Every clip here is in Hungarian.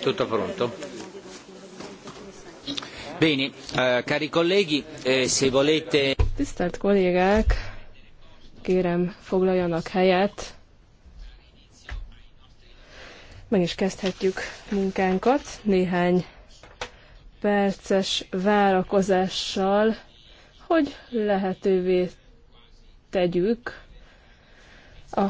Tutto pronto? Bene, eh, cari colleghi, eh, se volete... Tisztelt kollégák, kérem foglaljanak helyet. Meg is kezdhetjük munkánkat néhány perces várakozással, hogy lehetővé tegyük a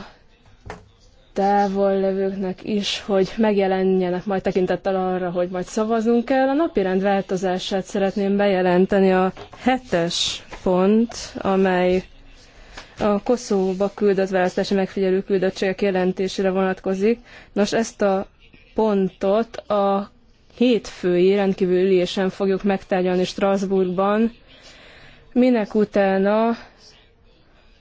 távol levőknek is, hogy megjelenjenek majd tekintettel arra, hogy majd szavaznunk kell. A napirend változását szeretném bejelenteni a hetes pont, amely a Koszóba küldött választási megfigyelő küldöttségek jelentésére vonatkozik. Nos, ezt a pontot a hétfői rendkívüli ülésen fogjuk megtárgyalni Strasbourgban, minek utána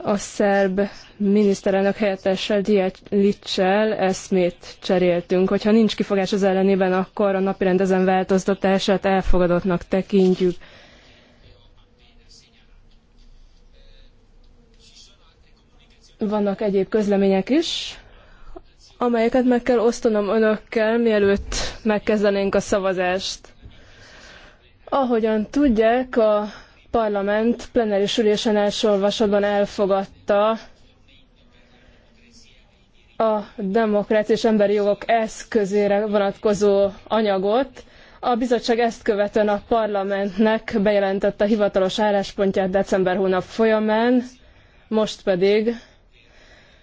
a szerb miniszterelnök helyettessel Dielicsel eszmét cseréltünk. Hogyha nincs kifogás az ellenében, akkor a napirend ezen változtatását elfogadottnak tekintjük. Vannak egyéb közlemények is, amelyeket meg kell osztanom önökkel, mielőtt megkezdenénk a szavazást. Ahogyan tudják, a parlament plenáris ülésen első olvasatban elfogadta a demokrácia és emberi jogok eszközére vonatkozó anyagot. A bizottság ezt követően a parlamentnek bejelentette a hivatalos álláspontját december hónap folyamán, most pedig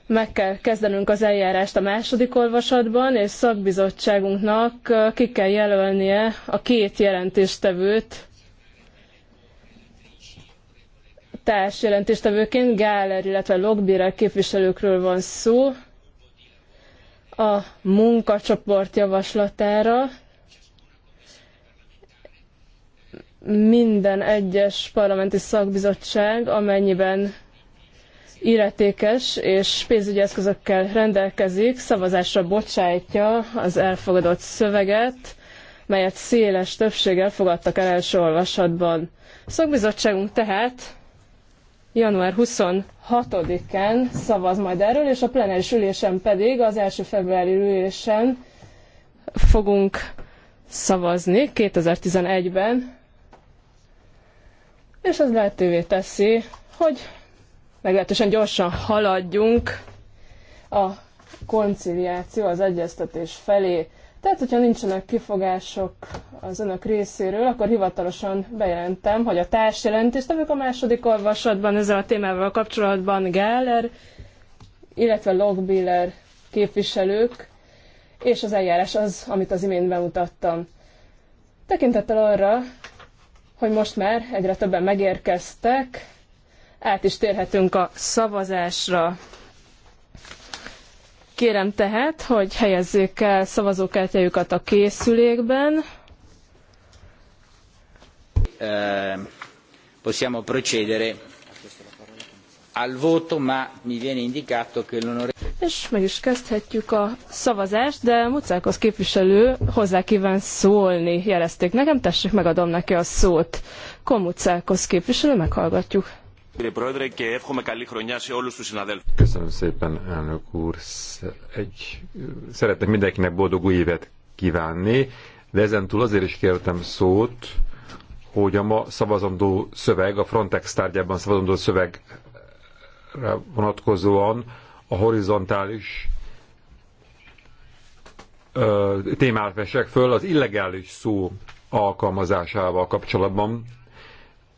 meg kell kezdenünk az eljárást a második olvasatban, és szakbizottságunknak ki kell jelölnie a két jelentéstevőt társ jelentéstevőként Gáler, illetve Logbirel képviselőkről van szó a munkacsoport javaslatára. Minden egyes parlamenti szakbizottság, amennyiben illetékes és pénzügyi eszközökkel rendelkezik, szavazásra bocsájtja az elfogadott szöveget, melyet széles többséggel fogadtak el első olvasatban. szakbizottságunk tehát január 26-án szavaz majd erről, és a plenáris ülésen pedig az első februári ülésen fogunk szavazni 2011-ben, és ez lehetővé teszi, hogy meglehetősen gyorsan haladjunk a konciliáció, az egyeztetés felé. Tehát, hogyha nincsenek kifogások az önök részéről, akkor hivatalosan bejelentem, hogy a társjelentést, amik a második olvasatban ezzel a témával kapcsolatban Geller, illetve Logbiller képviselők, és az eljárás az, amit az imént bemutattam. Tekintettel arra, hogy most már egyre többen megérkeztek, át is térhetünk a szavazásra. Kérem tehát, hogy helyezzék el szavazókártyájukat a készülékben. Ehm, possiamo procedere al voto, ma mi viene indicato che l'onore... És meg is kezdhetjük a szavazást, de Mucákos képviselő hozzá kíván szólni, jelezték nekem, tessék, megadom neki a szót. Komucákos képviselő, meghallgatjuk. Köszönöm szépen, elnök úr. Egy, szeretnék mindenkinek boldog új évet kívánni, de ezentúl azért is kértem szót, hogy a ma szavazandó szöveg, a Frontex tárgyában szavazandó szövegre vonatkozóan a horizontális ö, témát vesek föl az illegális szó alkalmazásával kapcsolatban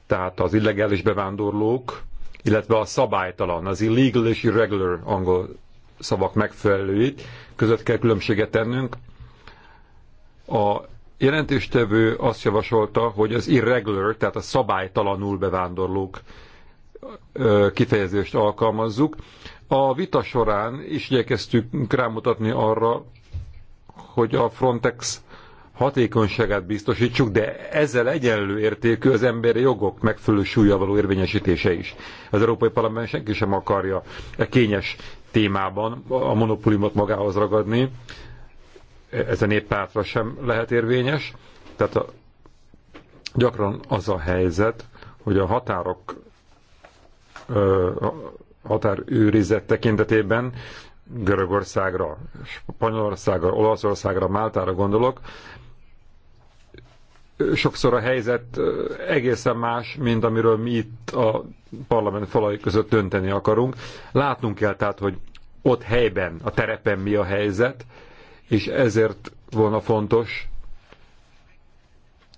tehát az illegális bevándorlók, illetve a szabálytalan, az illegal és irregular angol szavak megfelelőit között kell különbséget tennünk. A jelentéstevő azt javasolta, hogy az irregular, tehát a szabálytalanul bevándorlók kifejezést alkalmazzuk. A vita során is igyekeztük rámutatni arra, hogy a Frontex hatékonyságát biztosítsuk, de ezzel egyenlő értékű az emberi jogok megfelelő súlya való érvényesítése is. Az Európai Parlament senki sem akarja a e kényes témában a monopóliumot magához ragadni, ez a néppártra sem lehet érvényes, tehát a, gyakran az a helyzet, hogy a határok határőrizet tekintetében Görögországra, Spanyolországra, Olaszországra, Máltára gondolok, sokszor a helyzet egészen más, mint amiről mi itt a parlament falai között dönteni akarunk. Látnunk kell tehát, hogy ott helyben, a terepen mi a helyzet, és ezért volna fontos,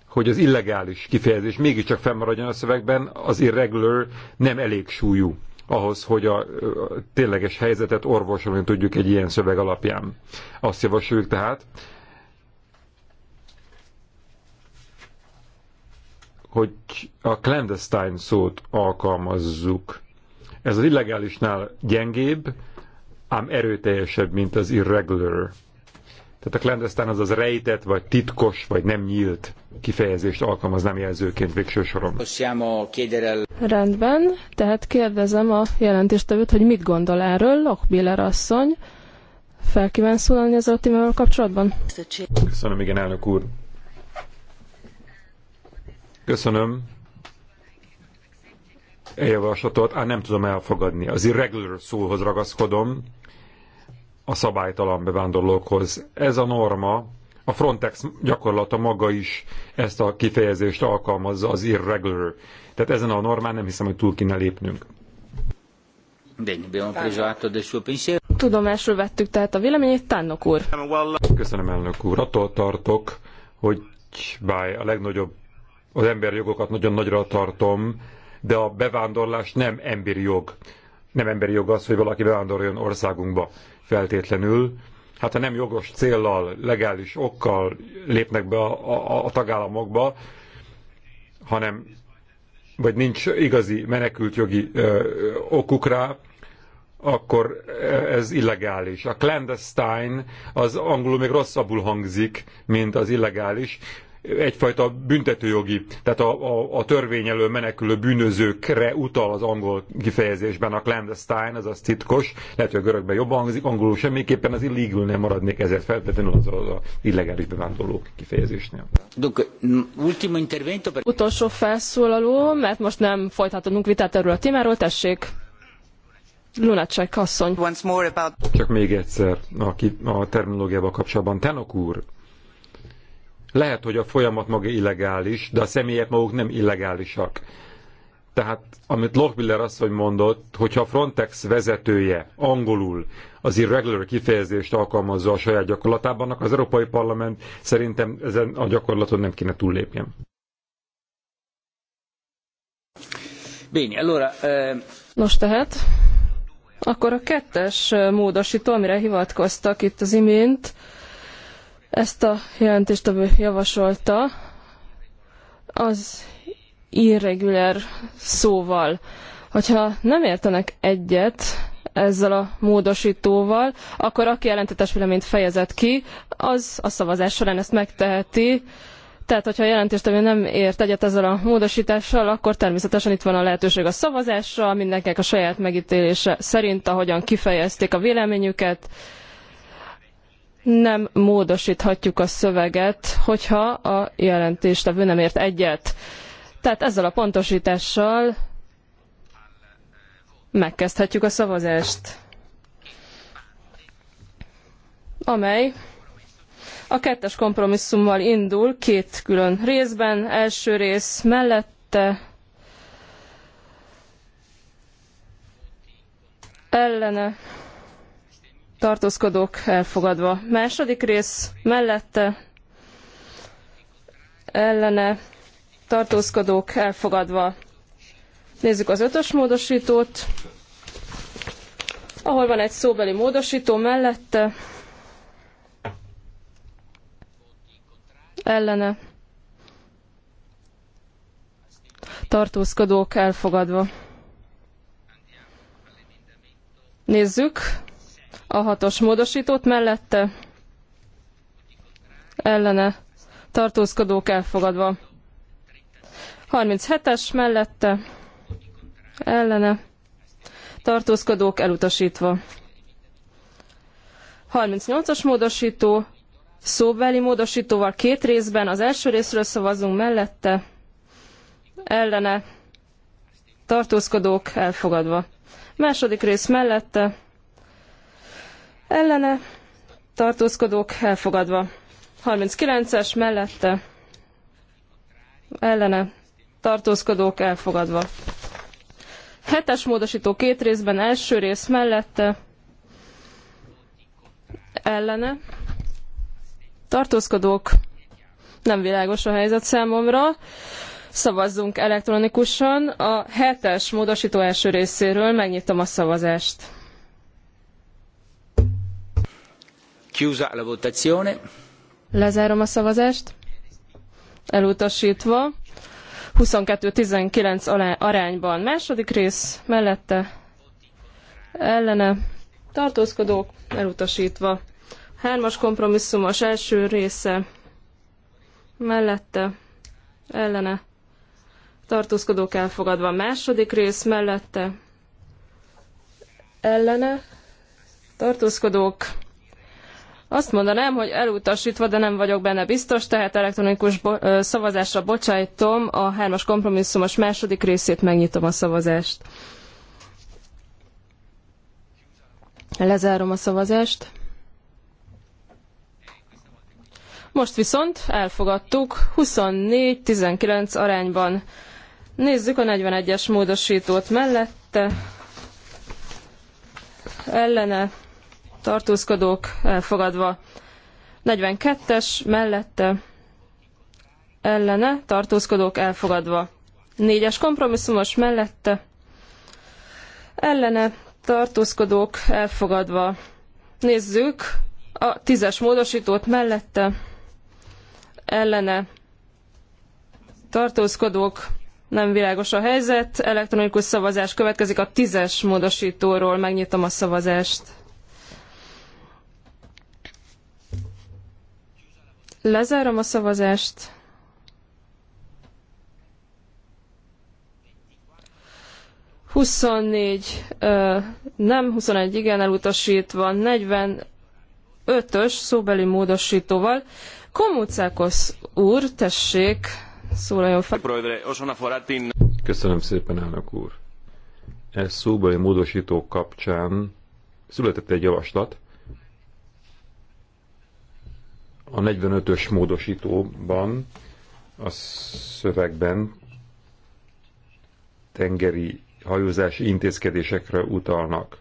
hogy az illegális kifejezés mégiscsak fennmaradjon a szövegben, az irregular nem elég súlyú ahhoz, hogy a, tényleges helyzetet orvosolni tudjuk egy ilyen szöveg alapján. Azt javasoljuk tehát, hogy a clandestine szót alkalmazzuk. Ez az illegálisnál gyengébb, ám erőteljesebb, mint az irregular. Tehát a clandestine az az rejtett, vagy titkos, vagy nem nyílt kifejezést alkalmaz, nem jelzőként végső soron. Rendben, tehát kérdezem a jelentéstevőt, hogy mit gondol erről Lockbiller asszony. Fel kíván szólalni ezzel a témával kapcsolatban? Köszönöm, igen, elnök úr. Köszönöm. E javaslatot, á, nem tudom elfogadni. Az irregular szóhoz ragaszkodom, a szabálytalan bevándorlókhoz. Ez a norma, a Frontex gyakorlata maga is ezt a kifejezést alkalmazza, az irregular. Tehát ezen a normán nem hiszem, hogy túl kéne lépnünk. Tudomásul vettük tehát a véleményét, Tánok úr. Köszönöm, elnök úr. Attól tartok, hogy bár a legnagyobb az emberi jogokat nagyon nagyra tartom, de a bevándorlás nem emberi jog. Nem emberi jog az, hogy valaki bevándoroljon országunkba feltétlenül. Hát ha nem jogos céllal, legális okkal lépnek be a, a, a tagállamokba, hanem vagy nincs igazi menekültjogi ö, okuk rá, akkor ez illegális. A clandestine az angolul még rosszabbul hangzik, mint az illegális egyfajta büntetőjogi, tehát a, a, a törvény elől menekülő bűnözőkre utal az angol kifejezésben a clandestine, azaz titkos, lehet, hogy a görögben jobban hangzik, angolul semmiképpen az illegal nem maradnék ezért feltétlenül az, az, az illegális bevándorló kifejezésnél. Utolsó felszólaló, mert most nem folytatunk vitát erről a témáról, tessék! Lunacek asszony. Csak még egyszer a, a terminológiával kapcsolatban. Tenok úr, lehet, hogy a folyamat maga illegális, de a személyek maguk nem illegálisak. Tehát, amit Lochbiller asszony mondott, hogyha a Frontex vezetője angolul az irregular kifejezést alkalmazza a saját gyakorlatában, az Európai Parlament szerintem ezen a gyakorlaton nem kéne túllépjen. Béni, allora, eh... Nos tehát, akkor a kettes módosító, amire hivatkoztak itt az imént, ezt a jelentéstevő javasolta az irregulár szóval. Hogyha nem értenek egyet ezzel a módosítóval, akkor aki jelentetes véleményt fejezett ki, az a szavazás során ezt megteheti, tehát, hogyha a jelentéstevő nem ért egyet ezzel a módosítással, akkor természetesen itt van a lehetőség a szavazásra, mindenkinek a saját megítélése szerint, ahogyan kifejezték a véleményüket nem módosíthatjuk a szöveget, hogyha a jelentéstevő nem ért egyet. Tehát ezzel a pontosítással megkezdhetjük a szavazást, amely a kettes kompromisszummal indul két külön részben. Első rész mellette ellene tartózkodók elfogadva. Második rész mellette ellene tartózkodók elfogadva. Nézzük az ötös módosítót, ahol van egy szóbeli módosító mellette, ellene tartózkodók elfogadva. Nézzük a hatos módosítót mellette ellene tartózkodók elfogadva. 37-es mellette ellene tartózkodók elutasítva. 38-as módosító szóbeli módosítóval két részben az első részről szavazunk mellette ellene tartózkodók elfogadva. Második rész mellette ellene tartózkodók elfogadva. 39-es mellette ellene tartózkodók elfogadva. Hetes módosító két részben első rész mellette ellene tartózkodók nem világos a helyzet számomra. Szavazzunk elektronikusan a hetes módosító első részéről. Megnyitom a szavazást. Chiusa la votazione. Lezárom a szavazást. Elutasítva. 22-19 arányban. Második rész mellette ellene tartózkodók elutasítva. Hármas kompromisszumos első része mellette ellene tartózkodók elfogadva. Második rész mellette ellene tartózkodók azt mondanám, hogy elutasítva, de nem vagyok benne biztos, tehát elektronikus bo- szavazásra bocsájtom a hármas kompromisszumos második részét, megnyitom a szavazást. Lezárom a szavazást. Most viszont elfogadtuk 24-19 arányban. Nézzük a 41-es módosítót mellette. Ellene tartózkodók elfogadva. 42-es mellette ellene tartózkodók elfogadva. 4-es kompromisszumos mellette ellene tartózkodók elfogadva. Nézzük a 10-es módosítót mellette ellene tartózkodók nem világos a helyzet. Elektronikus szavazás következik a tízes módosítóról. Megnyitom a szavazást. Lezárom a szavazást. Huszonnégy nem, 21 igen elutasítva, 45-ös szóbeli módosítóval. Komucákosz úr, tessék, szólaljon fel. Köszönöm szépen, elnök úr. Ez szóbeli módosító kapcsán született egy javaslat, a 45-ös módosítóban a szövegben tengeri hajózási intézkedésekre utalnak.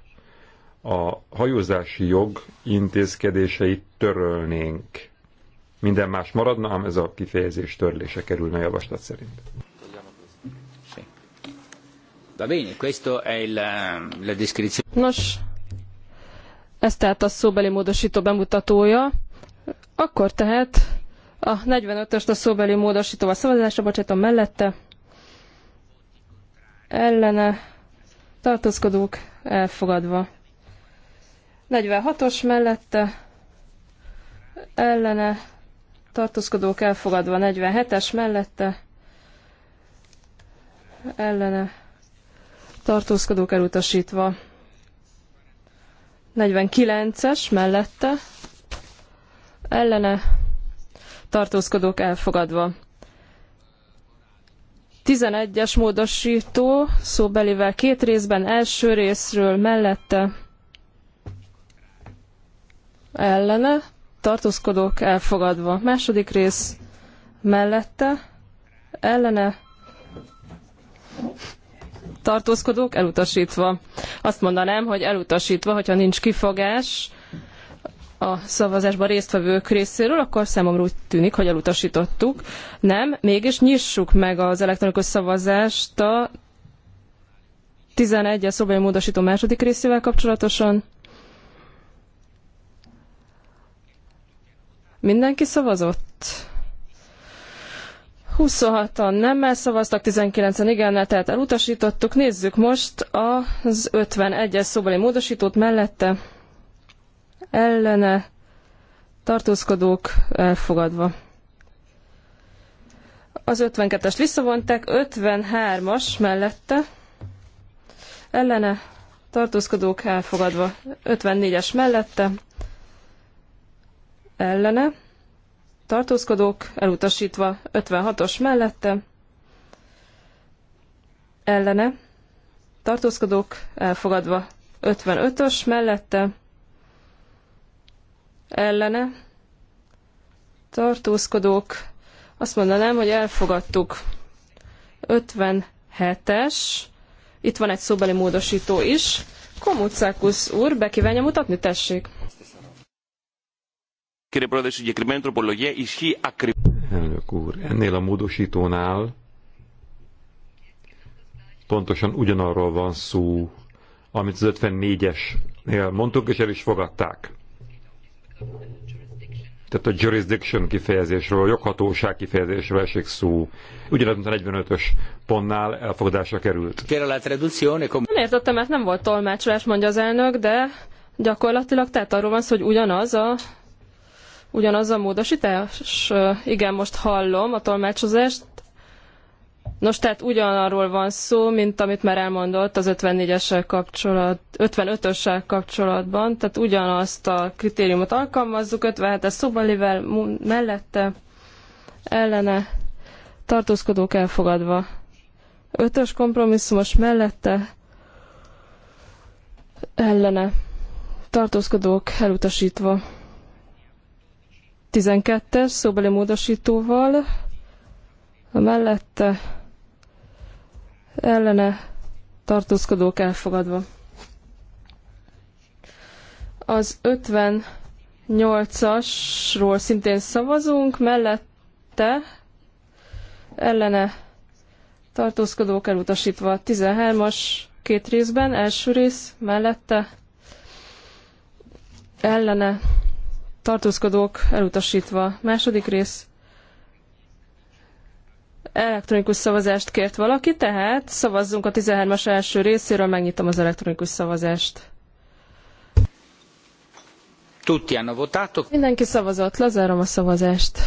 A hajózási jog intézkedéseit törölnénk. Minden más maradna, ám ez a kifejezés törlése kerülne a javaslat szerint. Ehm, Nos, ez tehát a szóbeli módosító bemutatója. Akkor tehát a 45-öst a szóbeli módosítóval szavazásra bocsátom mellette. Ellene tartózkodók elfogadva. 46-os mellette ellene tartózkodók elfogadva. 47-es mellette ellene tartózkodók elutasítva. 49-es mellette ellene tartózkodók elfogadva. 11-es módosító szóbelivel két részben, első részről mellette ellene tartózkodók elfogadva. Második rész mellette ellene tartózkodók elutasítva. Azt mondanám, hogy elutasítva, hogyha nincs kifogás, a szavazásban résztvevők részéről, akkor számomra úgy tűnik, hogy elutasítottuk. Nem, mégis nyissuk meg az elektronikus szavazást a 11-es szobai módosító második részével kapcsolatosan. Mindenki szavazott? 26-an nemmel szavaztak, 19-en igennel, tehát elutasítottuk. Nézzük most az 51-es szobali módosítót mellette ellene tartózkodók elfogadva. Az 52-est visszavonták, 53-as mellette ellene tartózkodók elfogadva, 54-es mellette ellene tartózkodók elutasítva, 56-os mellette ellene tartózkodók elfogadva, 55-ös mellette ellene tartózkodók, azt mondanám, hogy elfogadtuk 57-es, itt van egy szóbeli módosító is. Komucákusz úr, be kívánja mutatni, tessék. Elnök úr, ennél a módosítónál pontosan ugyanarról van szó, amit az 54-esnél mondtuk, és el is fogadták. Tehát a jurisdiction kifejezésről, a joghatóság kifejezésről esik szó. Ugyanaz, mint a 45-ös pontnál elfogadásra került. Nem értettem, mert nem volt tolmácsolás, mondja az elnök, de gyakorlatilag tehát arról van szó, hogy ugyanaz a ugyanaz a módosítás? Igen, most hallom a tolmácsozást. Nos, tehát ugyanarról van szó, mint amit már elmondott az 54-essel kapcsolat, 55-össel kapcsolatban, tehát ugyanazt a kritériumot alkalmazzuk, 57-es szobalivel mellette ellene tartózkodók elfogadva. 5-ös kompromisszumos mellette ellene tartózkodók elutasítva. 12-es szóbeli módosítóval a mellette ellene tartózkodók elfogadva. Az 58-asról szintén szavazunk, mellette ellene tartózkodók elutasítva. 13-as két részben, első rész mellette ellene tartózkodók elutasítva. Második rész Elektronikus szavazást kért valaki, tehát szavazzunk a 13-as első részéről, megnyitom az elektronikus szavazást. Tutti hanno votato. Mindenki szavazott, lezárom a szavazást.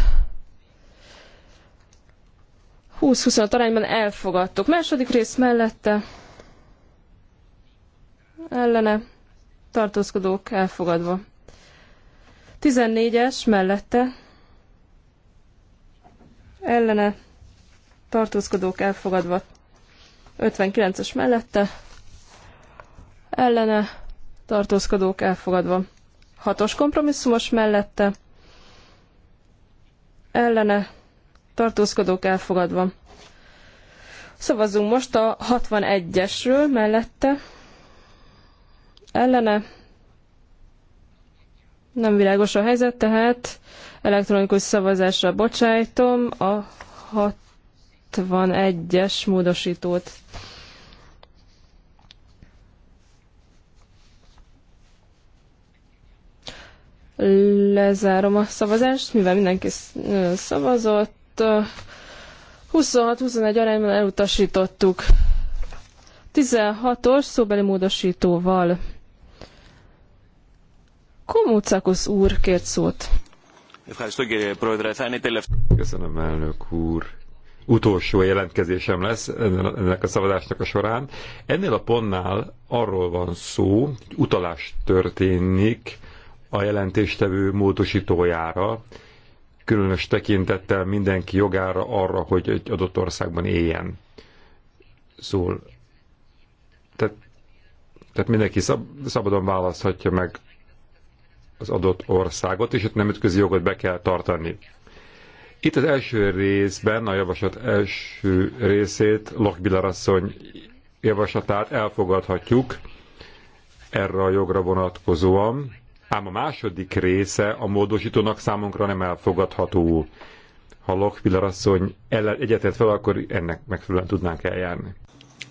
20-25 arányban elfogadtuk. Második rész mellette ellene tartózkodók elfogadva. 14-es mellette ellene tartózkodók elfogadva 59-es mellette, ellene tartózkodók elfogadva 6-os kompromisszumos mellette, ellene tartózkodók elfogadva. Szavazzunk most a 61-esről mellette, ellene nem világos a helyzet, tehát elektronikus szavazásra bocsájtom a 61-es módosítót. Lezárom a szavazást, mivel mindenki szavazott. 26-21 arányban elutasítottuk. 16-os szóbeli módosítóval. Komócakusz úr kért szót. Köszönöm, elnök úr utolsó jelentkezésem lesz ennek a szavazásnak a során. Ennél a pontnál arról van szó, hogy utalás történik a jelentéstevő módosítójára, különös tekintettel mindenki jogára arra, hogy egy adott országban éljen. Szól. Tehát, tehát mindenki szab, szabadon választhatja meg az adott országot, és nem ütközi jogot be kell tartani. Itt az első részben, a javaslat első részét, Lochbiller asszony javaslatát elfogadhatjuk erre a jogra vonatkozóan, ám a második része a módosítónak számunkra nem elfogadható. Ha Lochbiller asszony egyetért fel, akkor ennek megfelelően tudnánk eljárni.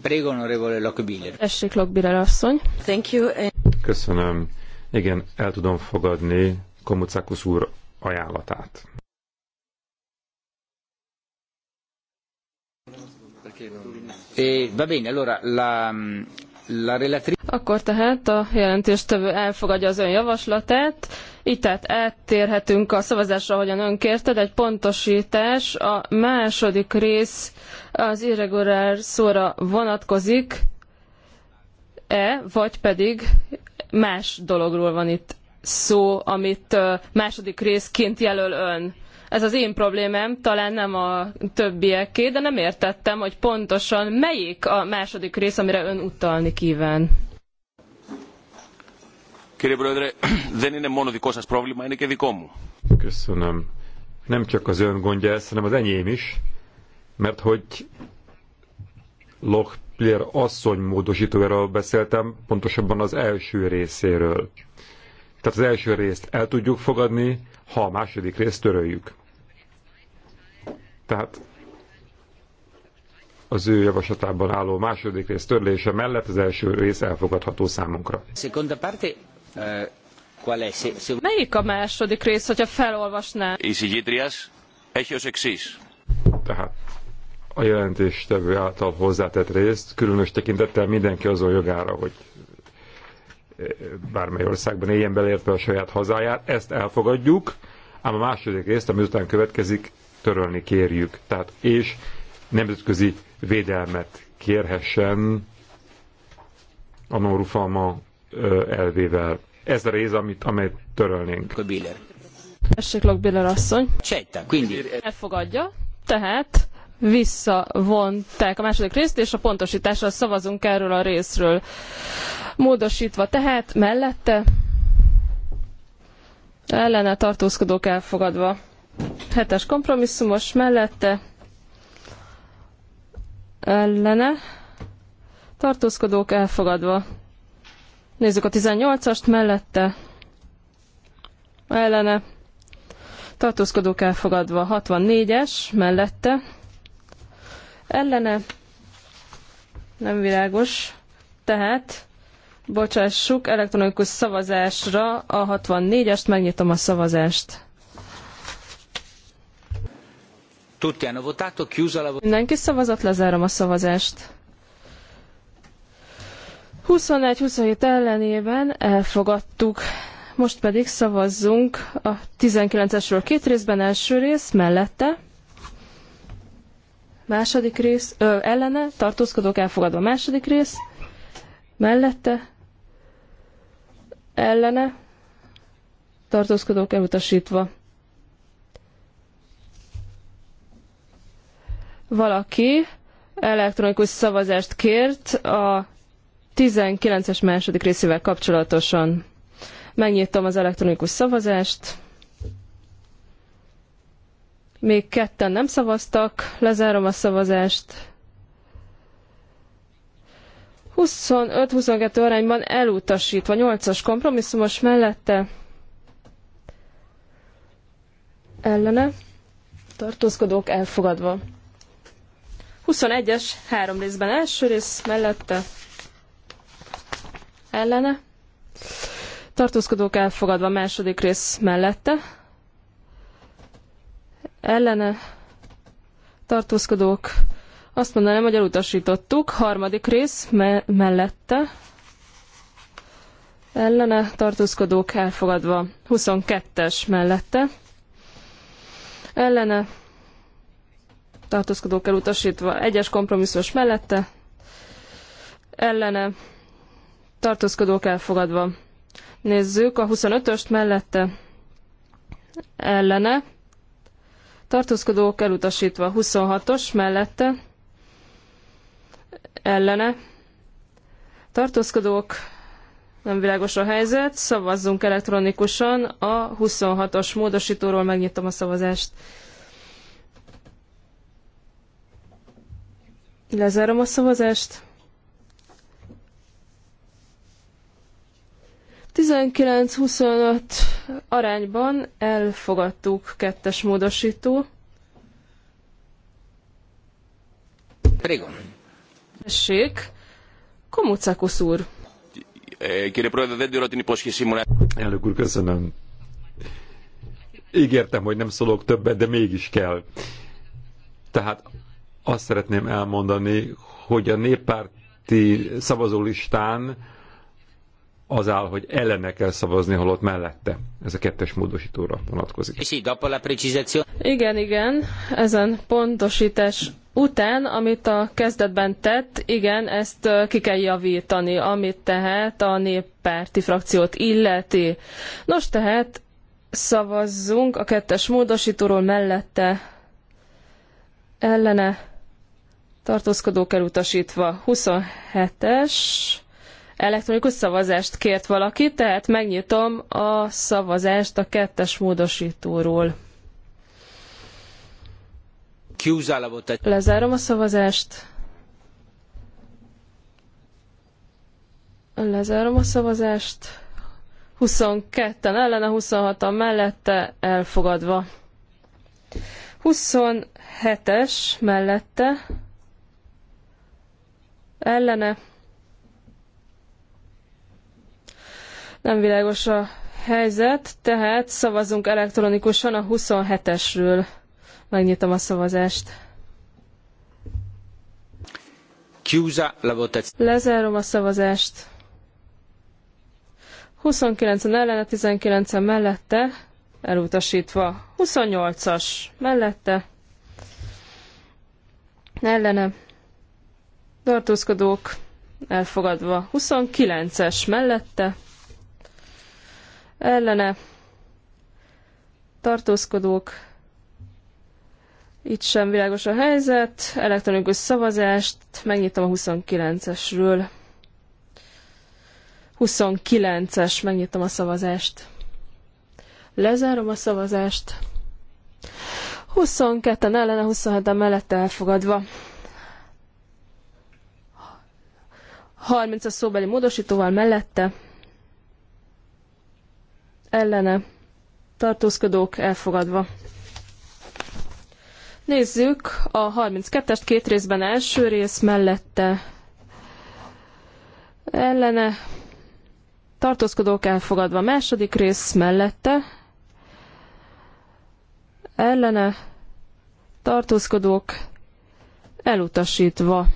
Prego, onorevole Lochbiller. Tessék, Lochbiller asszony. Thank you. Eh. Köszönöm. Igen, el tudom fogadni Komucákusz úr ajánlatát. Akkor tehát a jelentéstevő elfogadja az ön javaslatát, így tehát áttérhetünk a szavazásra, ahogyan ön kérted, egy pontosítás, a második rész az irregulár szóra vonatkozik, e, vagy pedig más dologról van itt szó, amit második részként jelöl ön. Ez az én problémám, talán nem a többieké, de nem értettem, hogy pontosan melyik a második rész, amire ön utalni kíván. Κύριε Πρόεδρε, δεν είναι μόνο δικό σας πρόβλημα, είναι και δικό μου. Köszönöm. Nem csak az ön gondja ez, hanem az enyém is, mert hogy Lochpler asszony módosítójáról beszéltem, pontosabban az első részéről. Tehát az első részt el tudjuk fogadni, ha a második részt töröljük. Tehát az ő javaslatában álló második rész törlése mellett az első rész elfogadható számunkra. Eh, Melyik a második rész, hogyha felolvasná? Isigyitrias, echios exis. Tehát a jelentéstevő által hozzátett részt, különös tekintettel mindenki azon jogára, hogy eh, bármely országban éljen beleértve a saját hazáját, ezt elfogadjuk, ám a második részt, ami után következik, törölni kérjük. Tehát, és nemzetközi védelmet kérhessen a norufalma elvével. Ez a rész, amit, amelyet törölnénk. Tessék, Lokbiller asszony. Csejta, quindi. Elfogadja, tehát visszavonták a második részt, és a pontosításra szavazunk erről a részről. Módosítva tehát, mellette, ellene tartózkodók elfogadva. Hetes kompromisszumos mellette ellene tartózkodók elfogadva. Nézzük a 18-ast mellette ellene tartózkodók elfogadva. 64-es mellette ellene nem világos. Tehát bocsássuk elektronikus szavazásra a 64-est, megnyitom a szavazást. Tutti hanno votato, chiusa la Mindenki szavazat, lezárom a szavazást. 21-27 ellenében elfogadtuk. Most pedig szavazzunk a 19-esről két részben, első rész mellette. Második rész, ö, ellene, tartózkodók elfogadva második rész, mellette, ellene, tartózkodók elutasítva. valaki elektronikus szavazást kért a 19-es második részével kapcsolatosan. Megnyitom az elektronikus szavazást. Még ketten nem szavaztak, lezárom a szavazást. 25-22 arányban elutasítva, 8-as kompromisszumos mellette ellene tartózkodók elfogadva. 21-es három részben első rész mellette ellene. Tartózkodók elfogadva második rész mellette ellene. Tartózkodók azt mondanám, hogy elutasítottuk. Harmadik rész me mellette ellene tartózkodók elfogadva 22-es mellette, ellene tartózkodók elutasítva, egyes kompromisszus mellette, ellene, tartózkodók elfogadva. Nézzük a 25-öst mellette, ellene, tartózkodók elutasítva, 26-os mellette, ellene, tartózkodók nem világos a helyzet, szavazzunk elektronikusan a 26-os módosítóról, megnyitom a szavazást. Lezárom a szavazást. 19-25 arányban elfogadtuk kettes módosító. Prego. Tessék, Komucakusz úr. Kérem, Elnök úr, köszönöm. Ígértem, hogy nem szólok többet, de mégis kell. Tehát azt szeretném elmondani, hogy a néppárti szavazólistán az áll, hogy ellene kell szavazni, holott mellette. Ez a kettes módosítóra vonatkozik. Igen, igen, ezen pontosítás után, amit a kezdetben tett, igen, ezt ki kell javítani, amit tehát a néppárti frakciót illeti. Nos, tehát szavazzunk a kettes módosítóról mellette ellene tartózkodók elutasítva. 27-es elektronikus szavazást kért valaki, tehát megnyitom a szavazást a kettes módosítóról. Lezárom a szavazást. Lezárom a szavazást. 22-en ellene, 26-an mellette, elfogadva. 27-es mellette, ellene. Nem világos a helyzet, tehát szavazunk elektronikusan a 27-esről. Megnyitom a szavazást. Chiusa la Lezárom a szavazást. 29-en ellene, 19-en mellette, elutasítva. 28-as mellette, ellene, tartózkodók elfogadva. 29-es mellette ellene tartózkodók itt sem világos a helyzet. Elektronikus szavazást megnyitom a 29-esről. 29-es, megnyitom a szavazást. Lezárom a szavazást. 22-en ellene, 27-en mellette elfogadva. 30 as szóbeli módosítóval mellette, ellene, tartózkodók elfogadva. Nézzük a 32-est két részben első rész mellette, ellene, tartózkodók elfogadva második rész mellette, ellene, tartózkodók elutasítva.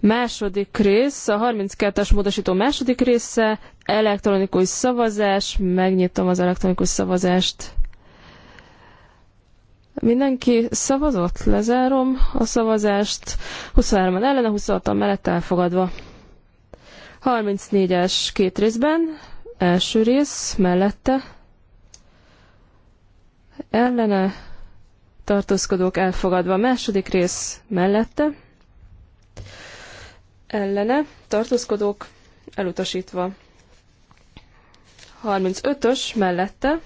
Második rész, a 32-es módosító második része, elektronikus szavazás, megnyitom az elektronikus szavazást. Mindenki szavazott, lezárom a szavazást. 23-an ellene, 26-an mellett elfogadva. 34-es két részben, első rész mellette, ellene, tartózkodók elfogadva, második rész mellette, ellene tartózkodók elutasítva. 35-ös mellette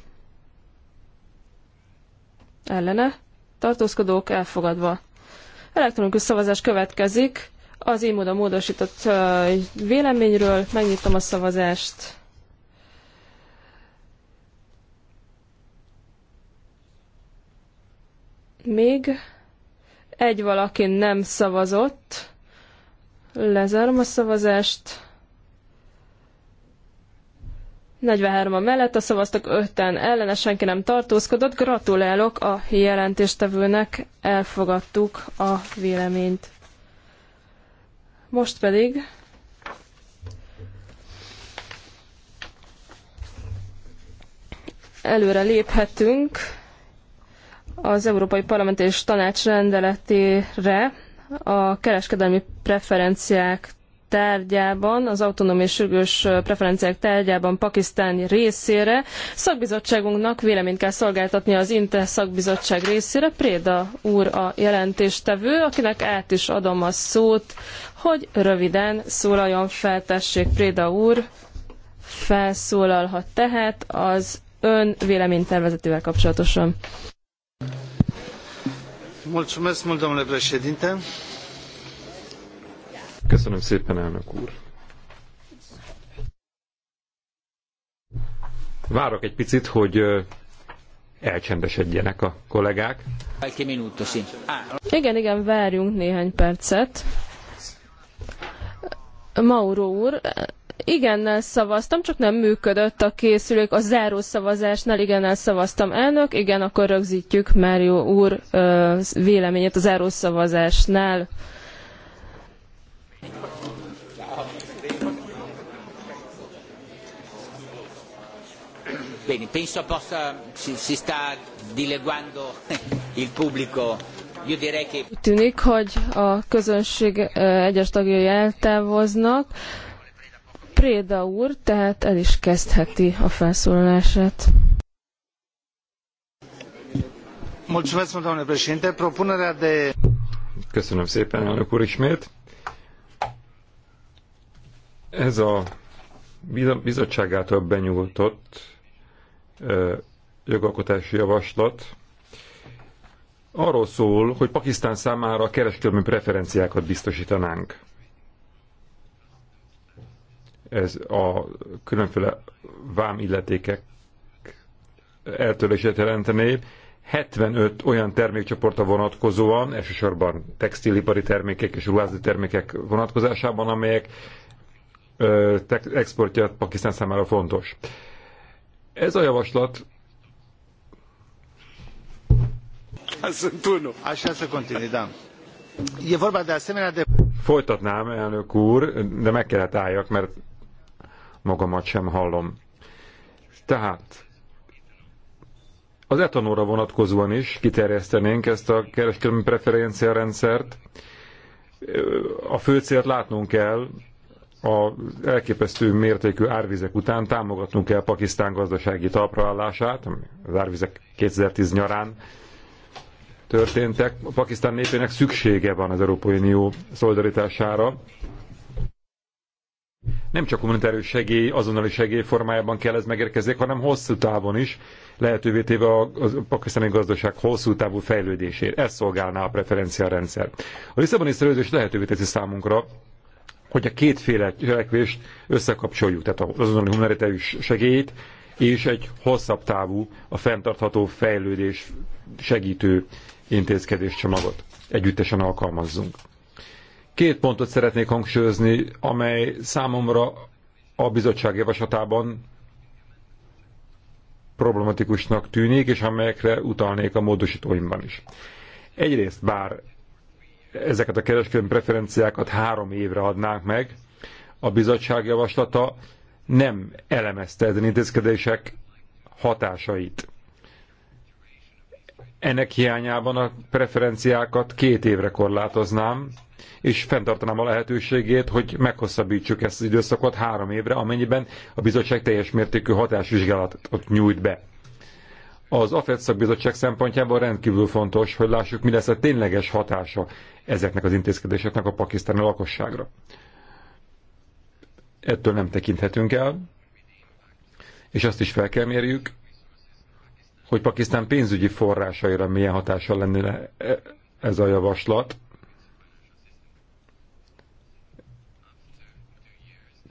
ellene tartózkodók elfogadva. Elektronikus szavazás következik az én módon módosított véleményről. Megnyitom a szavazást. Még egy valaki nem szavazott. Lezárom a szavazást. 43 a mellett, a szavaztak 5-en ellene, senki nem tartózkodott. Gratulálok a jelentéstevőnek, elfogadtuk a véleményt. Most pedig előre léphetünk az Európai Parlament és Tanács rendeletére, a kereskedelmi preferenciák tárgyában, az autonóm és sürgős preferenciák tárgyában Pakisztán részére. Szakbizottságunknak véleményt kell szolgáltatnia az INTE szakbizottság részére. Préda úr a jelentéstevő, akinek át is adom a szót, hogy röviden szólaljon fel, tessék Préda úr, felszólalhat tehát az ön véleménytervezetével kapcsolatosan. Mulțumesc mult, domnule președinte. Köszönöm szépen, elnök úr. Várok egy picit, hogy elcsendesedjenek a kollégák. Ah. Igen, igen, várjunk néhány percet. Mauro úr, igennel szavaztam, csak nem működött a készülék. A záró szavazásnál igennel szavaztam elnök, igen, akkor rögzítjük Mário úr ö, véleményét a záró szavazásnál. Bene, penso possa, si, si sta dileguando il pubblico. Io direi che... Tűnik, hogy a közönség egyes tagjai eltávoznak. Préda úr, tehát el is kezdheti a felszólalását. Köszönöm szépen, elnök úr, ismét. Ez a bizottság által benyújtott jogalkotási javaslat arról szól, hogy Pakisztán számára kereskedelmi preferenciákat biztosítanánk ez a különféle vám illetékek eltörlését jelentené. 75 olyan termékcsoporta vonatkozóan, elsősorban textilipari termékek és ruházati termékek vonatkozásában, amelyek exportja Pakisztán számára fontos. Ez a javaslat Folytatnám, elnök úr, de meg kellett álljak, mert magamat sem hallom. Tehát az etanóra vonatkozóan is kiterjesztenénk ezt a kereskedelmi preferencia rendszert. A fő célt látnunk kell, a elképesztő mértékű árvizek után támogatnunk kell Pakisztán gazdasági talpraállását, az árvizek 2010 nyarán történtek. A Pakisztán népének szüksége van az Európai Unió szolidaritására, nem csak humanitárius segély, azonnali segély formájában kell ez megérkezni, hanem hosszú távon is, lehetővé téve a, a pakisztáni gazdaság hosszú távú fejlődését. Ez szolgálná a rendszer. A Lisszaboni szerződés lehetővé teszi számunkra, hogy a kétféle cselekvést összekapcsoljuk, tehát az azonnali humanitárius segélyt és egy hosszabb távú, a fenntartható fejlődés segítő intézkedés csomagot együttesen alkalmazzunk. Két pontot szeretnék hangsúlyozni, amely számomra a bizottság javaslatában problematikusnak tűnik, és amelyekre utalnék a módosítóimban is. Egyrészt, bár ezeket a kereskedelmi preferenciákat három évre adnánk meg, a bizottság javaslata nem elemezte ezen intézkedések hatásait. Ennek hiányában a preferenciákat két évre korlátoznám, és fenntartanám a lehetőségét, hogy meghosszabbítsuk ezt az időszakot három évre, amennyiben a bizottság teljes mértékű hatásvizsgálatot nyújt be. Az AFED szakbizottság szempontjából rendkívül fontos, hogy lássuk, mi lesz a tényleges hatása ezeknek az intézkedéseknek a pakisztáni lakosságra. Ettől nem tekinthetünk el, és azt is fel kell mérjük, hogy Pakisztán pénzügyi forrásaira milyen hatással lenne ez a javaslat,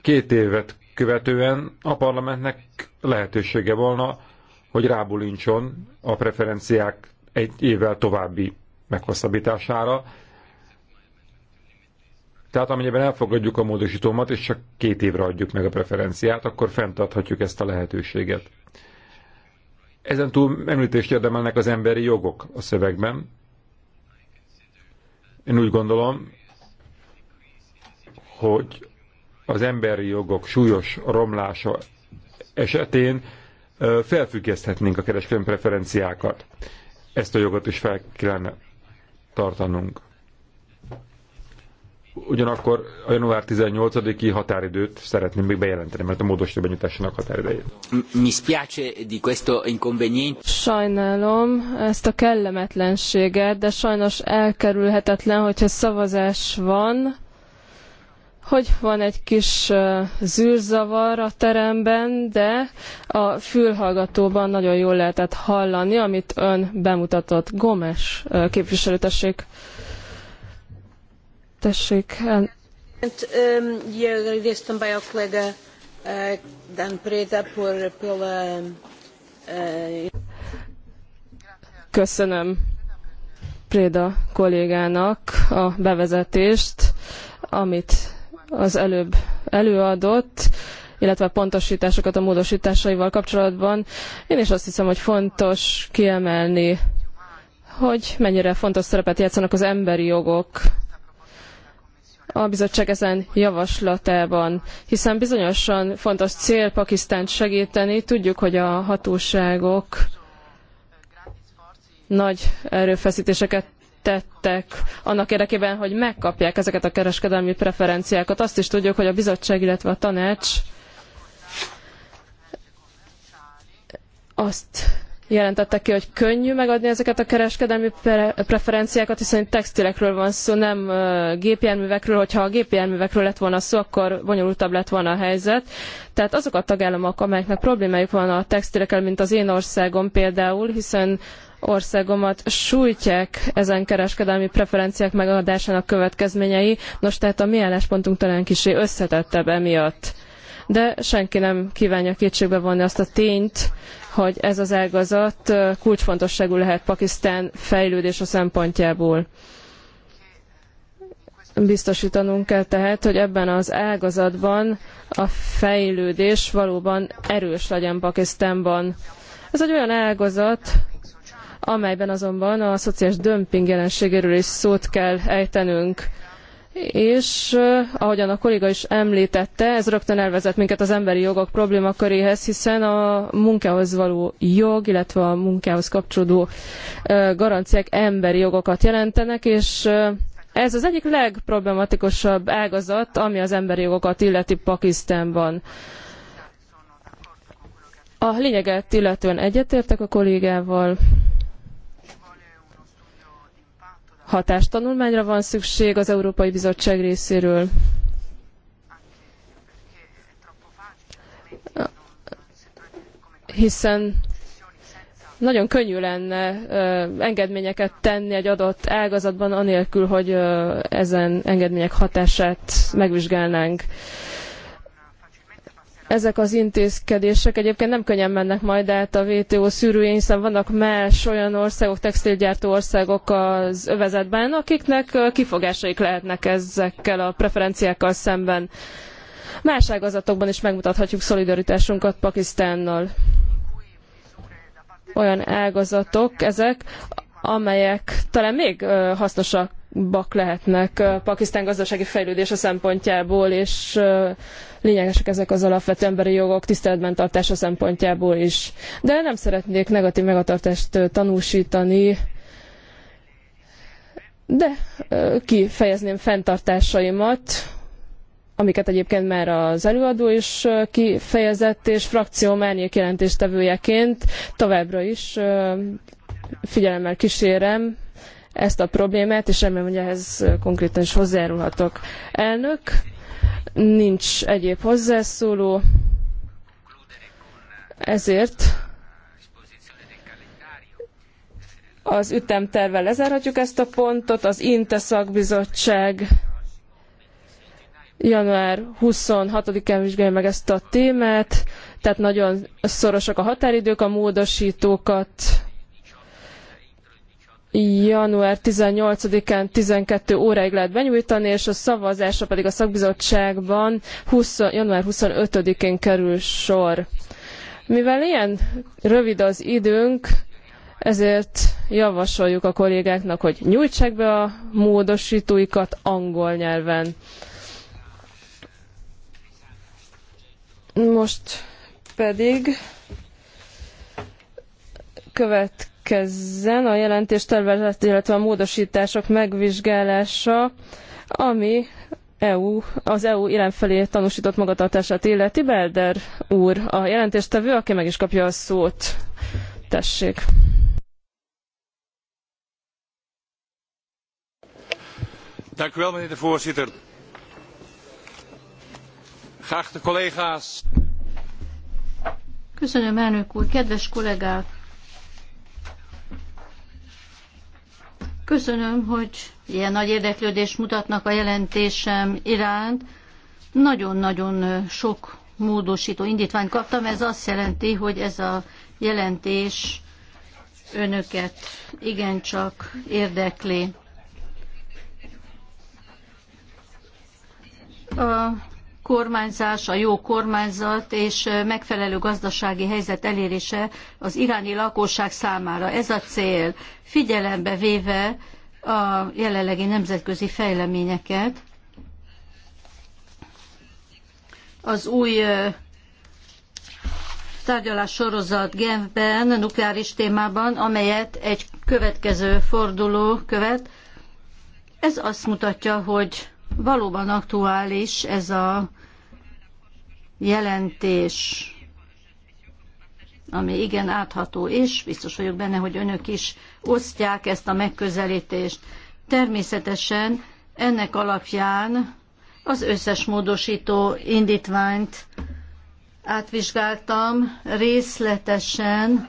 két évet követően a parlamentnek lehetősége volna, hogy rábulincson a preferenciák egy évvel további meghosszabbítására. Tehát amennyiben elfogadjuk a módosítómat, és csak két évre adjuk meg a preferenciát, akkor fenntarthatjuk ezt a lehetőséget. Ezen túl említést érdemelnek az emberi jogok a szövegben. Én úgy gondolom, hogy az emberi jogok súlyos romlása esetén felfüggeszthetnénk a kereskedelmi preferenciákat. Ezt a jogot is fel kellene tartanunk. Ugyanakkor a január 18-i határidőt szeretném még bejelenteni, mert a módosító benyújtásának határidejét. Mi spiace di questo inconveniente. Sajnálom ezt a kellemetlenséget, de sajnos elkerülhetetlen, hogyha szavazás van, hogy van egy kis zűrzavar a teremben, de a fülhallgatóban nagyon jól lehetett hallani, amit ön bemutatott. Gomes képviselő, tessék. Tessék. Eh, Dan Preda eh, Köszönöm Préda kollégának a bevezetést, amit az előbb előadott, illetve a pontosításokat a módosításaival kapcsolatban. Én is azt hiszem, hogy fontos kiemelni, hogy mennyire fontos szerepet játszanak az emberi jogok a bizottság ezen javaslatában, hiszen bizonyosan fontos cél Pakisztánt segíteni. Tudjuk, hogy a hatóságok nagy erőfeszítéseket tettek annak érdekében, hogy megkapják ezeket a kereskedelmi preferenciákat. Azt is tudjuk, hogy a bizottság, illetve a tanács azt jelentette, ki, hogy könnyű megadni ezeket a kereskedelmi preferenciákat, hiszen itt textilekről van szó, nem gépjárművekről. Hogyha a gépjárművekről lett volna szó, akkor bonyolultabb lett volna a helyzet. Tehát azok a tagállamok, amelyeknek problémájuk van a textilekkel, mint az én országom például, hiszen országomat sújtják ezen kereskedelmi preferenciák megadásának következményei, nos tehát a mi álláspontunk talán kicsi összetettebb emiatt. De senki nem kívánja kétségbe vonni azt a tényt, hogy ez az ágazat kulcsfontosságú lehet Pakisztán fejlődése szempontjából biztosítanunk kell tehát, hogy ebben az ágazatban a fejlődés valóban erős legyen Pakisztánban. Ez egy olyan ágazat, amelyben azonban a szociális dömping jelenségéről is szót kell ejtenünk. És eh, ahogyan a kolléga is említette, ez rögtön elvezet minket az emberi jogok problémaköréhez, hiszen a munkához való jog, illetve a munkához kapcsolódó eh, garanciák emberi jogokat jelentenek, és eh, ez az egyik legproblematikusabb ágazat, ami az emberi jogokat illeti Pakisztánban. A lényeget illetően egyetértek a kollégával hatástanulmányra van szükség az Európai Bizottság részéről. Hiszen nagyon könnyű lenne engedményeket tenni egy adott ágazatban, anélkül, hogy ezen engedmények hatását megvizsgálnánk. Ezek az intézkedések egyébként nem könnyen mennek majd át a WTO szűrőjén, hiszen vannak más olyan országok, textilgyártó országok az övezetben, akiknek kifogásaik lehetnek ezekkel a preferenciákkal szemben. Más ágazatokban is megmutathatjuk szolidaritásunkat Pakisztánnal. Olyan ágazatok ezek, amelyek talán még hasznosak bak lehetnek Pakisztán gazdasági fejlődése szempontjából, és lényegesek ezek az alapvető emberi jogok tiszteletben tartása szempontjából is. De nem szeretnék negatív megatartást tanúsítani, de kifejezném fenntartásaimat, amiket egyébként már az előadó is kifejezett, és frakcióm árnyék jelentéstevőjeként továbbra is figyelemmel kísérem ezt a problémát, és remélem, hogy ehhez konkrétan is hozzájárulhatok. Elnök, nincs egyéb hozzászóló, ezért az ütemtervel lezárhatjuk ezt a pontot. Az INTE szakbizottság január 26-án vizsgálja meg ezt a témát, tehát nagyon szorosak a határidők, a módosítókat január 18-án 12 óráig lehet benyújtani, és a szavazásra pedig a szakbizottságban 20, január 25-én kerül sor. Mivel ilyen rövid az időnk, ezért javasoljuk a kollégáknak, hogy nyújtsák be a módosítóikat angol nyelven. Most pedig követ következzen a jelentés tervezet, illetve a módosítások megvizsgálása, ami EU, az EU irányfelé tanúsított magatartását illeti. Belder úr a jelentéstevő, aki meg is kapja a szót. Tessék. Dank u wel, meneer de voorzitter. Geachte collega's. Köszönöm, elnök úr. Kedves kollégák! Köszönöm, hogy ilyen nagy érdeklődést mutatnak a jelentésem iránt. Nagyon-nagyon sok módosító indítványt kaptam. Ez azt jelenti, hogy ez a jelentés önöket igencsak érdekli. A kormányzás, a jó kormányzat és megfelelő gazdasági helyzet elérése az iráni lakosság számára. Ez a cél, figyelembe véve a jelenlegi nemzetközi fejleményeket, az új tárgyalás sorozat Genfben, nukleáris témában, amelyet egy következő forduló követ. Ez azt mutatja, hogy Valóban aktuális ez a jelentés, ami igen átható, és biztos vagyok benne, hogy önök is osztják ezt a megközelítést. Természetesen ennek alapján az összes módosító indítványt átvizsgáltam részletesen,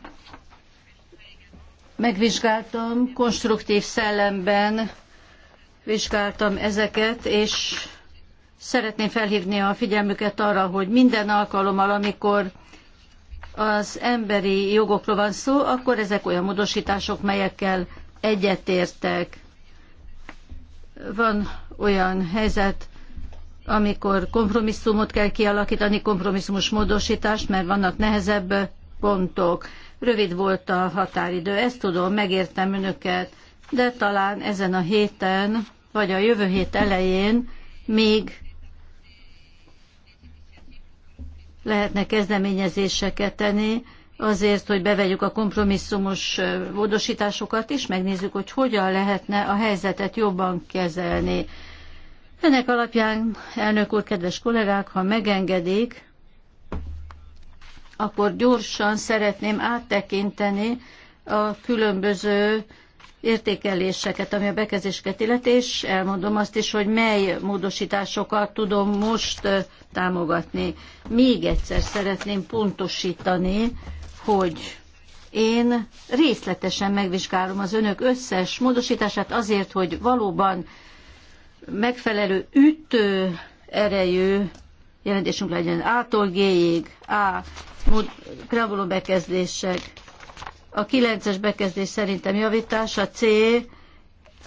megvizsgáltam konstruktív szellemben vizsgáltam ezeket, és szeretném felhívni a figyelmüket arra, hogy minden alkalommal, amikor az emberi jogokról van szó, akkor ezek olyan módosítások, melyekkel egyetértek. Van olyan helyzet, amikor kompromisszumot kell kialakítani, kompromisszumos módosítást, mert vannak nehezebb pontok. Rövid volt a határidő, ezt tudom, megértem önöket, de talán ezen a héten vagy a jövő hét elején még lehetne kezdeményezéseket tenni, azért, hogy bevegyük a kompromisszumos módosításokat is, megnézzük, hogy hogyan lehetne a helyzetet jobban kezelni. Ennek alapján, elnök úr, kedves kollégák, ha megengedik, akkor gyorsan szeretném áttekinteni a különböző értékeléseket, ami a bekezdéseket illeti, és elmondom azt is, hogy mely módosításokat tudom most támogatni. Még egyszer szeretném pontosítani, hogy én részletesen megvizsgálom az önök összes módosítását azért, hogy valóban megfelelő ütő erejű jelentésünk legyen A-tól G-ig, A, preambuló bekezdések, a 9-es bekezdés szerintem javítás, a C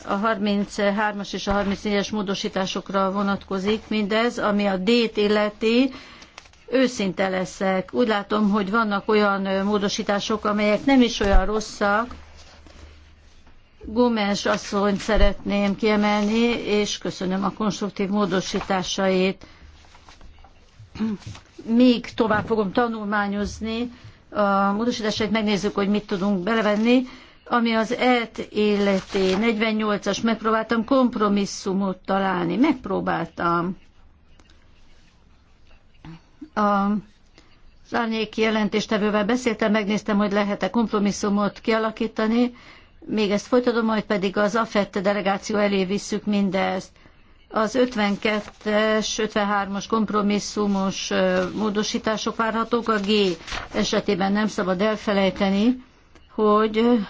a 33-as és a 34-es módosításokra vonatkozik mindez, ami a D-t illeti, őszinte leszek. Úgy látom, hogy vannak olyan módosítások, amelyek nem is olyan rosszak. Gómez asszonyt szeretném kiemelni, és köszönöm a konstruktív módosításait. Még tovább fogom tanulmányozni a módosítását megnézzük, hogy mit tudunk belevenni. Ami az ET életé, 48-as, megpróbáltam kompromisszumot találni. Megpróbáltam. A az árnyék jelentéstevővel beszéltem, megnéztem, hogy lehet-e kompromisszumot kialakítani. Még ezt folytatom, majd pedig az AFET delegáció elé visszük mindezt. Az 52-es, 53-as kompromisszumos módosítások várhatók. A G esetében nem szabad elfelejteni, hogy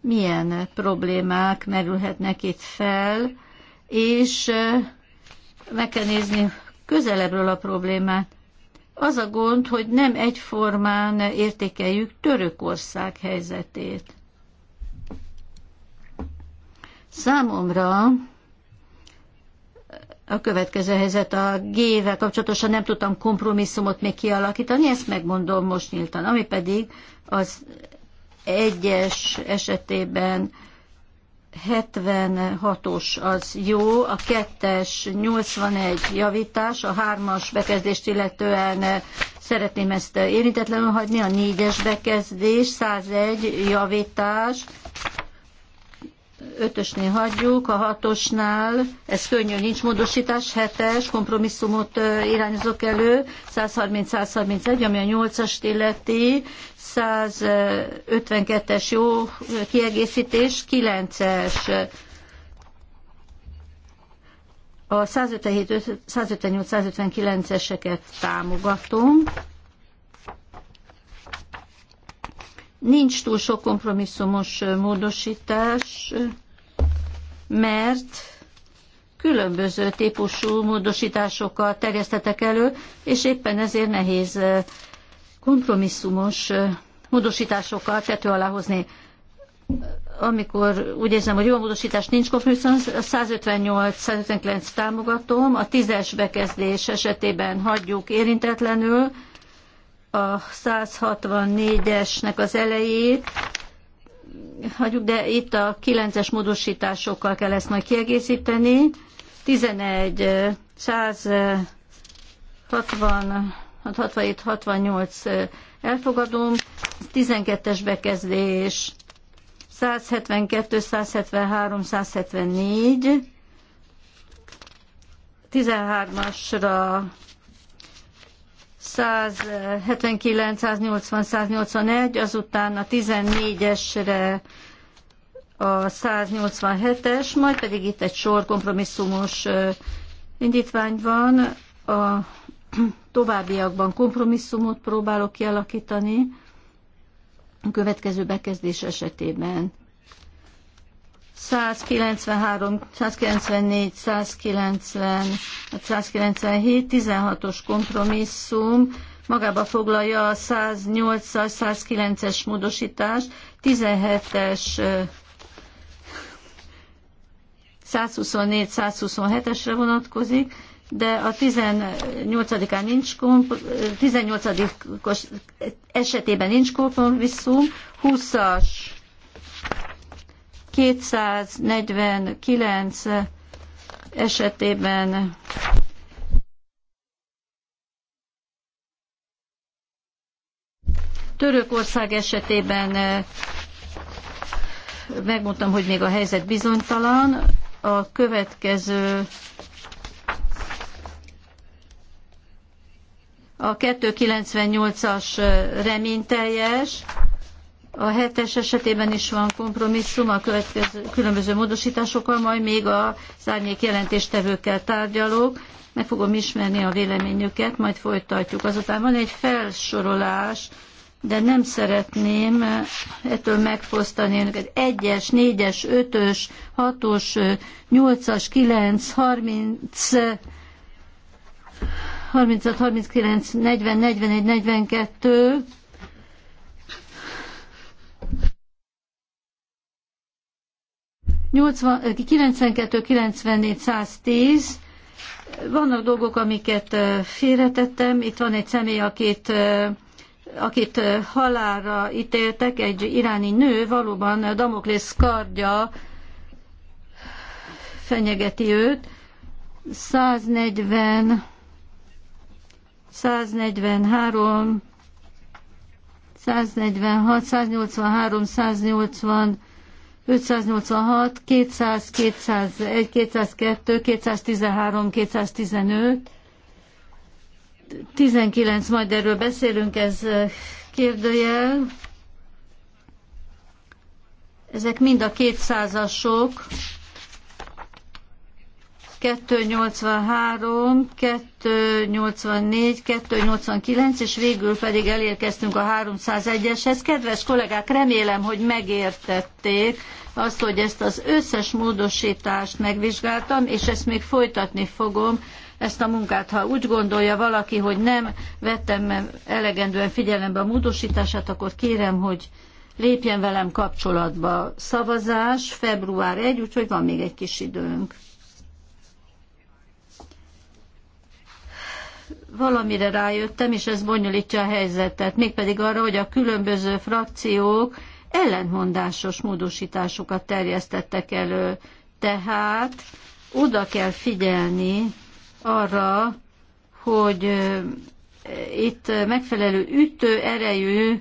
milyen problémák merülhetnek itt fel, és meg kell nézni közelebbről a problémát. Az a gond, hogy nem egyformán értékeljük Törökország helyzetét. Számomra a következő helyzet a G-vel kapcsolatosan nem tudtam kompromisszumot még kialakítani, ezt megmondom most nyíltan. Ami pedig az egyes esetében 76-os az jó, a kettes 81 javítás, a hármas bekezdést illetően szeretném ezt érintetlenül hagyni, a négyes bekezdés, 101 javítás, ötösnél hagyjuk, a hatosnál, ez könnyű, nincs módosítás, hetes kompromisszumot irányozok elő, 130-131, ami a nyolcast illeti, 152-es jó kiegészítés, 9-es a 157-158-159-eseket támogatom. Nincs túl sok kompromisszumos módosítás, mert különböző típusú módosításokat terjesztetek elő, és éppen ezért nehéz kompromisszumos módosításokkal tető alá hozni. Amikor úgy érzem, hogy jó módosítás nincs kompromisszum, 158-159 támogatom, a tízes bekezdés esetében hagyjuk érintetlenül, a 164-esnek az elejét, hagyjuk, de itt a 9-es módosításokkal kell ezt majd kiegészíteni. 11, 160, 67, 68 elfogadom, 12-es bekezdés, 172, 173, 174, 13-asra 179, 180, 181, azután a 14-esre a 187-es, majd pedig itt egy sor kompromisszumos indítvány van. A továbbiakban kompromisszumot próbálok kialakítani a következő bekezdés esetében. 193, 194, 190, 197, 16-os kompromisszum, magába foglalja a 108-as, 109-es módosítás, 17-es 124-127-esre vonatkozik, de a 18-án nincs komp- 18 esetében nincs kompromisszum, 20-as 249 esetében Törökország esetében eh, megmondtam, hogy még a helyzet bizonytalan. A következő a 298-as eh, reményteljes, a hetes esetében is van kompromisszum a következő, különböző módosításokkal, majd még a szárnyék jelentéstevőkkel tárgyalók. meg fogom ismerni a véleményüket, majd folytatjuk. Azután van egy felsorolás, de nem szeretném ettől megfosztani önöket. Egyes, négyes, ötös, hatos, nyolcas, kilenc, harminc, os 8-as, 9, negyven, 35, 39, 40, 41, 42, 92-94-110, eh, vannak dolgok, amiket eh, félretettem. Itt van egy személy, akit, eh, akit halálra ítéltek, egy iráni nő, valóban Damoklész kardja fenyegeti őt. 140, 143, 146, 183, 180, 586, 200, 201, 202, 213, 215, 19, majd erről beszélünk, ez kérdőjel. Ezek mind a kétszázasok, 283, 284, 289, és végül pedig elérkeztünk a 301-eshez. Kedves kollégák, remélem, hogy megértették azt, hogy ezt az összes módosítást megvizsgáltam, és ezt még folytatni fogom, ezt a munkát. Ha úgy gondolja valaki, hogy nem vettem elegendően figyelembe a módosítását, akkor kérem, hogy lépjen velem kapcsolatba. Szavazás február 1, úgyhogy van még egy kis időnk. valamire rájöttem, és ez bonyolítja a helyzetet, mégpedig arra, hogy a különböző frakciók ellentmondásos módosításokat terjesztettek elő. Tehát oda kell figyelni arra, hogy itt megfelelő ütő erejű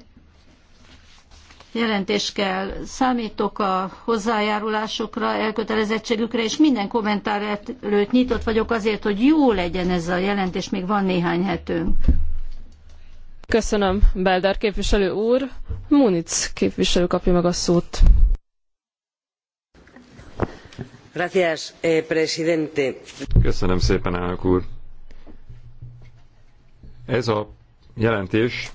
jelentés kell. Számítok a hozzájárulásokra, elkötelezettségükre, és minden kommentár előtt nyitott vagyok azért, hogy jó legyen ez a jelentés, még van néhány hetünk. Köszönöm, Beldár képviselő úr. Munic képviselő kapja meg a szót. Gracias, eh, presidente. Köszönöm szépen, elnök úr. Ez a jelentés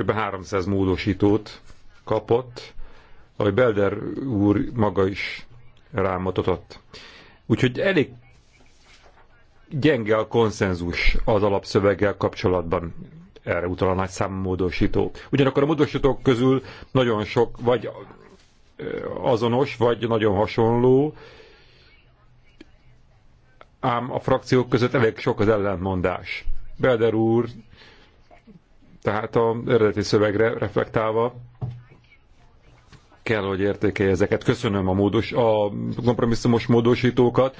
kb. 300 módosítót kapott, ahogy Belder úr maga is rámutatott. Úgyhogy elég gyenge a konszenzus az alapszöveggel kapcsolatban erre utal a nagy számú módosító. Ugyanakkor a módosítók közül nagyon sok vagy azonos, vagy nagyon hasonló, ám a frakciók között elég sok az ellentmondás. Belder úr tehát a eredeti szövegre reflektálva kell, hogy értékelje ezeket. Köszönöm a, módos, a kompromisszumos módosítókat,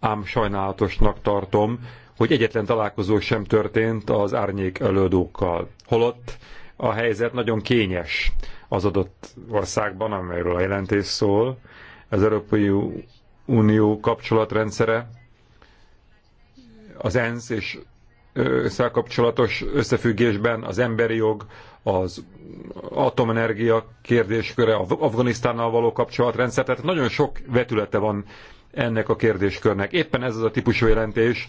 ám sajnálatosnak tartom, hogy egyetlen találkozó sem történt az árnyék előadókkal. Holott a helyzet nagyon kényes az adott országban, amelyről a jelentés szól, az Európai Unió kapcsolatrendszere, az ENSZ és kapcsolatos összefüggésben az emberi jog, az atomenergia kérdésköre, az Afganisztánnal való kapcsolatrendszer, tehát nagyon sok vetülete van ennek a kérdéskörnek. Éppen ez az a típusú jelentés,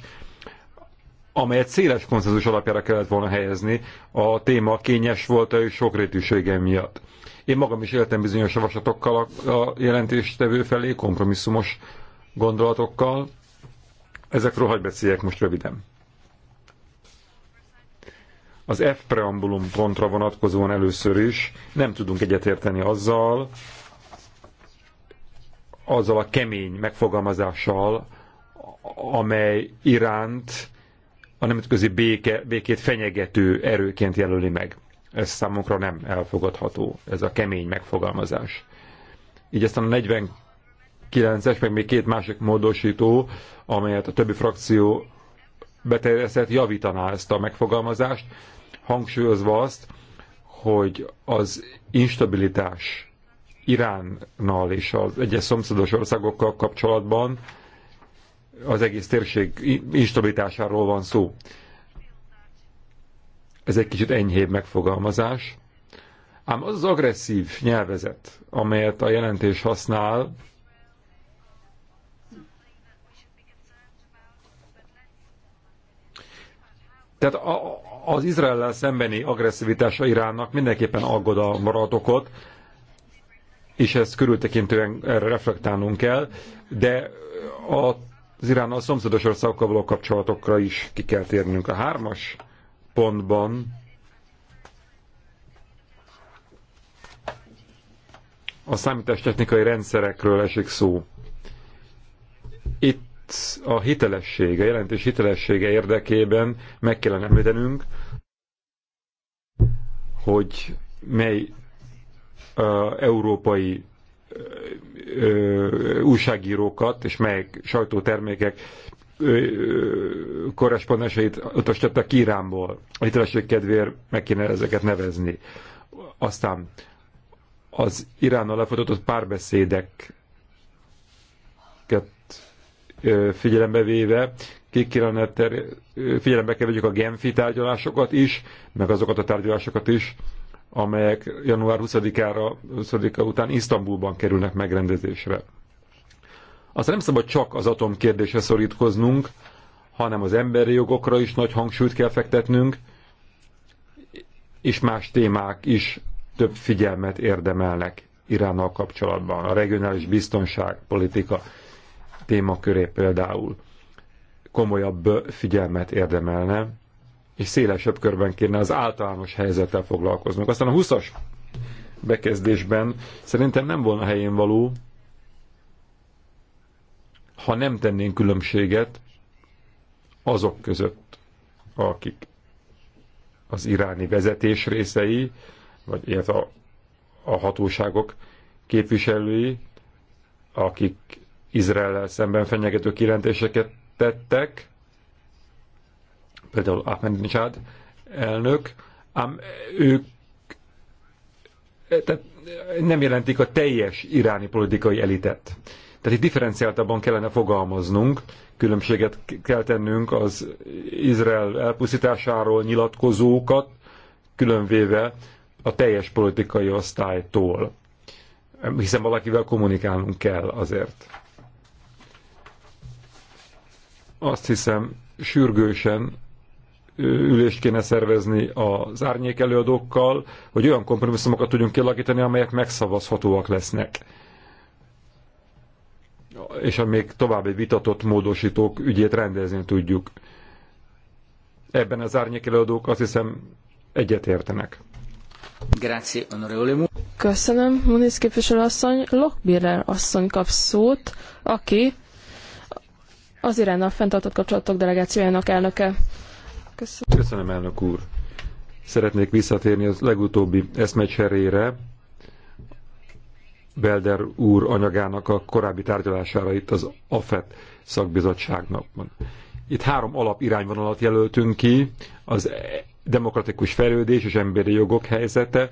amelyet széles konszenzus alapjára kellett volna helyezni, a téma kényes volt sok rétűsége miatt. Én magam is éltem bizonyos javaslatokkal a jelentéstevő felé, kompromisszumos gondolatokkal. Ezekről hagyj beszéljek most röviden az F preambulum pontra vonatkozóan először is nem tudunk egyetérteni azzal, azzal a kemény megfogalmazással, amely iránt a nemzetközi béke, békét fenyegető erőként jelöli meg. Ez számunkra nem elfogadható, ez a kemény megfogalmazás. Így aztán a 49-es, meg még két másik módosító, amelyet a többi frakció beterjesztett, javítaná ezt a megfogalmazást, hangsúlyozva azt, hogy az instabilitás Iránnal és az egyes szomszédos országokkal kapcsolatban az egész térség instabilitásáról van szó. Ez egy kicsit enyhébb megfogalmazás. Ám az az agresszív nyelvezet, amelyet a jelentés használ, tehát a, az Izraellel szembeni agresszivitása Iránnak mindenképpen aggodalomra ad okot, és ezt körültekintően erre reflektálnunk kell, de az Irán a szomszédos országokkal való kapcsolatokra is ki kell térnünk. A hármas pontban a számítástechnikai rendszerekről esik szó. Itt a hitelessége, jelentés hitelessége érdekében meg kellene említenünk, hogy mely a európai ö, újságírókat és mely sajtótermékek korrespondenseit utasítottak Iránból. A hitelesség kedvéért meg kéne ezeket nevezni. Aztán az Iránnal lefolytatott párbeszédek figyelembe véve, ki kellene ter- figyelembe kell vegyük a Genfi tárgyalásokat is, meg azokat a tárgyalásokat is, amelyek január 20-ára, 20 -a után Isztambulban kerülnek megrendezésre. Aztán nem szabad csak az atom kérdése szorítkoznunk, hanem az emberi jogokra is nagy hangsúlyt kell fektetnünk, és más témák is több figyelmet érdemelnek Iránnal kapcsolatban. A regionális biztonság, politika, témaköré például komolyabb figyelmet érdemelne, és szélesebb körben kéne az általános helyzettel foglalkoznunk. Aztán a 20-as bekezdésben szerintem nem volna helyén való, ha nem tennénk különbséget azok között, akik az iráni vezetés részei, vagy illetve a, a hatóságok képviselői, akik izrael szemben fenyegető kijelentéseket tettek, például Ahmadinejad elnök, ám ők tehát nem jelentik a teljes iráni politikai elitet. Tehát itt differenciáltabban kellene fogalmaznunk, különbséget kell tennünk az Izrael elpusztításáról nyilatkozókat, különvéve a teljes politikai osztálytól. Hiszen valakivel kommunikálnunk kell azért. Azt hiszem, sürgősen ülést kéne szervezni az árnyék előadókkal, hogy olyan kompromisszumokat tudjunk kialakítani, amelyek megszavazhatóak lesznek. És a még további vitatott módosítók ügyét rendezni tudjuk. Ebben az árnyék előadók azt hiszem egyetértenek. értenek. onorevole. Köszönem, Muniz képviselőasszony. Lockbiller asszony kap szót, aki az Irán a fenntartott kapcsolatok delegációjának elnöke. Köszönöm. Köszönöm, elnök úr. Szeretnék visszatérni az legutóbbi eszmecserére, Belder úr anyagának a korábbi tárgyalására itt az AFET szakbizottságnakban. Itt három alap irányvonalat jelöltünk ki, az demokratikus fejlődés és emberi jogok helyzete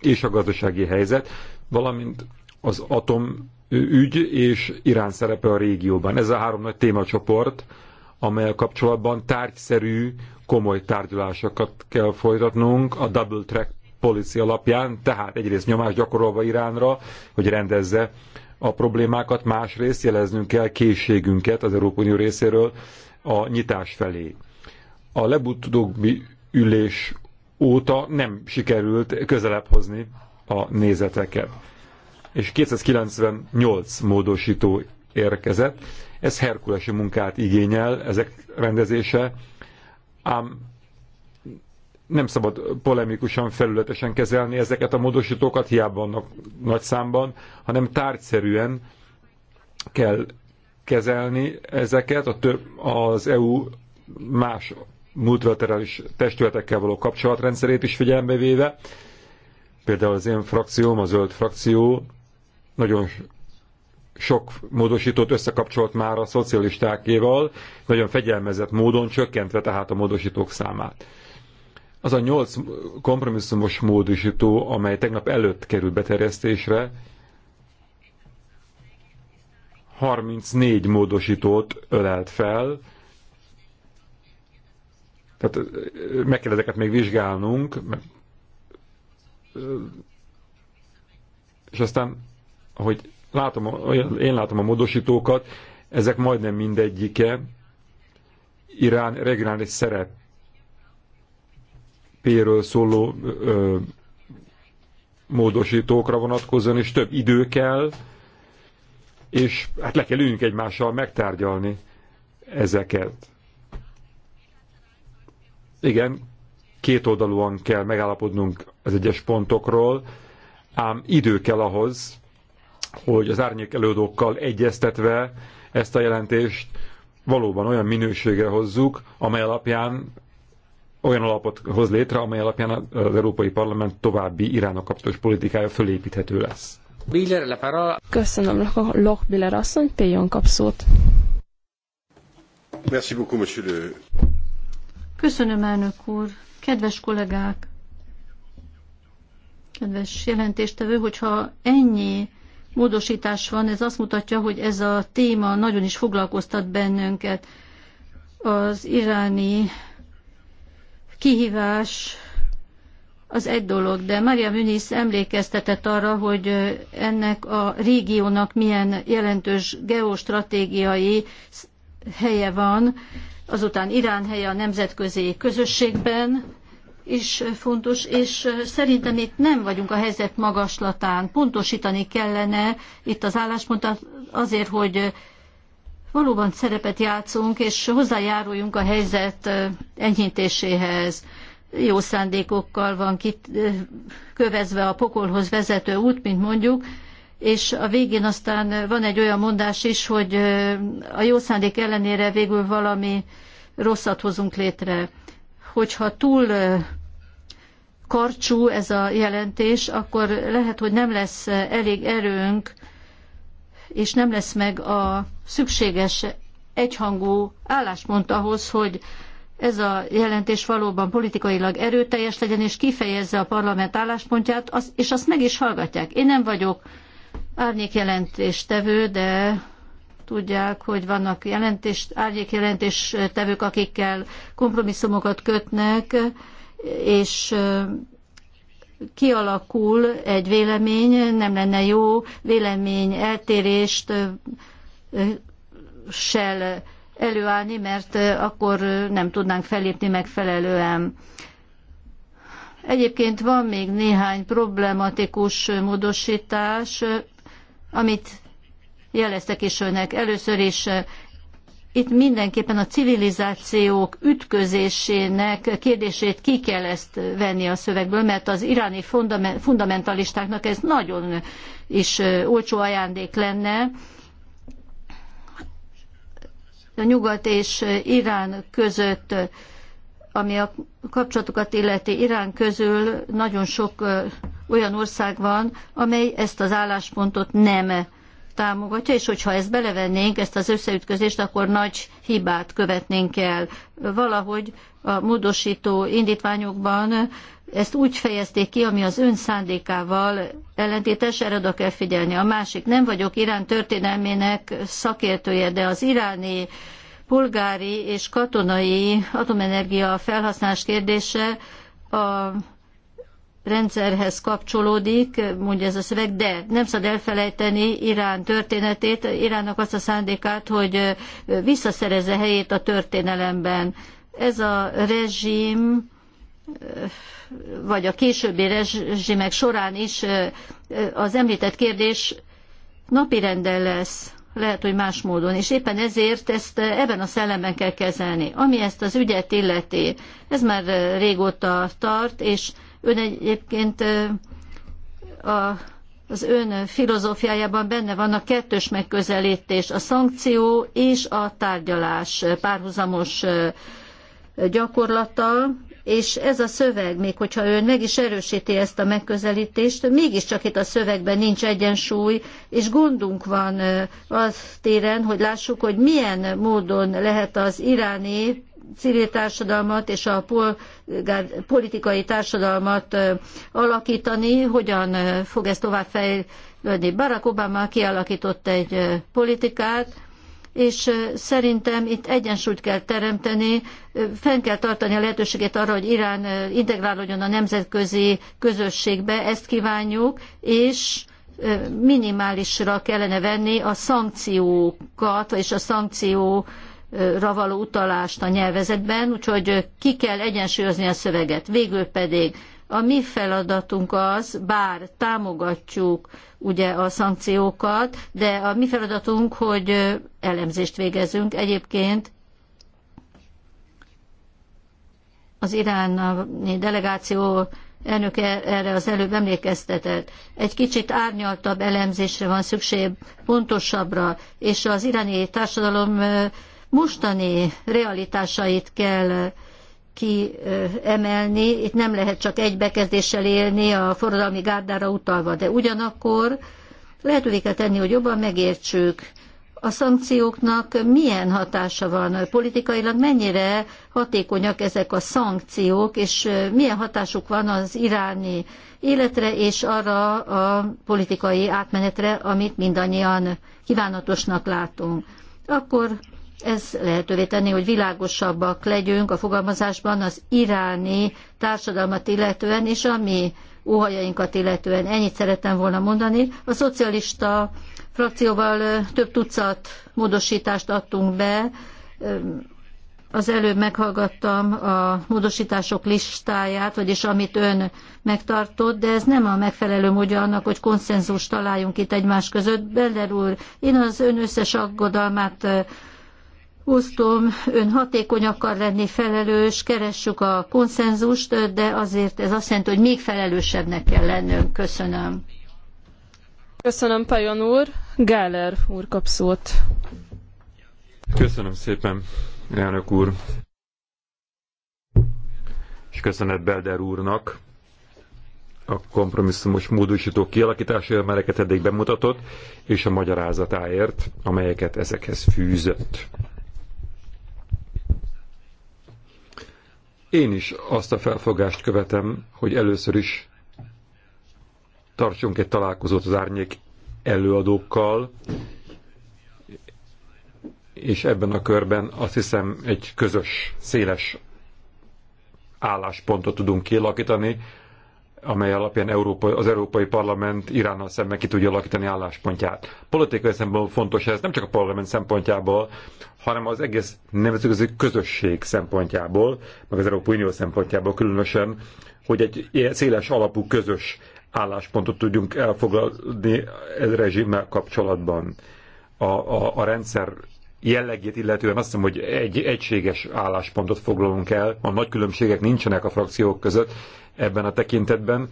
és a gazdasági helyzet, valamint az atom ügy és Irán szerepe a régióban. Ez a három nagy témacsoport, amely kapcsolatban tárgyszerű, komoly tárgyalásokat kell folytatnunk a Double Track Policy alapján, tehát egyrészt nyomást gyakorolva Iránra, hogy rendezze a problémákat, másrészt jeleznünk kell készségünket az Európai Unió részéről a nyitás felé. A legutóbbi ülés óta nem sikerült közelebb hozni a nézeteket és 298 módosító érkezett. Ez herkulesi munkát igényel, ezek rendezése, ám nem szabad polemikusan, felületesen kezelni ezeket a módosítókat, hiába vannak nagy számban, hanem tárgyszerűen kell kezelni ezeket a több, az EU más multilaterális testületekkel való kapcsolatrendszerét is figyelembe véve. Például az én frakcióm, a zöld frakció nagyon sok módosítót összekapcsolt már a szocialistákéval, nagyon fegyelmezett módon csökkentve tehát a módosítók számát. Az a nyolc kompromisszumos módosító, amely tegnap előtt került beterjesztésre, 34 módosítót ölelt fel, tehát meg kell ezeket még vizsgálnunk, és aztán ahogy látom, én látom a módosítókat, ezek majdnem mindegyike Irán regionális szerep péről szóló ö, módosítókra vonatkozóan, és több idő kell, és hát le kell üljünk egymással megtárgyalni ezeket. Igen, két oldalúan kell megállapodnunk az egyes pontokról, ám idő kell ahhoz, hogy az árnyék előadókkal egyeztetve ezt a jelentést valóban olyan minőségre hozzuk, amely alapján olyan alapot hoz létre, amely alapján az Európai Parlament további Iránok kapcsolatos politikája fölépíthető lesz. Köszönöm, Biller asszony, Péjon kap szót. Köszönöm, elnök úr. Kedves kollégák, kedves jelentéstevő, hogyha ennyi módosítás van, ez azt mutatja, hogy ez a téma nagyon is foglalkoztat bennünket. Az iráni kihívás az egy dolog, de Maria Muniz emlékeztetett arra, hogy ennek a régiónak milyen jelentős geostratégiai helye van, azután Irán helye a nemzetközi közösségben, is fontos, és szerintem itt nem vagyunk a helyzet magaslatán. Pontosítani kellene itt az álláspontot azért, hogy valóban szerepet játszunk, és hozzájáruljunk a helyzet enyhítéséhez. Jó szándékokkal van kit, kövezve a pokolhoz vezető út, mint mondjuk, és a végén aztán van egy olyan mondás is, hogy a jó szándék ellenére végül valami rosszat hozunk létre. Hogyha túl karcsú ez a jelentés, akkor lehet, hogy nem lesz elég erőnk, és nem lesz meg a szükséges egyhangú álláspont ahhoz, hogy ez a jelentés valóban politikailag erőteljes legyen, és kifejezze a parlament álláspontját, és azt meg is hallgatják. Én nem vagyok árnyékjelentéstevő, de tudják, hogy vannak jelentés, árnyékjelentéstevők, akikkel kompromisszumokat kötnek, és kialakul egy vélemény, nem lenne jó vélemény eltérést sel előállni, mert akkor nem tudnánk felépni megfelelően. Egyébként van még néhány problematikus módosítás, amit jeleztek is önnek. Először is itt mindenképpen a civilizációk ütközésének kérdését ki kell ezt venni a szövegből, mert az iráni fundamentalistáknak ez nagyon is olcsó ajándék lenne. A nyugat és Irán között, ami a kapcsolatokat illeti Irán közül nagyon sok olyan ország van, amely ezt az álláspontot nem támogatja, és hogyha ezt belevennénk, ezt az összeütközést, akkor nagy hibát követnénk el. Valahogy a módosító indítványokban ezt úgy fejezték ki, ami az ön szándékával ellentétes, erre oda kell figyelni. A másik, nem vagyok Irán történelmének szakértője, de az iráni polgári és katonai atomenergia felhasználás kérdése a rendszerhez kapcsolódik, mondja ez a szöveg, de nem szabad elfelejteni Irán történetét, Iránnak azt a szándékát, hogy visszaszerezze helyét a történelemben. Ez a rezsim vagy a későbbi rezsimek során is az említett kérdés napirenden lesz, lehet, hogy más módon, és éppen ezért ezt ebben a szellemben kell kezelni. Ami ezt az ügyet illeti, ez már régóta tart, és Ön egyébként a, az ön filozófiájában benne van a kettős megközelítés, a szankció és a tárgyalás párhuzamos gyakorlata, és ez a szöveg, még hogyha ön meg is erősíti ezt a megközelítést, mégiscsak itt a szövegben nincs egyensúly, és gondunk van az téren, hogy lássuk, hogy milyen módon lehet az iráni civil társadalmat és a polgár, politikai társadalmat alakítani, hogyan fog ez tovább fejlődni. Barack Obama kialakított egy politikát, és szerintem itt egyensúlyt kell teremteni, fenn kell tartani a lehetőségét arra, hogy Irán integrálódjon a nemzetközi közösségbe, ezt kívánjuk, és minimálisra kellene venni a szankciókat, és a szankció való utalást a nyelvezetben, úgyhogy ki kell egyensúlyozni a szöveget. Végül pedig a mi feladatunk az, bár támogatjuk ugye a szankciókat, de a mi feladatunk, hogy elemzést végezünk. Egyébként az iráni delegáció elnök erre az előbb emlékeztetett. Egy kicsit árnyaltabb elemzésre van szükség, pontosabbra, és az iráni társadalom mostani realitásait kell kiemelni. Itt nem lehet csak egy bekezdéssel élni a forradalmi gárdára utalva, de ugyanakkor lehetővé kell tenni, hogy jobban megértsük, a szankcióknak milyen hatása van politikailag, mennyire hatékonyak ezek a szankciók, és milyen hatásuk van az iráni életre és arra a politikai átmenetre, amit mindannyian kívánatosnak látunk. Akkor ez lehetővé tenni, hogy világosabbak legyünk a fogalmazásban az iráni társadalmat illetően, és a mi óhajainkat illetően. Ennyit szerettem volna mondani. A szocialista frakcióval több tucat módosítást adtunk be. Az előbb meghallgattam a módosítások listáját, vagyis amit ön megtartott, de ez nem a megfelelő módja annak, hogy konszenzust találjunk itt egymás között. Beller úr, én az ön összes aggodalmát Osztom, ön hatékony akar lenni, felelős, keressük a konszenzust, de azért ez azt jelenti, hogy még felelősebbnek kell lennünk. Köszönöm. Köszönöm, Pajon úr. Gáler úr kap szót. Köszönöm szépen, elnök úr. És köszönet Belder úrnak a kompromisszumos módosító kialakítása, amelyeket eddig bemutatott, és a magyarázatáért, amelyeket ezekhez fűzött. Én is azt a felfogást követem, hogy először is tartsunk egy találkozót az árnyék előadókkal, és ebben a körben azt hiszem egy közös, széles álláspontot tudunk kialakítani, amely alapján Európa, az Európai Parlament Iránnal szemben ki tudja alakítani álláspontját. Politikai szempontból fontos ez nem csak a parlament szempontjából, hanem az egész nemzetközi közösség szempontjából, meg az Európai Unió szempontjából különösen, hogy egy széles alapú közös álláspontot tudjunk elfogadni ez rezsimmel kapcsolatban. A, a, a rendszer jellegét illetően azt hiszem, hogy egy egységes álláspontot foglalunk el. A nagy különbségek nincsenek a frakciók között ebben a tekintetben.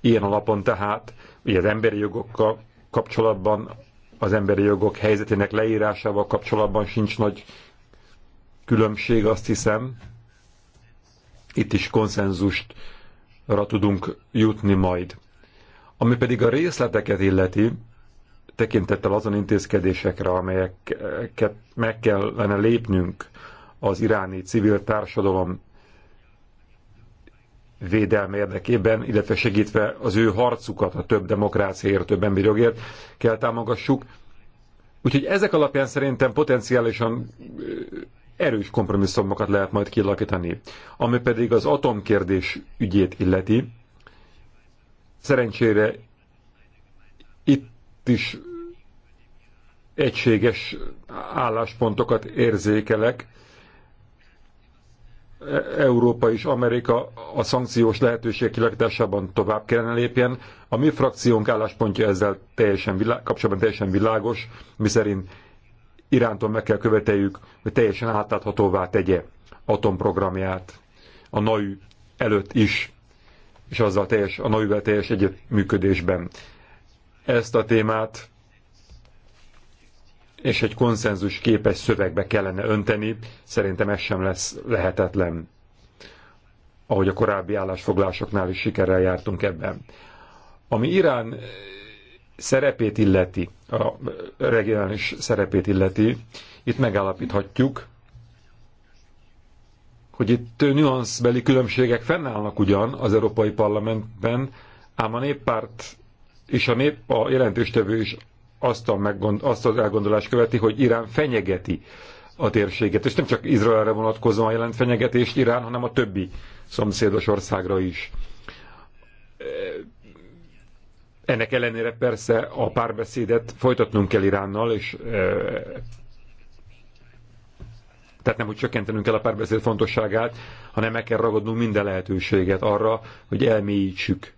Ilyen alapon tehát, ugye az emberi jogokkal kapcsolatban, az emberi jogok helyzetének leírásával kapcsolatban sincs nagy különbség, azt hiszem. Itt is konszenzustra tudunk jutni majd. Ami pedig a részleteket illeti, tekintettel azon intézkedésekre, amelyeket meg kellene lépnünk az iráni civil társadalom védelme érdekében, illetve segítve az ő harcukat a több demokráciáért, több emberi jogért kell támogassuk. Úgyhogy ezek alapján szerintem potenciálisan erős kompromisszumokat lehet majd kialakítani. Ami pedig az atomkérdés ügyét illeti, szerencsére itt is egységes álláspontokat érzékelek. E-, Európa és Amerika a szankciós lehetőség kilakításában tovább kellene lépjen. A mi frakciónk álláspontja ezzel teljesen világ, kapcsolatban teljesen világos, miszerint Irántól meg kell követeljük, hogy teljesen átláthatóvá tegye atomprogramját a NAU előtt is, és azzal teljes, a nau teljes együttműködésben ezt a témát, és egy konszenzus képes szövegbe kellene önteni, szerintem ez sem lesz lehetetlen, ahogy a korábbi állásfoglásoknál is sikerrel jártunk ebben. Ami Irán szerepét illeti, a regionális szerepét illeti, itt megállapíthatjuk, hogy itt nüanszbeli különbségek fennállnak ugyan az Európai Parlamentben, ám a néppárt és a nép a jelentéstevő is azt, a meggond, azt az elgondolást követi, hogy Irán fenyegeti a térséget, és nem csak Izraelre vonatkozóan jelent fenyegetést Irán, hanem a többi szomszédos országra is. Ennek ellenére persze a párbeszédet folytatnunk kell Iránnal, és tehát nem, úgy csökkentenünk kell a párbeszéd fontosságát, hanem meg kell ragadnunk minden lehetőséget arra, hogy elmélyítsük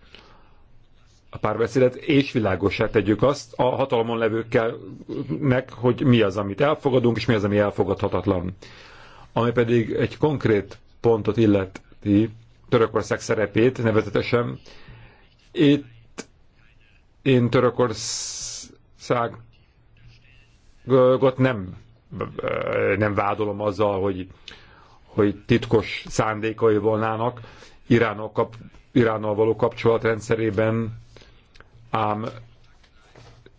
a párbeszédet, és világosá tegyük azt a hatalmon levőkkel meg, hogy mi az, amit elfogadunk, és mi az, ami elfogadhatatlan. Ami pedig egy konkrét pontot illeti Törökország szerepét, nevezetesen itt én Törökországot nem, nem vádolom azzal, hogy, hogy titkos szándékai volnának Iránnal, kap, Iránnal való kapcsolatrendszerében ám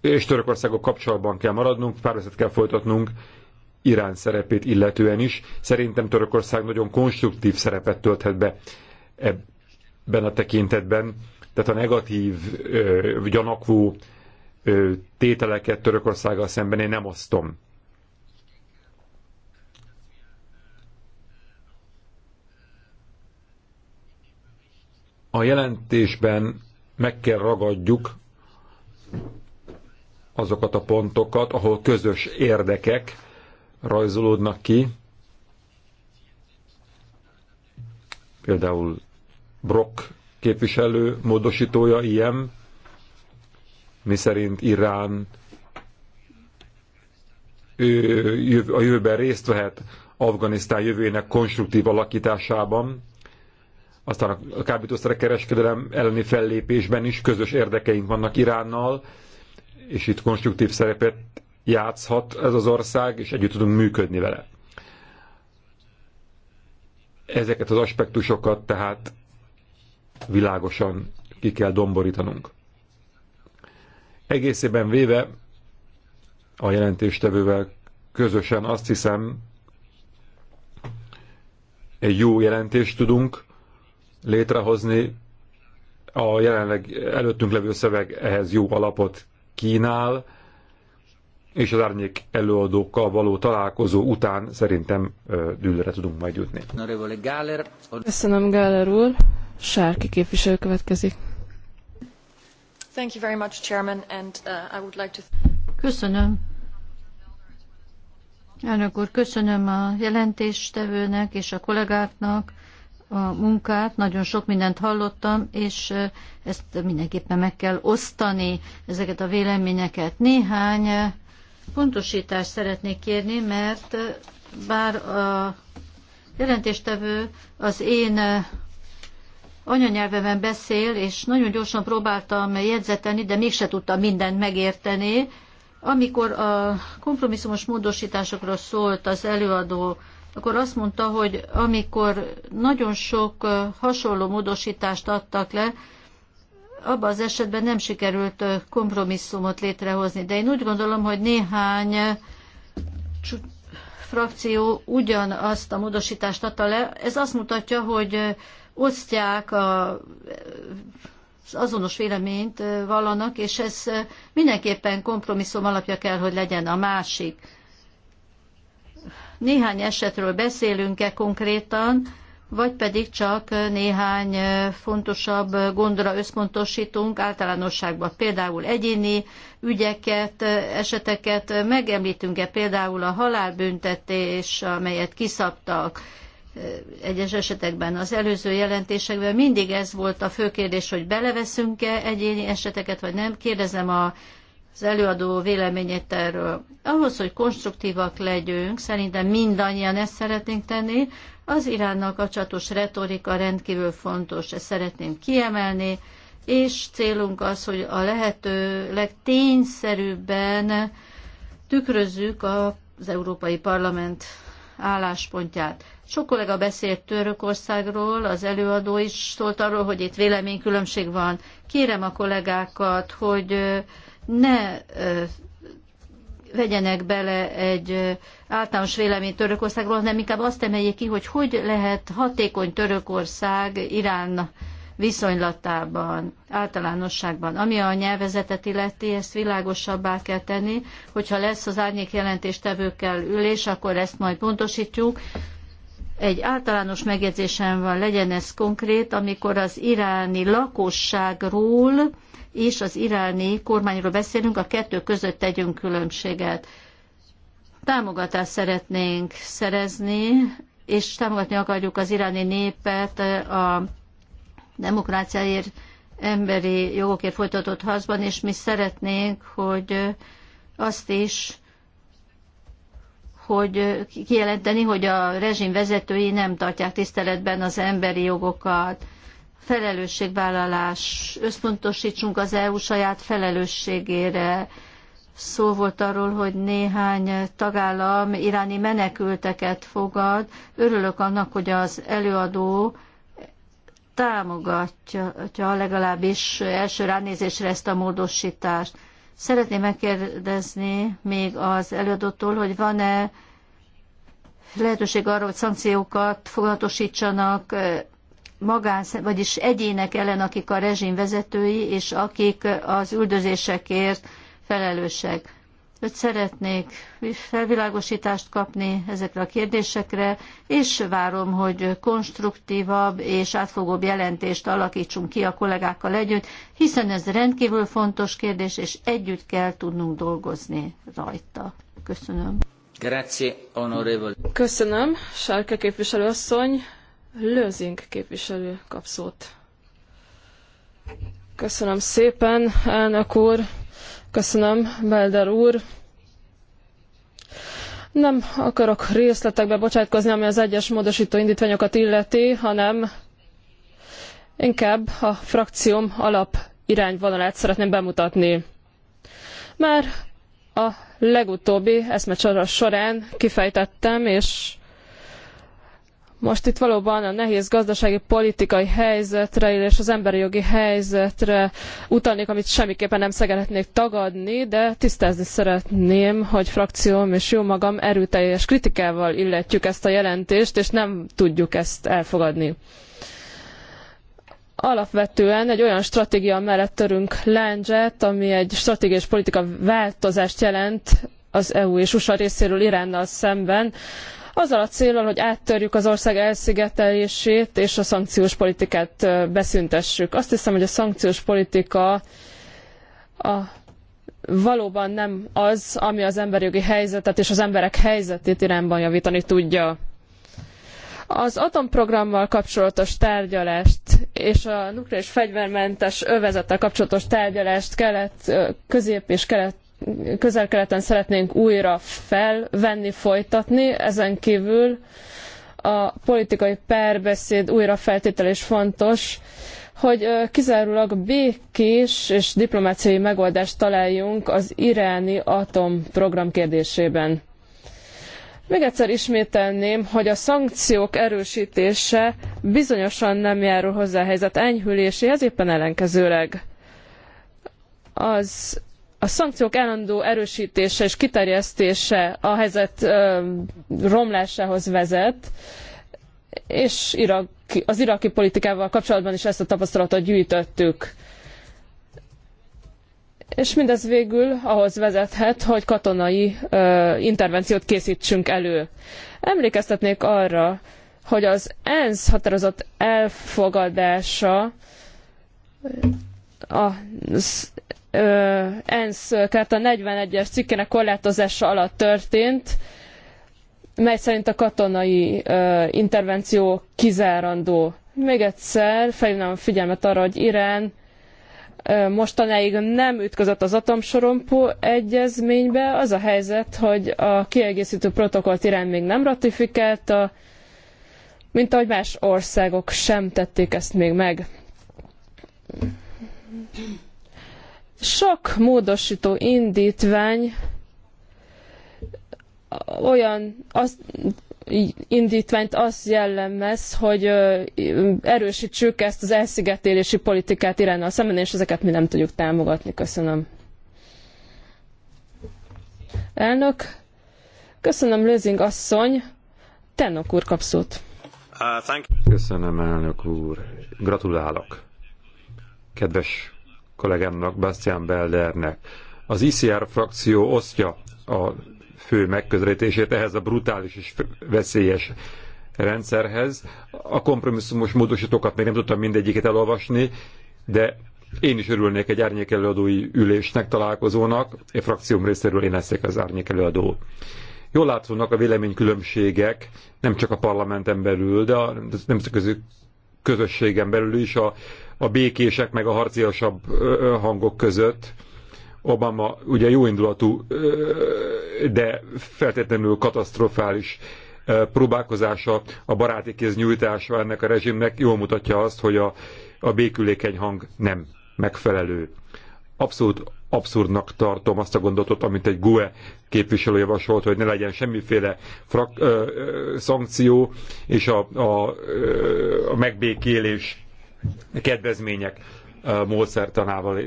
és Törökországok kapcsolatban kell maradnunk, párbeszédet kell folytatnunk Irán szerepét illetően is. Szerintem Törökország nagyon konstruktív szerepet tölthet be ebben a tekintetben, tehát a negatív, ö, gyanakvó ö, tételeket Törökországgal szemben én nem osztom. A jelentésben meg kell ragadjuk azokat a pontokat, ahol közös érdekek rajzolódnak ki. Például Brock képviselő módosítója ilyen, miszerint Irán a jövőben részt vehet Afganisztán jövőjének konstruktív alakításában, aztán a kábítószerek kereskedelem elleni fellépésben is közös érdekeink vannak Iránnal, és itt konstruktív szerepet játszhat ez az ország, és együtt tudunk működni vele. Ezeket az aspektusokat tehát világosan ki kell domborítanunk. Egészében véve a jelentéstevővel közösen azt hiszem, egy jó jelentést tudunk létrehozni. A jelenleg előttünk levő szöveg ehhez jó alapot kínál, és az árnyék előadókkal való találkozó után szerintem dűlőre tudunk majd jutni. Köszönöm, Gáler úr. Sárki képviselő következik. Uh, köszönöm. Elnök úr, köszönöm a jelentéstevőnek és a kollégáknak a munkát, nagyon sok mindent hallottam, és ezt mindenképpen meg kell osztani, ezeket a véleményeket. Néhány pontosítást szeretnék kérni, mert bár a jelentéstevő az én anyanyelvemen beszél, és nagyon gyorsan próbáltam jegyzetelni, de mégse tudtam mindent megérteni. Amikor a kompromisszumos módosításokról szólt az előadó akkor azt mondta, hogy amikor nagyon sok hasonló módosítást adtak le, abban az esetben nem sikerült kompromisszumot létrehozni. De én úgy gondolom, hogy néhány frakció ugyanazt a módosítást adta le. Ez azt mutatja, hogy osztják a, az azonos véleményt vallanak, és ez mindenképpen kompromisszum alapja kell, hogy legyen a másik néhány esetről beszélünk-e konkrétan, vagy pedig csak néhány fontosabb gondra összpontosítunk általánosságban, például egyéni ügyeket, eseteket, megemlítünk-e például a halálbüntetés, amelyet kiszabtak egyes esetekben az előző jelentésekben mindig ez volt a fő kérdés, hogy beleveszünk-e egyéni eseteket, vagy nem. Kérdezem a az előadó véleményét erről. Ahhoz, hogy konstruktívak legyünk, szerintem mindannyian ezt szeretnénk tenni, az Iránnak kapcsolatos retorika rendkívül fontos, ezt szeretném kiemelni, és célunk az, hogy a lehető legtényszerűbben tükrözzük az Európai Parlament álláspontját. Sok kollega beszélt Törökországról, az előadó is szólt arról, hogy itt véleménykülönbség van. Kérem a kollégákat, hogy ne vegyenek bele egy általános vélemény Törökországról, hanem inkább azt emeljék ki, hogy hogy lehet hatékony Törökország Irán viszonylatában, általánosságban. Ami a nyelvezetet illeti, ezt világosabbá kell tenni, hogyha lesz az árnyék jelentéstevőkkel ülés, akkor ezt majd pontosítjuk. Egy általános megjegyzésem van, legyen ez konkrét, amikor az iráni lakosságról, és az iráni kormányról beszélünk, a kettő között tegyünk különbséget. Támogatást szeretnénk szerezni, és támogatni akarjuk az iráni népet a demokráciáért, emberi jogokért folytatott harcban, és mi szeretnénk, hogy azt is hogy kijelenteni, hogy a rezsim vezetői nem tartják tiszteletben az emberi jogokat felelősségvállalás, összpontosítsunk az EU saját felelősségére. Szó volt arról, hogy néhány tagállam iráni menekülteket fogad. Örülök annak, hogy az előadó támogatja legalábbis első ránézésre ezt a módosítást. Szeretném megkérdezni még az előadótól, hogy van-e lehetőség arra, hogy szankciókat foglalatosítsanak magán, vagyis egyének ellen, akik a rezsim vezetői, és akik az üldözésekért felelősek. Öt szeretnék felvilágosítást kapni ezekre a kérdésekre, és várom, hogy konstruktívabb és átfogóbb jelentést alakítsunk ki a kollégákkal együtt, hiszen ez rendkívül fontos kérdés, és együtt kell tudnunk dolgozni rajta. Köszönöm. Grazie, Köszönöm, Sárke képviselőasszony. Lőzink képviselő kap Köszönöm szépen, elnök úr. Köszönöm, Belder úr. Nem akarok részletekbe bocsátkozni, ami az egyes módosító indítványokat illeti, hanem inkább a frakcióm alap irányvonalát szeretném bemutatni. Már a legutóbbi eszmecsora során kifejtettem, és most itt valóban a nehéz gazdasági, politikai helyzetre, és az emberi jogi helyzetre utalnék, amit semmiképpen nem szeretnék tagadni, de tisztázni szeretném, hogy frakcióm és jó magam erőteljes kritikával illetjük ezt a jelentést, és nem tudjuk ezt elfogadni alapvetően egy olyan stratégia mellett törünk láncset, ami egy stratégiai és politika változást jelent az EU és USA részéről Iránnal szemben, azzal a célral, hogy áttörjük az ország elszigetelését és a szankciós politikát beszüntessük. Azt hiszem, hogy a szankciós politika a valóban nem az, ami az emberjogi helyzetet és az emberek helyzetét Iránban javítani tudja. Az atomprogrammal kapcsolatos tárgyalást és a nukleáris fegyvermentes övezettel kapcsolatos tárgyalást kelet, közép és kelet közel-keleten szeretnénk újra felvenni, folytatni. Ezen kívül a politikai párbeszéd újrafeltétel is fontos, hogy kizárólag békés és diplomáciai megoldást találjunk az iráni atomprogram kérdésében. Még egyszer ismételném, hogy a szankciók erősítése bizonyosan nem járul hozzá a helyzet enyhüléséhez, éppen ellenkezőleg az a szankciók állandó erősítése és kiterjesztése a helyzet romlásához vezet, és az iraki politikával kapcsolatban is ezt a tapasztalatot gyűjtöttük. És mindez végül ahhoz vezethet, hogy katonai ö, intervenciót készítsünk elő. Emlékeztetnék arra, hogy az ENSZ határozat elfogadása a ö, ENSZ kárta 41-es cikkének korlátozása alatt történt, mely szerint a katonai ö, intervenció kizárandó. Még egyszer felhívnám a figyelmet arra, hogy Irán mostanáig nem ütközött az atomsorompó egyezménybe. Az a helyzet, hogy a kiegészítő protokollt Irán még nem ratifikálta, mint ahogy más országok sem tették ezt még meg. Sok módosító indítvány olyan az, indítványt azt jellemez, hogy erősítsük ezt az elszigetélési politikát Iránnal szemben, és ezeket mi nem tudjuk támogatni. Köszönöm. Elnök, köszönöm Lőzing asszony, Tennok úr kap szót. Uh, köszönöm, elnök úr. Gratulálok kedves kollégámnak, Bastian Beldernek. Az ICR frakció osztja a fő megközelítését ehhez a brutális és veszélyes rendszerhez. A kompromisszumos módosítókat még nem tudtam mindegyiket elolvasni, de én is örülnék egy árnyékelőadói ülésnek, találkozónak. A frakcióm részéről én leszek az árnyékelőadó. Jól látszónak a véleménykülönbségek, nem csak a parlamenten belül, de a nemzetközi közösségen belül is a a békések meg a harciasabb hangok között. Obama ugye jóindulatú, de feltétlenül katasztrofális próbálkozása, a baráti kéz nyújtása ennek a rezsimnek jól mutatja azt, hogy a, a békülékeny hang nem megfelelő. Abszolút abszurdnak tartom azt a gondotot, amit egy GUE képviselő javasolt, hogy ne legyen semmiféle frak, ö, ö, szankció, és a, a, ö, a megbékélés kedvezmények módszertanával,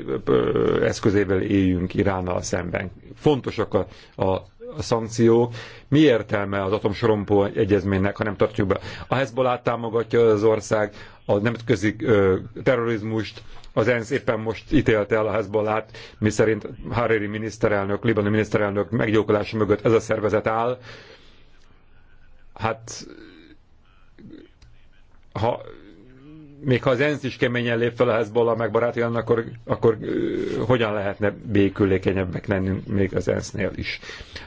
eszközével éljünk Iránnal szemben. Fontosak a, a a szankciók. Mi értelme az atomsorompó egyezménynek, ha nem tartjuk be? A Hezbollah támogatja az ország a nemzetközi terrorizmust, az ENSZ éppen most ítélte el a Hezbollah-t, miszerint Hariri miniszterelnök, libanoni miniszterelnök meggyilkolása mögött ez a szervezet áll. Hát ha még ha az ENSZ is keményen lép fel a Hezbollah meg barátján, akkor, akkor hogyan lehetne békülékenyebbek lenni még az ENSZ-nél is.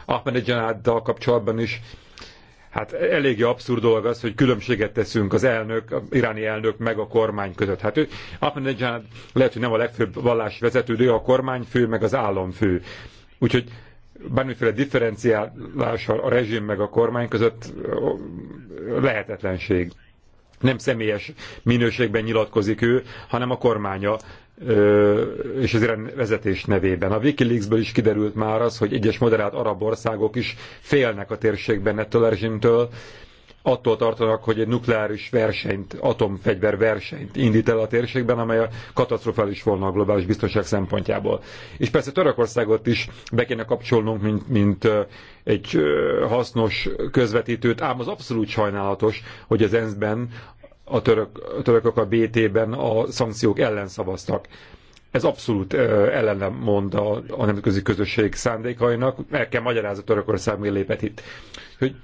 Ahmedinejaddal kapcsolatban is Hát elég abszurd dolog az, hogy különbséget teszünk az elnök, az iráni elnök meg a kormány között. Hát ő, Ahmadinejad lehet, hogy nem a legfőbb vallási vezető, de ő a kormányfő, meg az államfő. Úgyhogy bármiféle differenciálás a rezsim meg a kormány között lehetetlenség nem személyes minőségben nyilatkozik ő, hanem a kormánya és az irán vezetés nevében. A Wikileaksből is kiderült már az, hogy egyes moderált arab országok is félnek a térségben ettől a rezsimtől, attól tartanak, hogy egy nukleáris versenyt, atomfegyver versenyt indít el a térségben, amely a katasztrofális volna a globális biztonság szempontjából. És persze Törökországot is be kéne kapcsolnunk, mint, mint egy hasznos közvetítőt, ám az abszolút sajnálatos, hogy az ENSZ-ben a, török, a törökök a BT-ben a szankciók ellen szavaztak. Ez abszolút ellenem mond a, a nemzetközi közösség szándékainak, mert kell magyarázni Törökország miért lépett itt. Hogy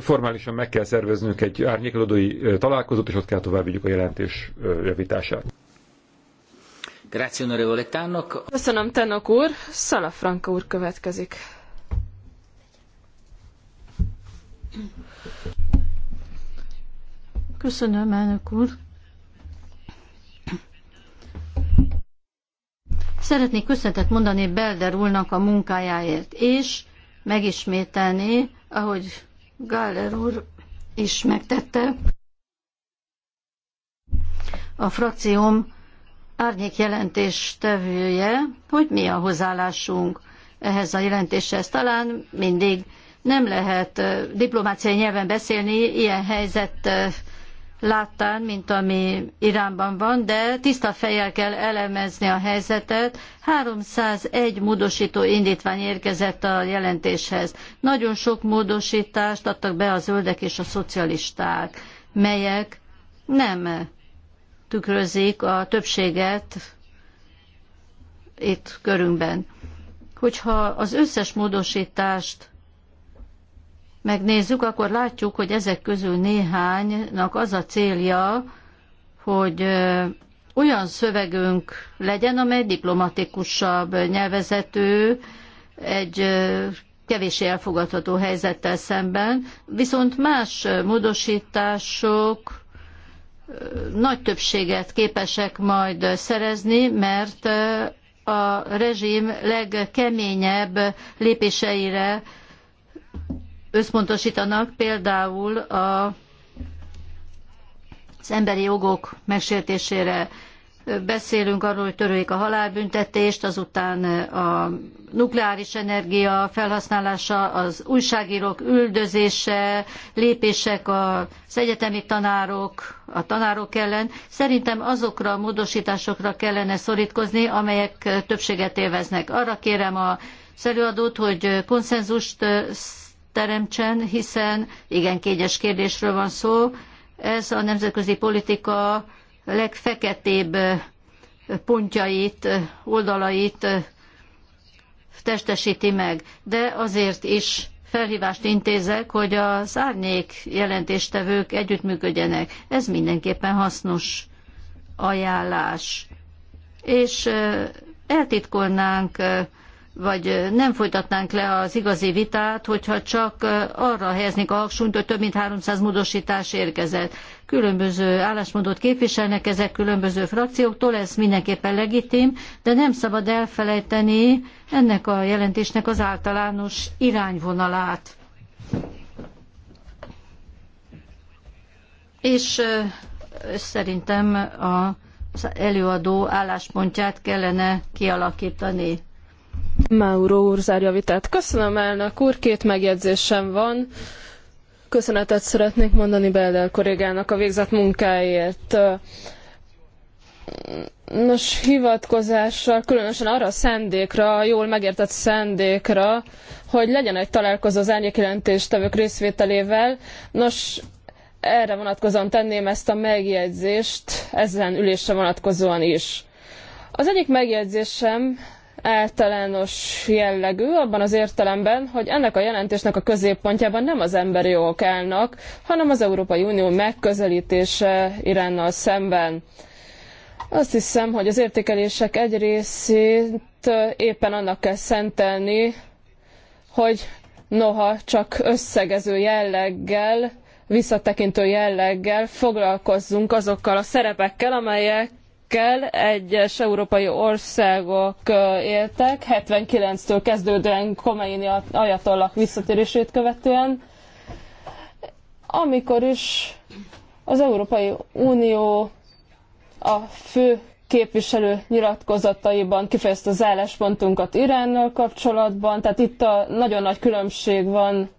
formálisan meg kell szerveznünk egy árnyékelődői találkozót, és ott kell tovább vigyük a jelentés javítását. Köszönöm, Tannok úr. Szalafranka úr következik. Köszönöm, elnök úr. Szeretnék köszönetet mondani Belder úrnak a munkájáért, és megismételni, ahogy Gáller úr is megtette. A frakcióm árnyék jelentés tevője, hogy mi a hozzáállásunk ehhez a jelentéshez. Talán mindig nem lehet eh, diplomáciai nyelven beszélni ilyen helyzet eh, láttán, mint ami Iránban van, de tiszta fejjel kell elemezni a helyzetet. 301 módosító indítvány érkezett a jelentéshez. Nagyon sok módosítást adtak be a zöldek és a szocialisták, melyek nem tükrözik a többséget itt körünkben. Hogyha az összes módosítást megnézzük, akkor látjuk, hogy ezek közül néhánynak az a célja, hogy olyan szövegünk legyen, amely diplomatikusabb, nyelvezető, egy kevéssé elfogadható helyzettel szemben, viszont más módosítások nagy többséget képesek majd szerezni, mert a rezsim legkeményebb lépéseire összpontosítanak, például a, az emberi jogok megsértésére beszélünk arról, hogy törőjék a halálbüntetést, azután a nukleáris energia felhasználása, az újságírók üldözése, lépések az egyetemi tanárok, a tanárok ellen. Szerintem azokra a módosításokra kellene szorítkozni, amelyek többséget élveznek. Arra kérem a előadót, hogy konszenzust teremtsen, hiszen igen kényes kérdésről van szó. Ez a nemzetközi politika legfeketébb pontjait, oldalait testesíti meg. De azért is felhívást intézek, hogy az árnyék jelentéstevők együttműködjenek. Ez mindenképpen hasznos ajánlás. És eh, eltitkolnánk eh, vagy nem folytatnánk le az igazi vitát, hogyha csak arra helyeznénk a hangsúlyt, hogy több mint 300 módosítás érkezett. Különböző állásmódot képviselnek ezek különböző frakcióktól, ez mindenképpen legitim, de nem szabad elfelejteni ennek a jelentésnek az általános irányvonalát. És szerintem az előadó álláspontját kellene kialakítani. Mauro úr zárja vitát. Köszönöm elnök úr, két megjegyzésem van. Köszönetet szeretnék mondani Beldel kollégának a végzett munkáért. Nos, hivatkozással, különösen arra a szándékra, a jól megértett szándékra, hogy legyen egy találkozó az árnyékjelentéstevők részvételével. Nos, erre vonatkozóan tenném ezt a megjegyzést, ezen ülésre vonatkozóan is. Az egyik megjegyzésem általános jellegű, abban az értelemben, hogy ennek a jelentésnek a középpontjában nem az emberi jogok állnak, hanem az Európai Unió megközelítése Iránnal szemben. Azt hiszem, hogy az értékelések egy részét éppen annak kell szentelni, hogy noha csak összegező jelleggel, visszatekintő jelleggel foglalkozzunk azokkal a szerepekkel, amelyek amelyekkel egyes európai országok éltek, 79-től kezdődően Khomeini ajatollah visszatérését követően, amikor is az Európai Unió a fő képviselő nyilatkozataiban kifejezte az álláspontunkat Iránnal kapcsolatban, tehát itt a nagyon nagy különbség van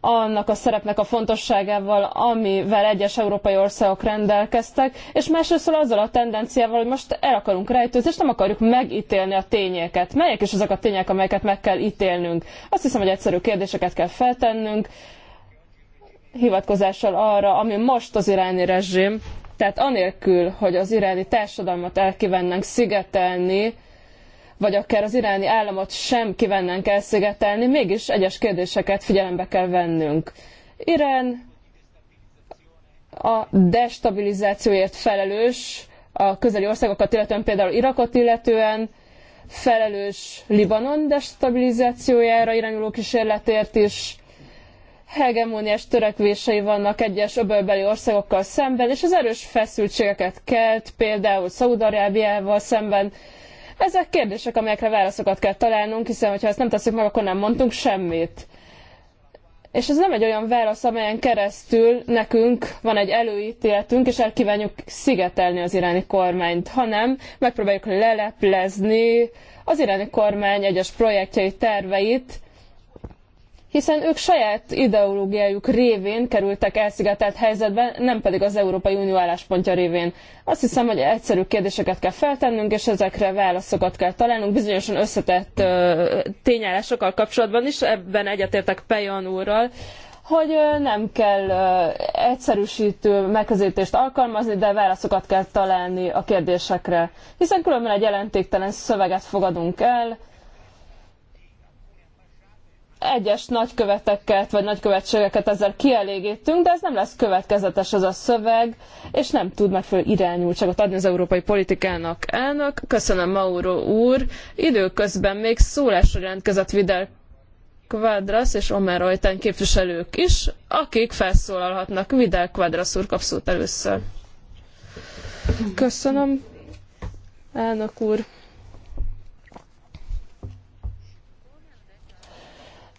annak a szerepnek a fontosságával, amivel egyes európai országok rendelkeztek, és másrészt azzal a tendenciával, hogy most el akarunk rejtőzni, és nem akarjuk megítélni a tényeket. Melyek is azok a tények, amelyeket meg kell ítélnünk? Azt hiszem, hogy egyszerű kérdéseket kell feltennünk, hivatkozással arra, ami most az iráni rezsim, tehát anélkül, hogy az iráni társadalmat elkívánnak szigetelni, vagy akár az iráni államot sem kivennénk elszigetelni, mégis egyes kérdéseket figyelembe kell vennünk. Irán a destabilizációért felelős, a közeli országokat illetően, például Irakot illetően, felelős Libanon destabilizációjára irányuló kísérletért is, hegemóniás törekvései vannak egyes öbölbeli országokkal szemben, és az erős feszültségeket kelt, például Szaúd-Arábiával szemben, ezek kérdések, amelyekre válaszokat kell találnunk, hiszen ha ezt nem tesszük meg, akkor nem mondtunk semmit. És ez nem egy olyan válasz, amelyen keresztül nekünk van egy előítéletünk, és elkívánjuk szigetelni az iráni kormányt, hanem megpróbáljuk leleplezni az iráni kormány egyes projektjeit, terveit, hiszen ők saját ideológiájuk révén kerültek elszigetelt helyzetbe, nem pedig az Európai Unió álláspontja révén. Azt hiszem, hogy egyszerű kérdéseket kell feltennünk, és ezekre válaszokat kell találnunk, bizonyosan összetett ö, tényállásokkal kapcsolatban is, ebben egyetértek Pejon úrral, hogy nem kell egyszerűsítő megközelítést alkalmazni, de válaszokat kell találni a kérdésekre. Hiszen különben egy jelentéktelen szöveget fogadunk el, egyes nagyköveteket vagy nagykövetségeket ezzel kielégítünk, de ez nem lesz következetes az a szöveg, és nem tud megfelelő irányultságot adni az európai politikának. Elnök, köszönöm Mauro úr. Időközben még szólásra jelentkezett Vidal Quadras és Omer Rajtán képviselők is, akik felszólalhatnak. Vidal Quadras úr kap először. Köszönöm, elnök úr.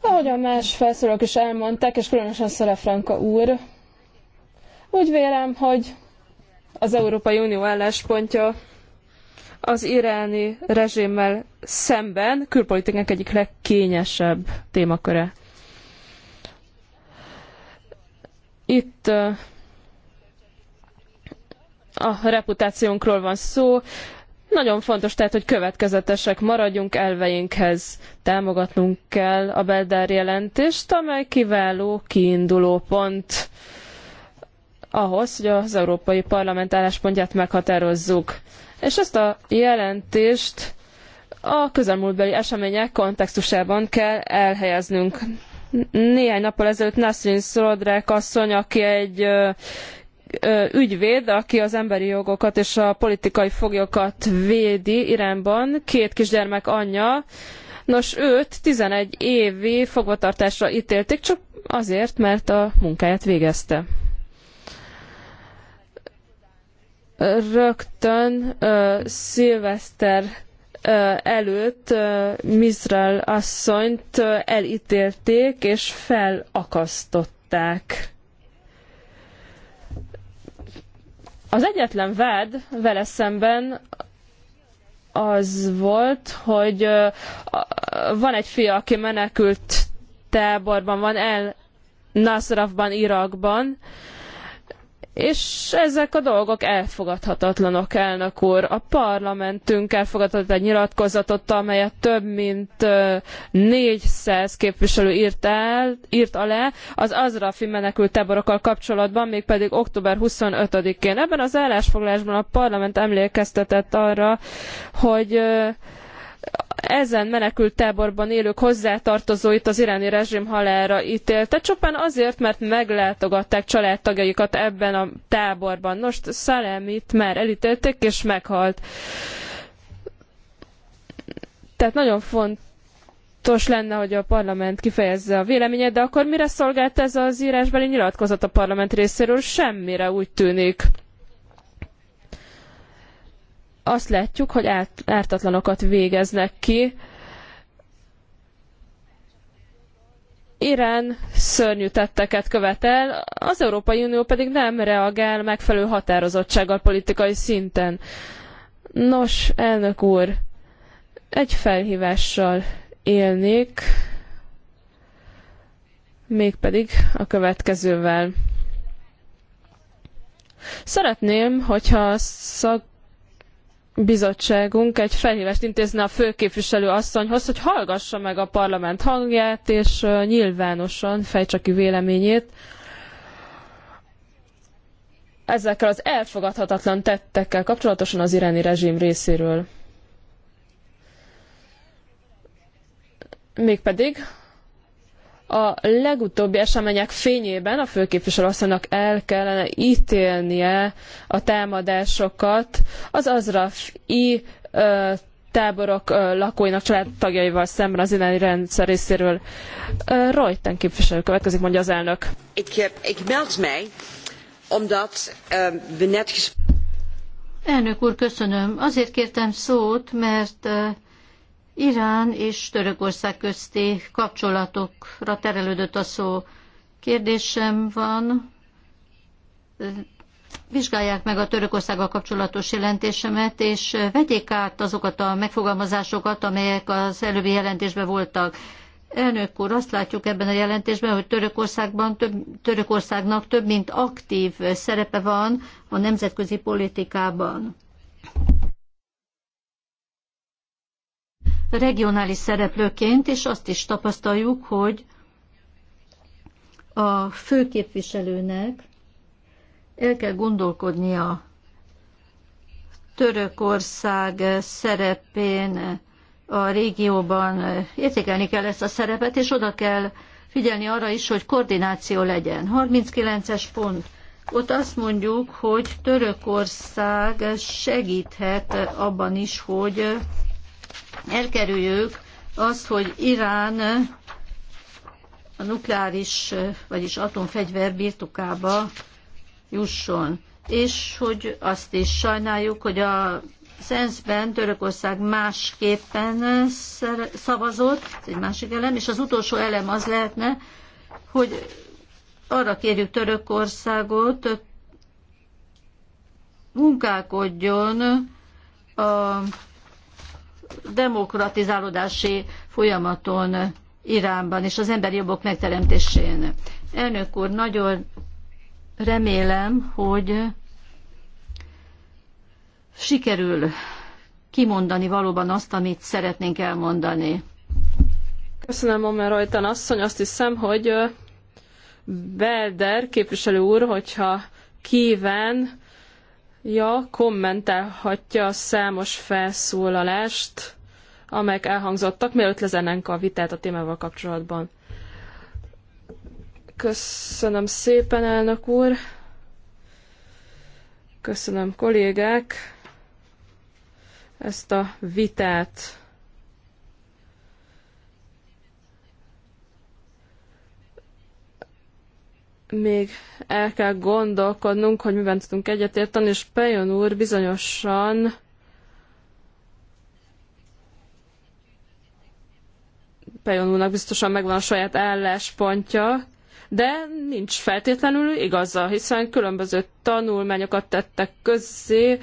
Ahogy a más felszólók is elmondták, és különösen Franka úr, úgy vélem, hogy az Európai Unió álláspontja az iráni rezsimmel szemben külpolitikánk egyik legkényesebb témaköre. Itt a reputációnkról van szó, nagyon fontos tehát, hogy következetesek maradjunk elveinkhez. Támogatnunk kell a Beldár jelentést, amely kiváló kiinduló pont ahhoz, hogy az Európai Parlament álláspontját meghatározzuk. És ezt a jelentést a közelmúltbeli események kontextusában kell elhelyeznünk néhány nappal ezelőtt Nasrin Szolodrák asszony, aki egy ügyvéd, aki az emberi jogokat és a politikai foglyokat védi Iránban, két kisgyermek anyja. Nos, őt 11 évi fogvatartásra ítélték, csak azért, mert a munkáját végezte. Rögtön uh, szilveszter előtt Mizrael asszonyt elítélték és felakasztották. Az egyetlen vád vele szemben az volt, hogy van egy fia, aki menekült táborban van, el Nasrafban, Irakban, és ezek a dolgok elfogadhatatlanok, elnök úr. A parlamentünk elfogadhatott egy nyilatkozatot, amelyet több mint 400 képviselő írt, el, írt alá az Azrafi menekült táborokkal kapcsolatban, mégpedig október 25-én. Ebben az állásfoglalásban a parlament emlékeztetett arra, hogy ezen menekült táborban élők hozzátartozóit az iráni rezsim halára ítélte, csupán azért, mert meglátogatták családtagjaikat ebben a táborban. Most Szalemit már elítélték, és meghalt. Tehát nagyon fontos lenne, hogy a parlament kifejezze a véleményét, de akkor mire szolgált ez az írásbeli nyilatkozat a parlament részéről? Semmire úgy tűnik azt látjuk, hogy ártatlanokat végeznek ki. Irán szörnyű tetteket követel, az Európai Unió pedig nem reagál megfelelő határozottsággal politikai szinten. Nos, elnök úr, egy felhívással élnék, mégpedig a következővel. Szeretném, hogyha a bizottságunk egy felhívást intézne a főképviselő asszonyhoz, hogy hallgassa meg a parlament hangját, és nyilvánosan fejtse ki véleményét ezekkel az elfogadhatatlan tettekkel kapcsolatosan az iráni rezsim részéről. Mégpedig a legutóbbi események fényében a főképviselőasszonynak el kellene ítélnie a támadásokat az Azraf-i táborok lakóinak családtagjaival szemben az iráni rendszer részéről. Reuten képviselő következik, mondja az elnök. Ik, eh, meld mij, omdat eh, we net Elnök úr, köszönöm. Azért kértem szót, mert eh, Irán és Törökország közti kapcsolatokra terelődött a szó. Kérdésem van, vizsgálják meg a Törökországgal kapcsolatos jelentésemet, és vegyék át azokat a megfogalmazásokat, amelyek az előbbi jelentésben voltak. Elnök úr, azt látjuk ebben a jelentésben, hogy Törökországban több, Törökországnak több mint aktív szerepe van a nemzetközi politikában. regionális szereplőként, és azt is tapasztaljuk, hogy a főképviselőnek el kell gondolkodnia Törökország szerepén a régióban, értékelni kell ezt a szerepet, és oda kell figyelni arra is, hogy koordináció legyen. 39-es pont. Ott azt mondjuk, hogy Törökország segíthet abban is, hogy elkerüljük azt, hogy Irán a nukleáris, vagyis atomfegyver birtokába jusson. És hogy azt is sajnáljuk, hogy a Szenszben Törökország másképpen szavazott, ez egy másik elem, és az utolsó elem az lehetne, hogy arra kérjük Törökországot, munkálkodjon a demokratizálódási folyamaton Iránban és az emberi jogok megteremtésén. Elnök úr, nagyon remélem, hogy sikerül kimondani valóban azt, amit szeretnénk elmondani. Köszönöm, Omer Rajtan asszony. Azt hiszem, hogy Belder képviselő úr, hogyha kíván, ja, kommentálhatja számos felszólalást, amelyek elhangzottak, mielőtt lezennénk a vitát a témával kapcsolatban. Köszönöm szépen, elnök úr! Köszönöm, kollégák! Ezt a vitát még el kell gondolkodnunk, hogy miben tudunk egyetérteni, és Pejon úr bizonyosan Pejon úrnak biztosan megvan a saját álláspontja, de nincs feltétlenül igaza, hiszen különböző tanulmányokat tettek közzé,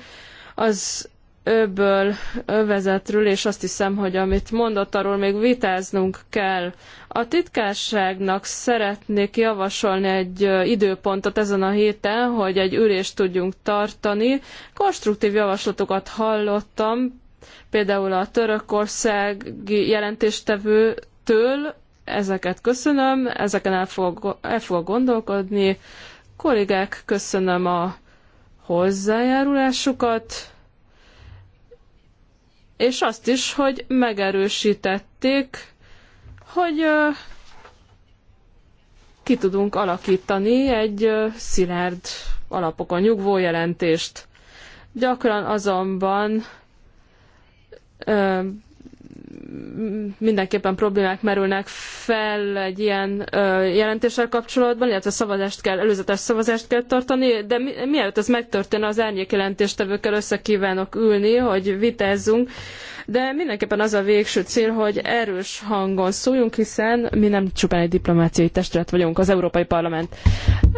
az öbből övezetről, és azt hiszem, hogy amit mondott, arról még vitáznunk kell. A titkárságnak szeretnék javasolni egy időpontot ezen a héten, hogy egy ülést tudjunk tartani. Konstruktív javaslatokat hallottam, például a törökországi jelentéstevőtől, ezeket köszönöm, ezeken el fogok, el fogok gondolkodni. Kollégák, köszönöm a hozzájárulásukat és azt is, hogy megerősítették, hogy ki tudunk alakítani egy szilárd alapokon nyugvó jelentést. Gyakran azonban mindenképpen problémák merülnek fel egy ilyen jelentéssel kapcsolatban, illetve szavazást kell, előzetes szavazást kell tartani, de mi, mielőtt ez megtörténne, az árnyék jelentéstevőkkel összekívánok ülni, hogy vitázzunk de mindenképpen az a végső cél, hogy erős hangon szóljunk, hiszen mi nem csupán egy diplomáciai testület vagyunk, az Európai Parlament.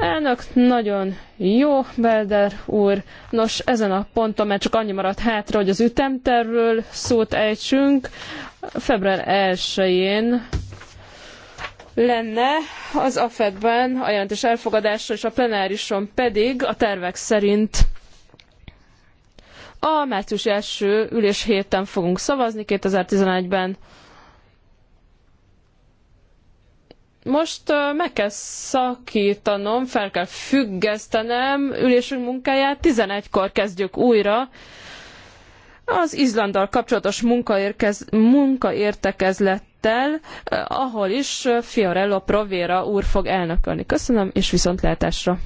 Elnök nagyon jó, Belder úr. Nos, ezen a ponton már csak annyi maradt hátra, hogy az ütemterről szót ejtsünk. Február 1-én lenne az AFED-ben a jelentés elfogadása, és a plenárison pedig a tervek szerint a március első ülés héten fogunk szavazni 2011-ben. Most meg kell szakítanom, fel kell függesztenem ülésünk munkáját, 11-kor kezdjük újra. Az Izlanddal kapcsolatos munkaérkez, munkaértekezlettel, ahol is Fiorello Provera úr fog elnökölni. Köszönöm, és viszontlátásra!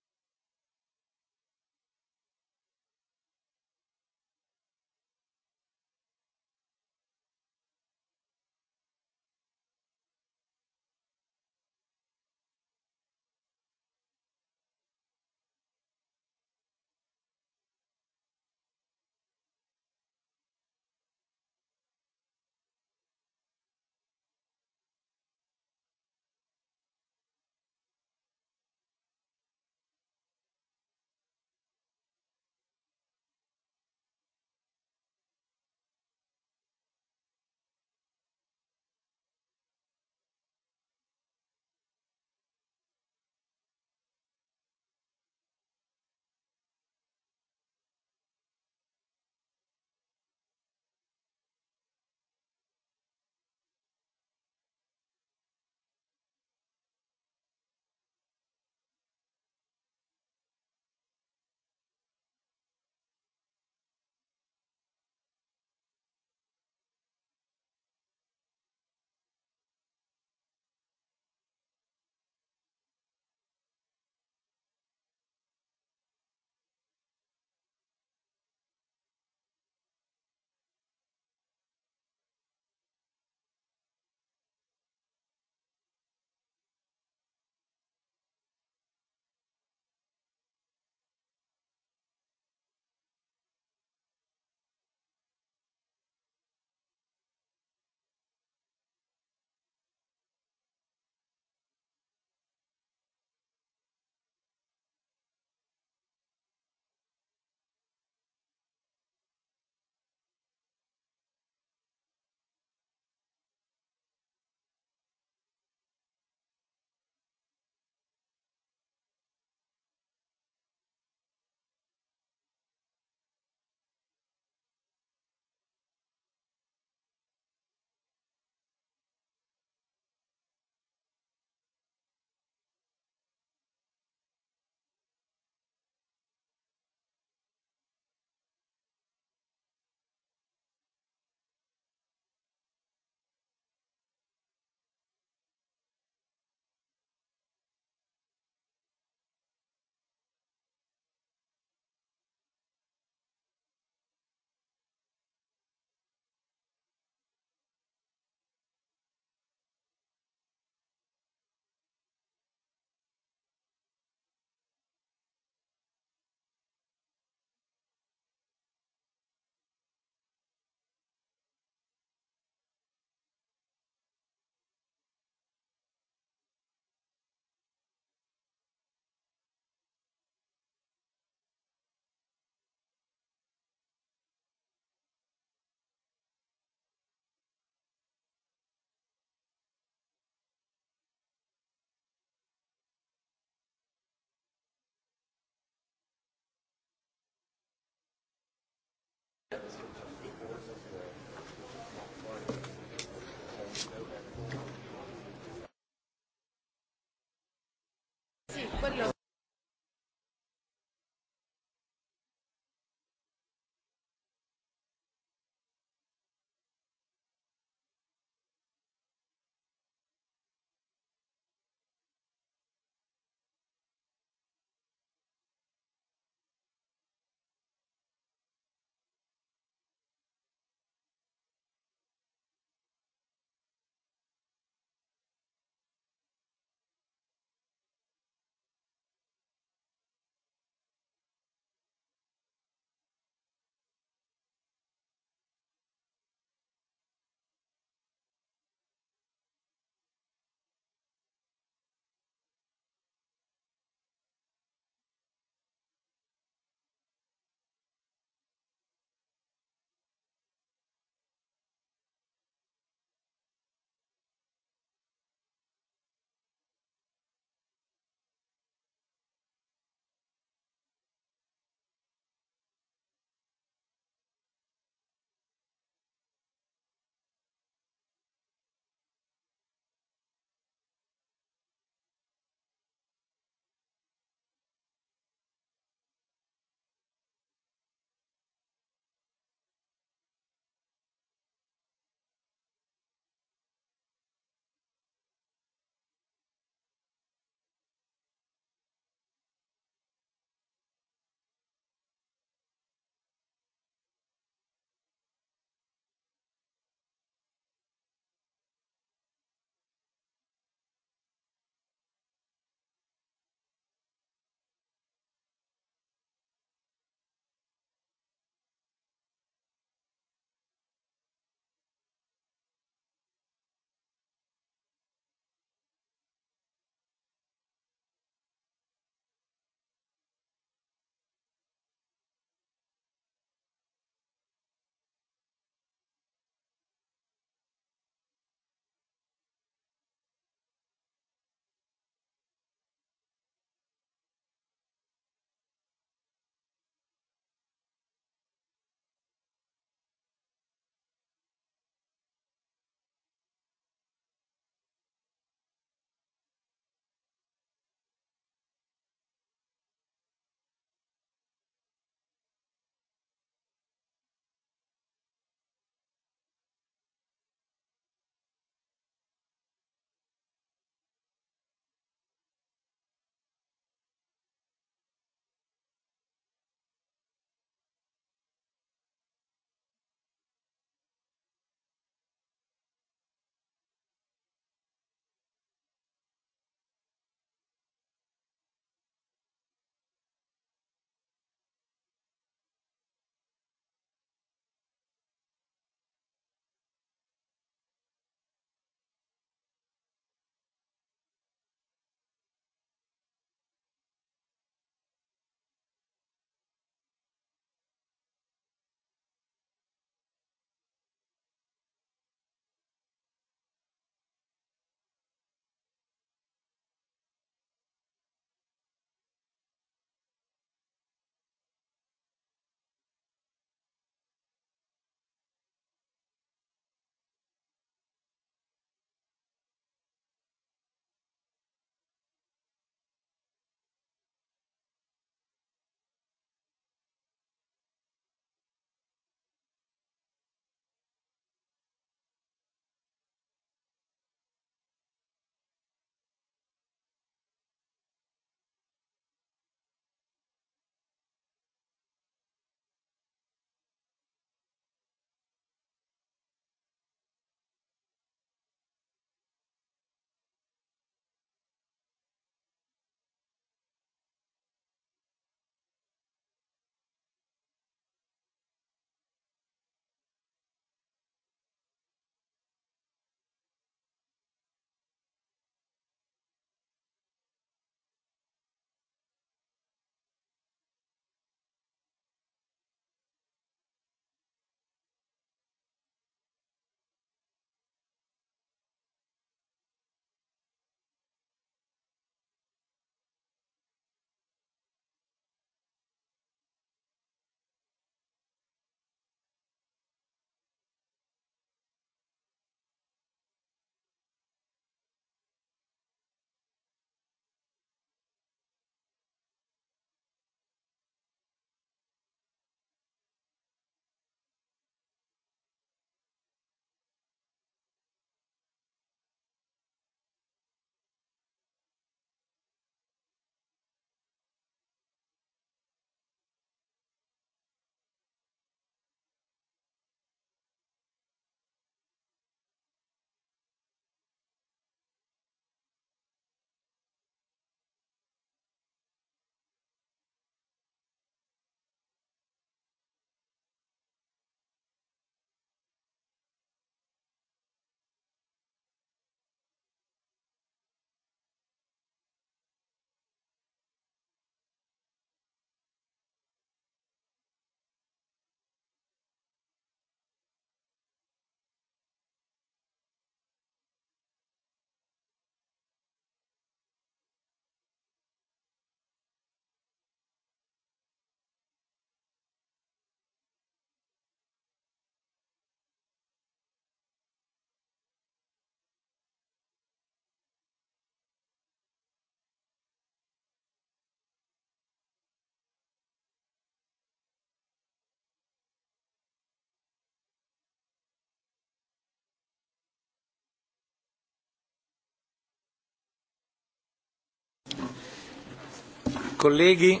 colleghi.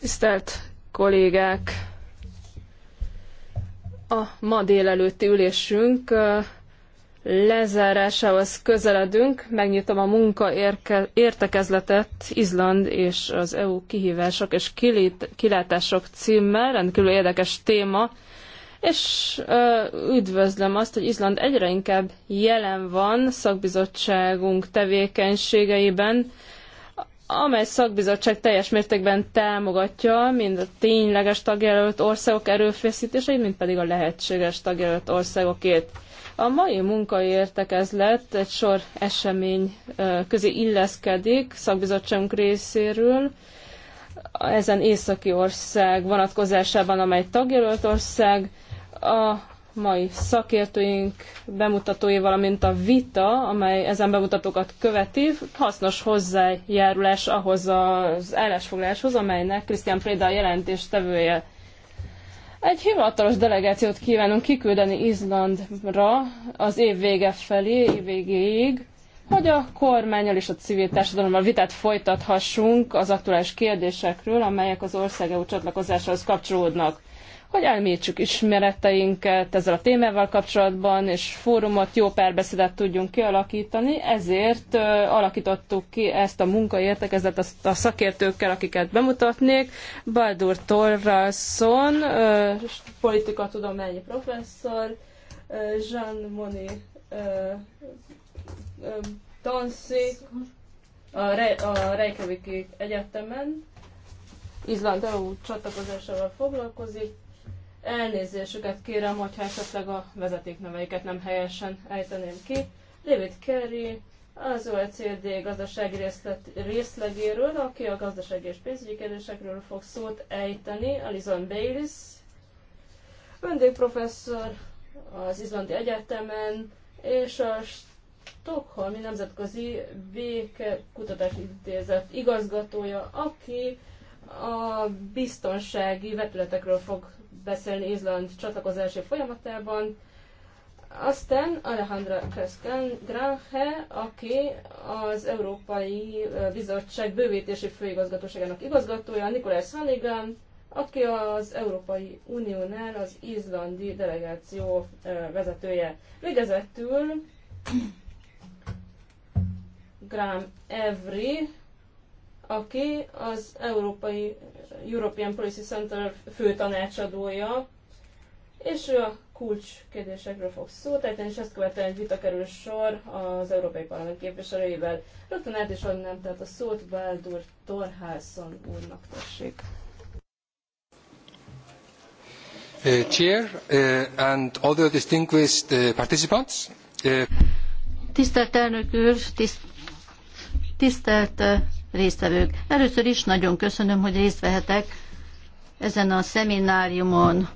Tisztelt kollégák! A ma délelőtti ülésünk lezárásához közeledünk. Megnyitom a munka értekezletet Izland és az EU kihívások és kilátások címmel, rendkívül érdekes téma. És üdvözlöm azt, hogy Izland egyre inkább jelen van szakbizottságunk tevékenységeiben, amely szakbizottság teljes mértékben támogatja mind a tényleges tagjelölt országok erőfeszítéseit, mind pedig a lehetséges tagjelölt országokét. A mai munkaértekezlet egy sor esemény közé illeszkedik szakbizottságunk részéről, ezen északi ország vonatkozásában, amely tagjelölt ország, a mai szakértőink bemutatói, valamint a vita, amely ezen bemutatókat követi, hasznos hozzájárulás ahhoz az állásfoglaláshoz, amelynek Krisztián Préda a jelentéstevője. Egy hivatalos delegációt kívánunk kiküldeni Izlandra az év vége felé, év végéig, hogy a kormányal és a civil társadalommal vitát folytathassunk az aktuális kérdésekről, amelyek az ország EU csatlakozásához kapcsolódnak hogy elmélyítsük ismereteinket ezzel a témával kapcsolatban, és fórumot, jó párbeszédet tudjunk kialakítani. Ezért alakítottuk ki ezt a munkaértekezet a szakértőkkel, akiket bemutatnék. Baldur Torralson, politikatudományi professzor, Jean Moni, tanszik a, Re- a Egyetemen. Izland EU csatlakozásával foglalkozik, Elnézésüket kérem, hogyha esetleg a vezetékneveiket nem helyesen ejteném ki. David Kerry, az OECD gazdasági részlet, részlegéről, aki a gazdasági és pénzügyi kérdésekről fog szót ejteni, Alison Bayliss, vendégprofesszor az Izlandi Egyetemen, és a Stockholmi Nemzetközi Béke Kutatási Intézet igazgatója, aki a biztonsági vetületekről fog beszélni Izland csatlakozási folyamatában. Aztán Alejandra Kreszken-Grange, aki az Európai Bizottság bővítési főigazgatóságának igazgatója, Nikolás Hannigan, aki az Európai Uniónál az izlandi delegáció vezetője. Végezetül Graham Evry, aki az Európai European Policy Center tanácsadója, és ő a kulcs kérdésekről fog szó, tehát is ezt követően egy vita kerül sor az Európai Parlament képviselőivel. Rögtön át is adnám tehát a szót Baldur Torhalson úrnak tessék. Uh, chair uh, and other distinguished uh, participants. Uh, tisztelt elnök úr, tiszt, tisztelt uh, résztvevők. Először is nagyon köszönöm, hogy részt vehetek ezen a szemináriumon.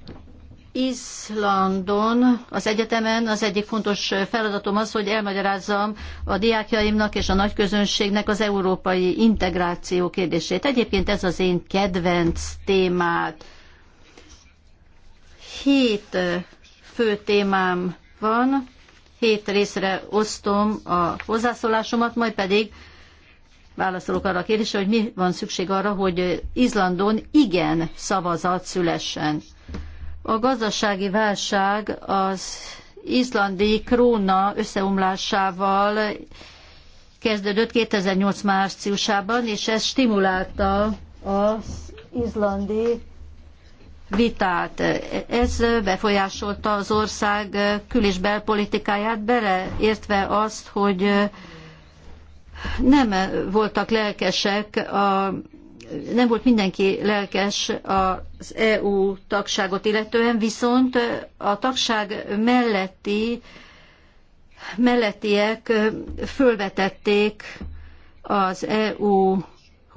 Izlandon, az egyetemen az egyik fontos feladatom az, hogy elmagyarázzam a diákjaimnak és a nagyközönségnek az európai integráció kérdését. Egyébként ez az én kedvenc témát. Hét fő témám van, hét részre osztom a hozzászólásomat, majd pedig válaszolok arra a kérdésre, hogy mi van szükség arra, hogy Izlandon igen szavazat szülessen. A gazdasági válság az izlandi króna összeomlásával kezdődött 2008 márciusában, és ez stimulálta az izlandi vitát. Ez befolyásolta az ország kül- és belpolitikáját, beleértve azt, hogy nem voltak lelkesek a nem volt mindenki lelkes az EU tagságot illetően, viszont a tagság melletti, mellettiek fölvetették az EU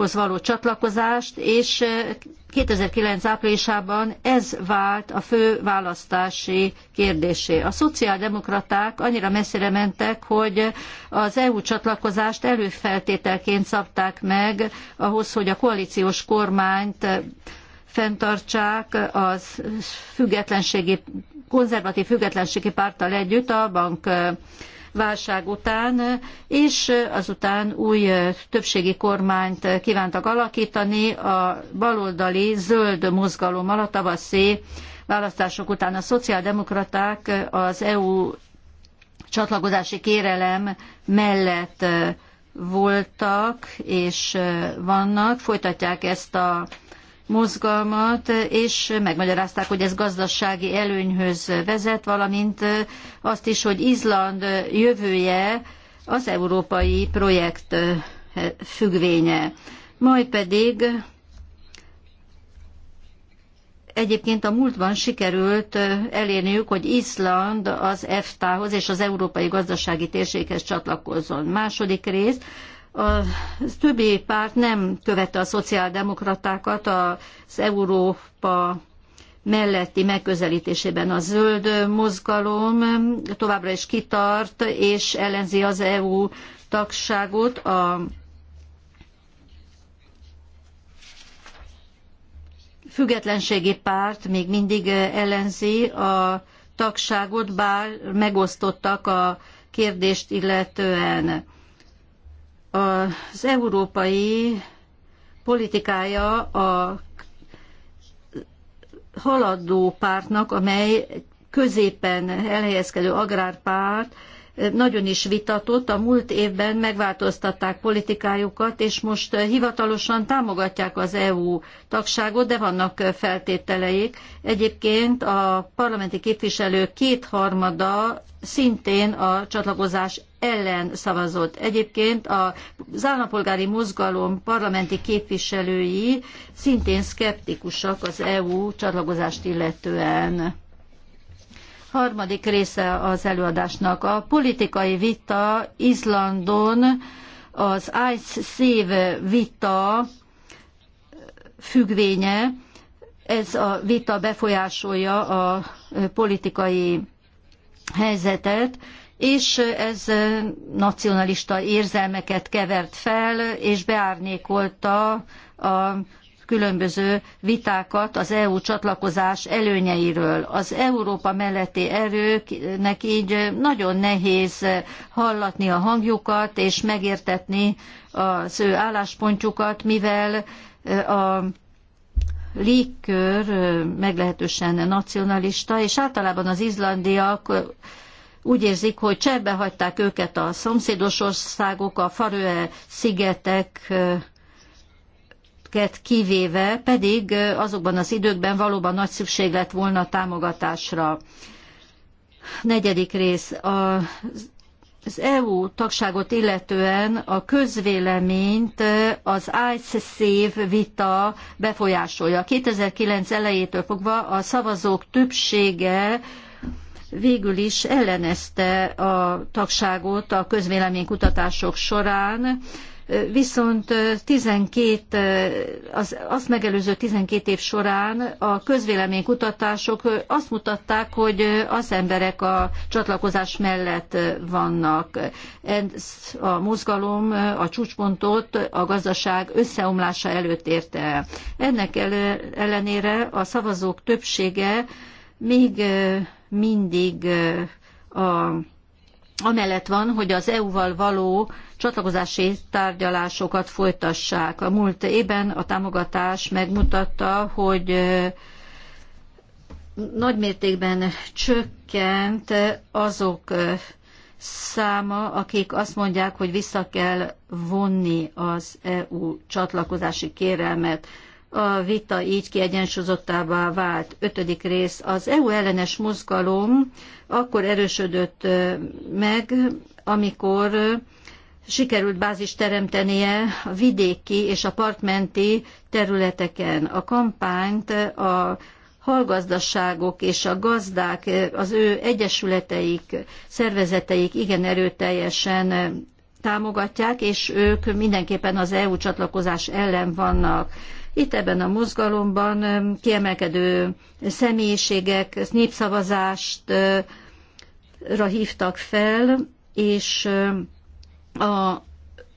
hoz való csatlakozást, és 2009. áprilisában ez vált a fő választási kérdésé. A szociáldemokraták annyira messzire mentek, hogy az EU csatlakozást előfeltételként szabták meg ahhoz, hogy a koalíciós kormányt fenntartsák az függetlenségi, konzervatív függetlenségi párttal együtt a bank válság után, és azután új többségi kormányt kívántak alakítani a baloldali zöld alatt a tavaszi választások után. A szociáldemokraták az EU csatlakozási kérelem mellett voltak és vannak, folytatják ezt a mozgalmat, és megmagyarázták, hogy ez gazdasági előnyhöz vezet, valamint azt is, hogy Izland jövője az európai projekt függvénye. Majd pedig egyébként a múltban sikerült elérniük, hogy Izland az EFTA-hoz és az Európai Gazdasági Térséghez csatlakozzon. Második rész, a többi párt nem követte a szociáldemokratákat az Európa melletti megközelítésében a zöld mozgalom továbbra is kitart és ellenzi az EU tagságot a függetlenségi párt még mindig ellenzi a tagságot, bár megosztottak a kérdést illetően. Az európai politikája a haladó pártnak, amely középen elhelyezkedő agrárpárt, nagyon is vitatott. A múlt évben megváltoztatták politikájukat, és most hivatalosan támogatják az EU tagságot, de vannak feltételeik. Egyébként a parlamenti képviselők kétharmada szintén a csatlakozás ellen szavazott. Egyébként a állampolgári mozgalom parlamenti képviselői szintén szkeptikusak az EU csatlakozást illetően. Harmadik része az előadásnak. A politikai vita Izlandon az Ice Save vita függvénye, ez a vita befolyásolja a politikai helyzetet, és ez nacionalista érzelmeket kevert fel, és beárnyékolta a különböző vitákat az EU csatlakozás előnyeiről. Az Európa melletti erőknek így nagyon nehéz hallatni a hangjukat és megértetni az ő álláspontjukat, mivel a légkör meglehetősen nacionalista, és általában az izlandiak úgy érzik, hogy cserbe hagyták őket a szomszédos országok, a Faröe szigetek kivéve, pedig azokban az időkben valóban nagy szükség lett volna támogatásra. Negyedik rész. az EU tagságot illetően a közvéleményt az ICE-SZÉV vita befolyásolja. 2009 elejétől fogva a szavazók többsége végül is ellenezte a tagságot a közvéleménykutatások során, viszont 12, az, azt megelőző 12 év során a közvéleménykutatások azt mutatták, hogy az emberek a csatlakozás mellett vannak. Ez a mozgalom a csúcspontot a gazdaság összeomlása előtt érte el. Ennek ellenére a szavazók többsége még mindig a, amellett van, hogy az EU-val való csatlakozási tárgyalásokat folytassák. A múlt évben a támogatás megmutatta, hogy nagy mértékben csökkent azok száma, akik azt mondják, hogy vissza kell vonni az EU csatlakozási kérelmet a vita így kiegyensúlyozottává vált. Ötödik rész. Az EU ellenes mozgalom akkor erősödött meg, amikor sikerült bázis teremtenie a vidéki és a partmenti területeken. A kampányt a hallgazdaságok és a gazdák, az ő egyesületeik, szervezeteik igen erőteljesen támogatják, és ők mindenképpen az EU csatlakozás ellen vannak itt ebben a mozgalomban kiemelkedő személyiségek népszavazást hívtak fel, és a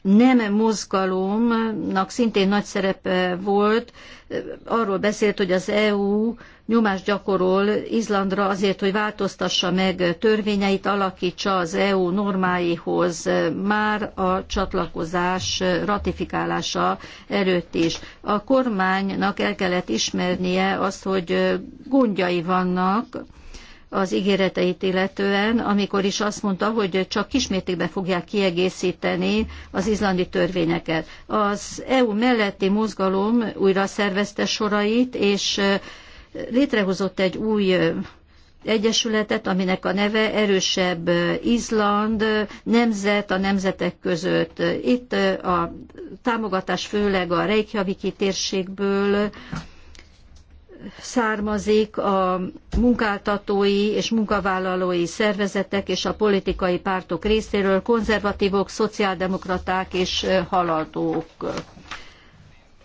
nem mozgalomnak szintén nagy szerepe volt, arról beszélt, hogy az EU nyomást gyakorol Izlandra azért, hogy változtassa meg törvényeit, alakítsa az EU normáihoz már a csatlakozás ratifikálása előtt is. A kormánynak el kellett ismernie azt, hogy gondjai vannak, az ígéreteit illetően, amikor is azt mondta, hogy csak kismértékben fogják kiegészíteni az izlandi törvényeket. Az EU melletti mozgalom újra szervezte sorait, és létrehozott egy új egyesületet, aminek a neve erősebb Izland nemzet a nemzetek között. Itt a támogatás főleg a Reykjaviki térségből, származik a munkáltatói és munkavállalói szervezetek és a politikai pártok részéről, konzervatívok, szociáldemokraták és haladók.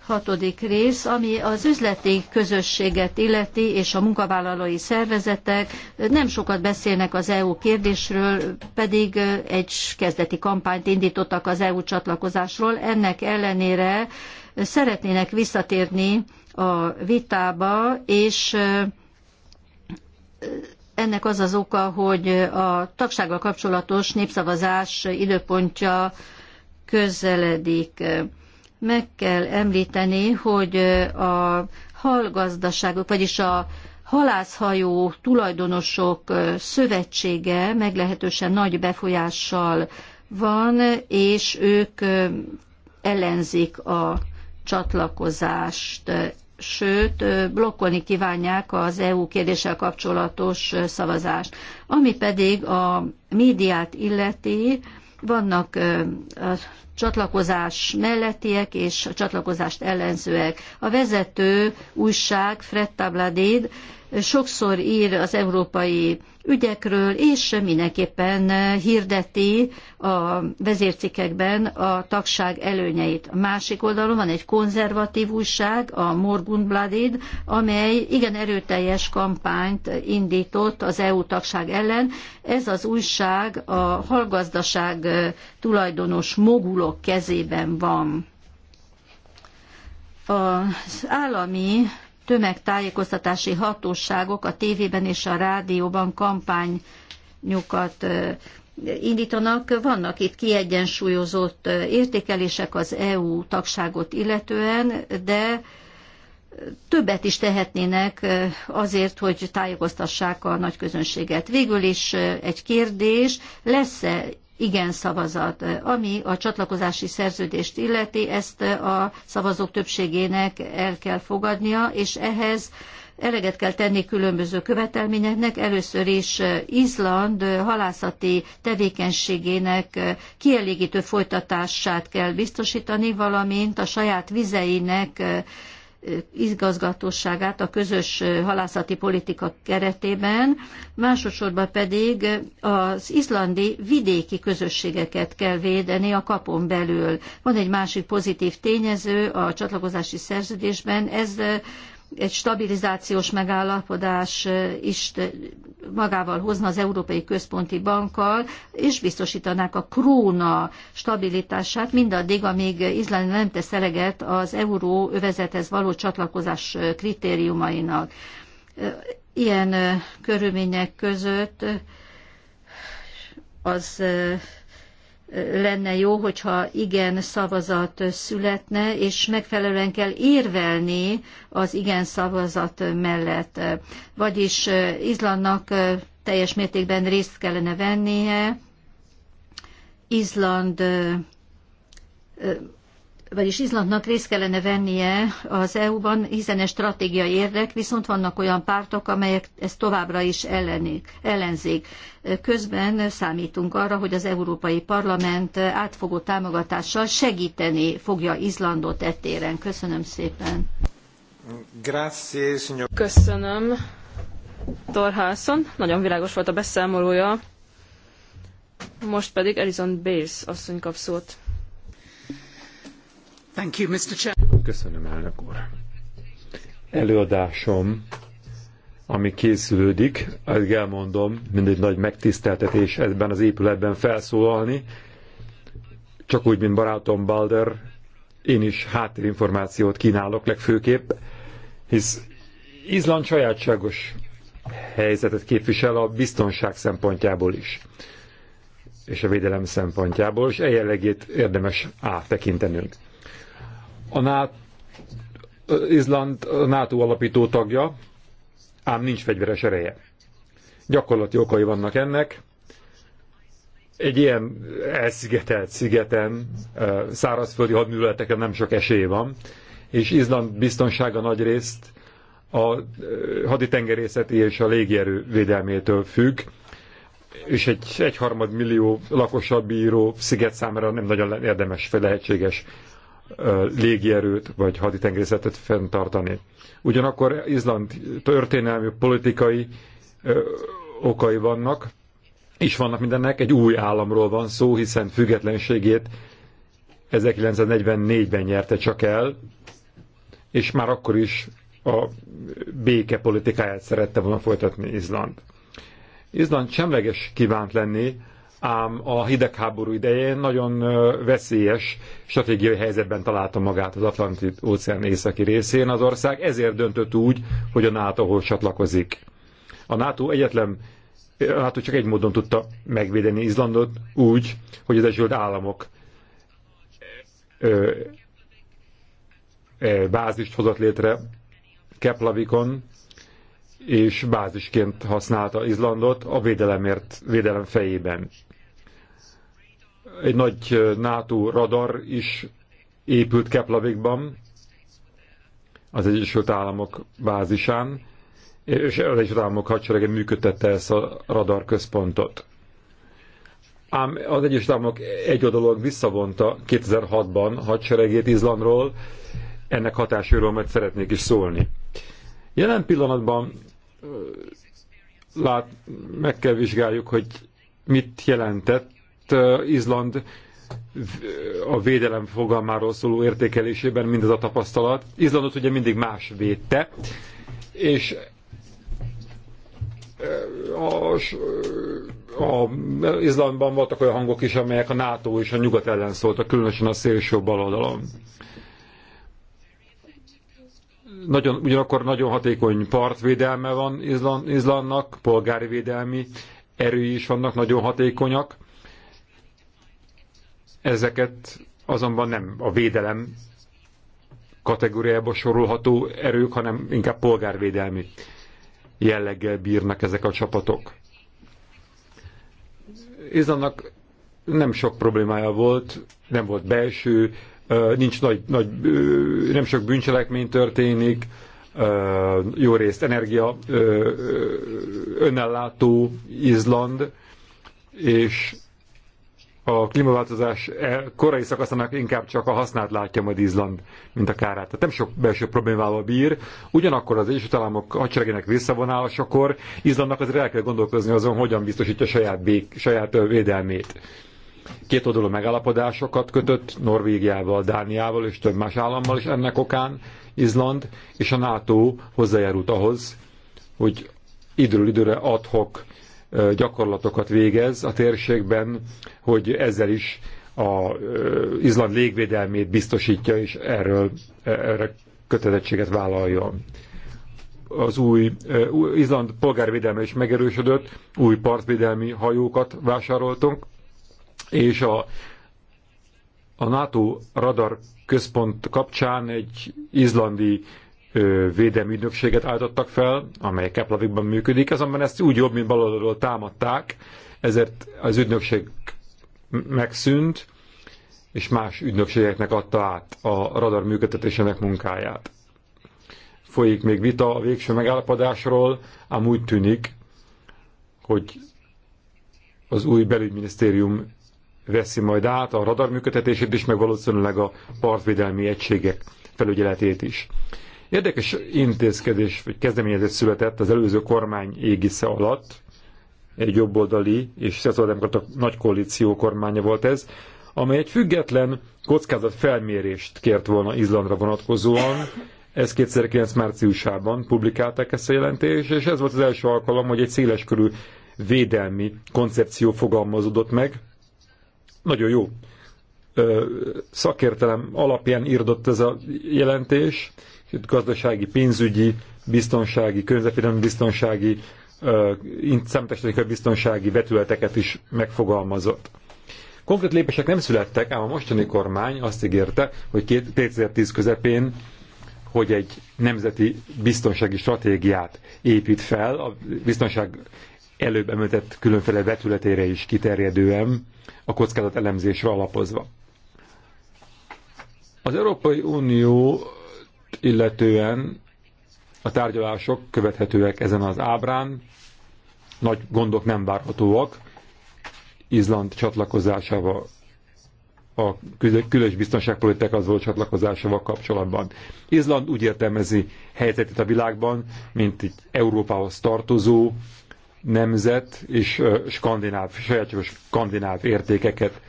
Hatodik rész, ami az üzleti közösséget illeti, és a munkavállalói szervezetek nem sokat beszélnek az EU kérdésről, pedig egy kezdeti kampányt indítottak az EU csatlakozásról. Ennek ellenére szeretnének visszatérni a vitába, és ennek az az oka, hogy a tagsággal kapcsolatos népszavazás időpontja közeledik. Meg kell említeni, hogy a halgazdaságok, vagyis a halászhajó tulajdonosok szövetsége meglehetősen nagy befolyással van, és ők ellenzik a csatlakozást, sőt, blokkolni kívánják az EU kérdéssel kapcsolatos szavazást. Ami pedig a médiát illeti, vannak a csatlakozás mellettiek és a csatlakozást ellenzőek. A vezető újság, Fred Tabladid, sokszor ír az európai ügyekről, és mindenképpen hirdeti a vezércikekben a tagság előnyeit. A másik oldalon van egy konzervatív újság, a Morgunbladid, amely igen erőteljes kampányt indított az EU tagság ellen. Ez az újság a halgazdaság tulajdonos mogulok kezében van. Az állami tömegtájékoztatási hatóságok a tévében és a rádióban kampányokat indítanak. Vannak itt kiegyensúlyozott értékelések az EU tagságot illetően, de többet is tehetnének azért, hogy tájékoztassák a nagy közönséget. Végül is egy kérdés, lesz-e igen szavazat. Ami a csatlakozási szerződést illeti, ezt a szavazók többségének el kell fogadnia, és ehhez eleget kell tenni különböző követelményeknek. Először is Izland halászati tevékenységének kielégítő folytatását kell biztosítani, valamint a saját vizeinek igazgatóságát a közös halászati politika keretében, másodszorban pedig az izlandi vidéki közösségeket kell védeni a kapon belül. Van egy másik pozitív tényező a csatlakozási szerződésben, ez egy stabilizációs megállapodás is magával hozna az Európai Központi Bankkal, és biztosítanák a króna stabilitását mindaddig, amíg Izland nem tesz eleget az euró övezethez való csatlakozás kritériumainak. Ilyen körülmények között az lenne jó, hogyha igen szavazat születne, és megfelelően kell érvelni az igen szavazat mellett. Vagyis Izlandnak teljes mértékben részt kellene vennie, Izland vagyis Izlandnak részt kellene vennie az EU-ban, hiszen ez stratégiai érdek, viszont vannak olyan pártok, amelyek ezt továbbra is ellenik, ellenzik. Közben számítunk arra, hogy az Európai Parlament átfogó támogatással segíteni fogja Izlandot ettéren. Köszönöm szépen. Grazie, signor. Köszönöm. Torhászon, nagyon világos volt a beszámolója. Most pedig Elizon Bales asszony kap szót. Köszönöm, elnök úr. Előadásom, ami készülődik, azt elmondom, mindegy nagy megtiszteltetés ebben az épületben felszólalni, csak úgy, mint barátom Balder, én is háttérinformációt kínálok legfőképp, hisz Izland sajátságos helyzetet képvisel a biztonság szempontjából is, és a védelem szempontjából, és e jellegét érdemes áttekintenünk. A NATO, Izland a NATO alapító tagja, ám nincs fegyveres ereje. Gyakorlati okai vannak ennek. Egy ilyen elszigetelt szigeten, szárazföldi hadműveletekre nem sok esély van, és Izland biztonsága nagy részt a haditengerészeti és a légierő védelmétől függ, és egy egyharmad millió lakosabb bíró sziget számára nem nagyon érdemes, lehetséges légierőt vagy haditengerészetet fenntartani. Ugyanakkor Izland történelmi, politikai ö, okai vannak, és vannak mindennek, egy új államról van szó, hiszen függetlenségét 1944-ben nyerte csak el, és már akkor is a béke politikáját szerette volna folytatni Izland. Izland semleges kívánt lenni ám a hidegháború idején nagyon veszélyes stratégiai helyzetben találta magát az Atlanti óceán északi részén az ország, ezért döntött úgy, hogy a NATO-hoz csatlakozik. A NATO egyetlen a NATO csak egy módon tudta megvédeni Izlandot úgy, hogy az Egyesült Államok ö, ö, bázist hozott létre Keplavikon, és bázisként használta Izlandot a védelemért, védelem fejében egy nagy NATO radar is épült Keplavikban, az Egyesült Államok bázisán, és az Egyesült Államok hadserege működtette ezt a radar központot. Ám az Egyesült Államok egy oldalon visszavonta 2006-ban hadseregét Izlandról, ennek hatásáról majd szeretnék is szólni. Jelen pillanatban lát, meg kell vizsgáljuk, hogy mit jelentett mert Izland a védelem fogalmáról szóló értékelésében mindez a tapasztalat. Izlandot ugye mindig más védte, és a, a, Izlandban voltak olyan hangok is, amelyek a NATO és a nyugat ellen szóltak, különösen a szélső baloldalon. Nagyon, ugyanakkor nagyon hatékony partvédelme van Izland, Izlandnak, polgári védelmi erői is vannak, nagyon hatékonyak Ezeket azonban nem a védelem kategóriába sorolható erők, hanem inkább polgárvédelmi jelleggel bírnak ezek a csapatok. Ez annak nem sok problémája volt, nem volt belső, nincs nagy, nagy nem sok bűncselekmény történik, jó részt energia önellátó Izland, és a klímaváltozás e, korai szakaszának inkább csak a hasznát látja majd Izland, mint a kárát. Tehát nem sok belső problémával bír. Ugyanakkor az Egyesült Államok hadseregének visszavonálásakor Izlandnak azért el kell gondolkozni azon, hogyan biztosítja saját, bék, saját védelmét. Két oldalú megállapodásokat kötött Norvégiával, Dániával és több más állammal is ennek okán Izland, és a NATO hozzájárult ahhoz, hogy időről időre adhok gyakorlatokat végez a térségben, hogy ezzel is az Izland légvédelmét biztosítja, és erről e, erre kötelezettséget vállaljon. Az új Izland polgárvédelme is megerősödött, új partvédelmi hajókat vásároltunk, és a, a NATO radar központ kapcsán egy izlandi védelmi ügynökséget állítottak fel, amely Keplavikban működik, azonban ezt úgy jobb, mint baloldalról támadták, ezért az ügynökség megszűnt, és más ügynökségeknek adta át a radar működtetésének munkáját. Folyik még vita a végső megállapodásról, ám úgy tűnik, hogy az új belügyminisztérium veszi majd át a radar működtetését is, meg valószínűleg a partvédelmi egységek felügyeletét is. Érdekes intézkedés vagy kezdeményezés született az előző kormány égisze alatt, egy jobboldali és szociáldemokrata nagy koalíció kormánya volt ez, amely egy független felmérést kért volna Izlandra vonatkozóan. Ez 2009. márciusában publikálták ezt a jelentést, és ez volt az első alkalom, hogy egy széleskörű védelmi koncepció fogalmazódott meg. Nagyon jó szakértelem alapján írdott ez a jelentés, gazdasági, pénzügyi, biztonsági, környezetvédelmi biztonsági, számítástechnikai biztonsági vetületeket is megfogalmazott. Konkrét lépések nem születtek, ám a mostani kormány azt ígérte, hogy 2010 közepén hogy egy nemzeti biztonsági stratégiát épít fel, a biztonság előbb említett különféle vetületére is kiterjedően, a kockázat elemzésre alapozva. Az Európai Unió illetően a tárgyalások követhetőek ezen az ábrán, nagy gondok nem várhatóak. Izland csatlakozásával, a különös biztonságpolitika az volt csatlakozásával kapcsolatban. Izland úgy értelmezi helyzetét a világban, mint egy Európához tartozó nemzet és skandináv, sajátos skandináv értékeket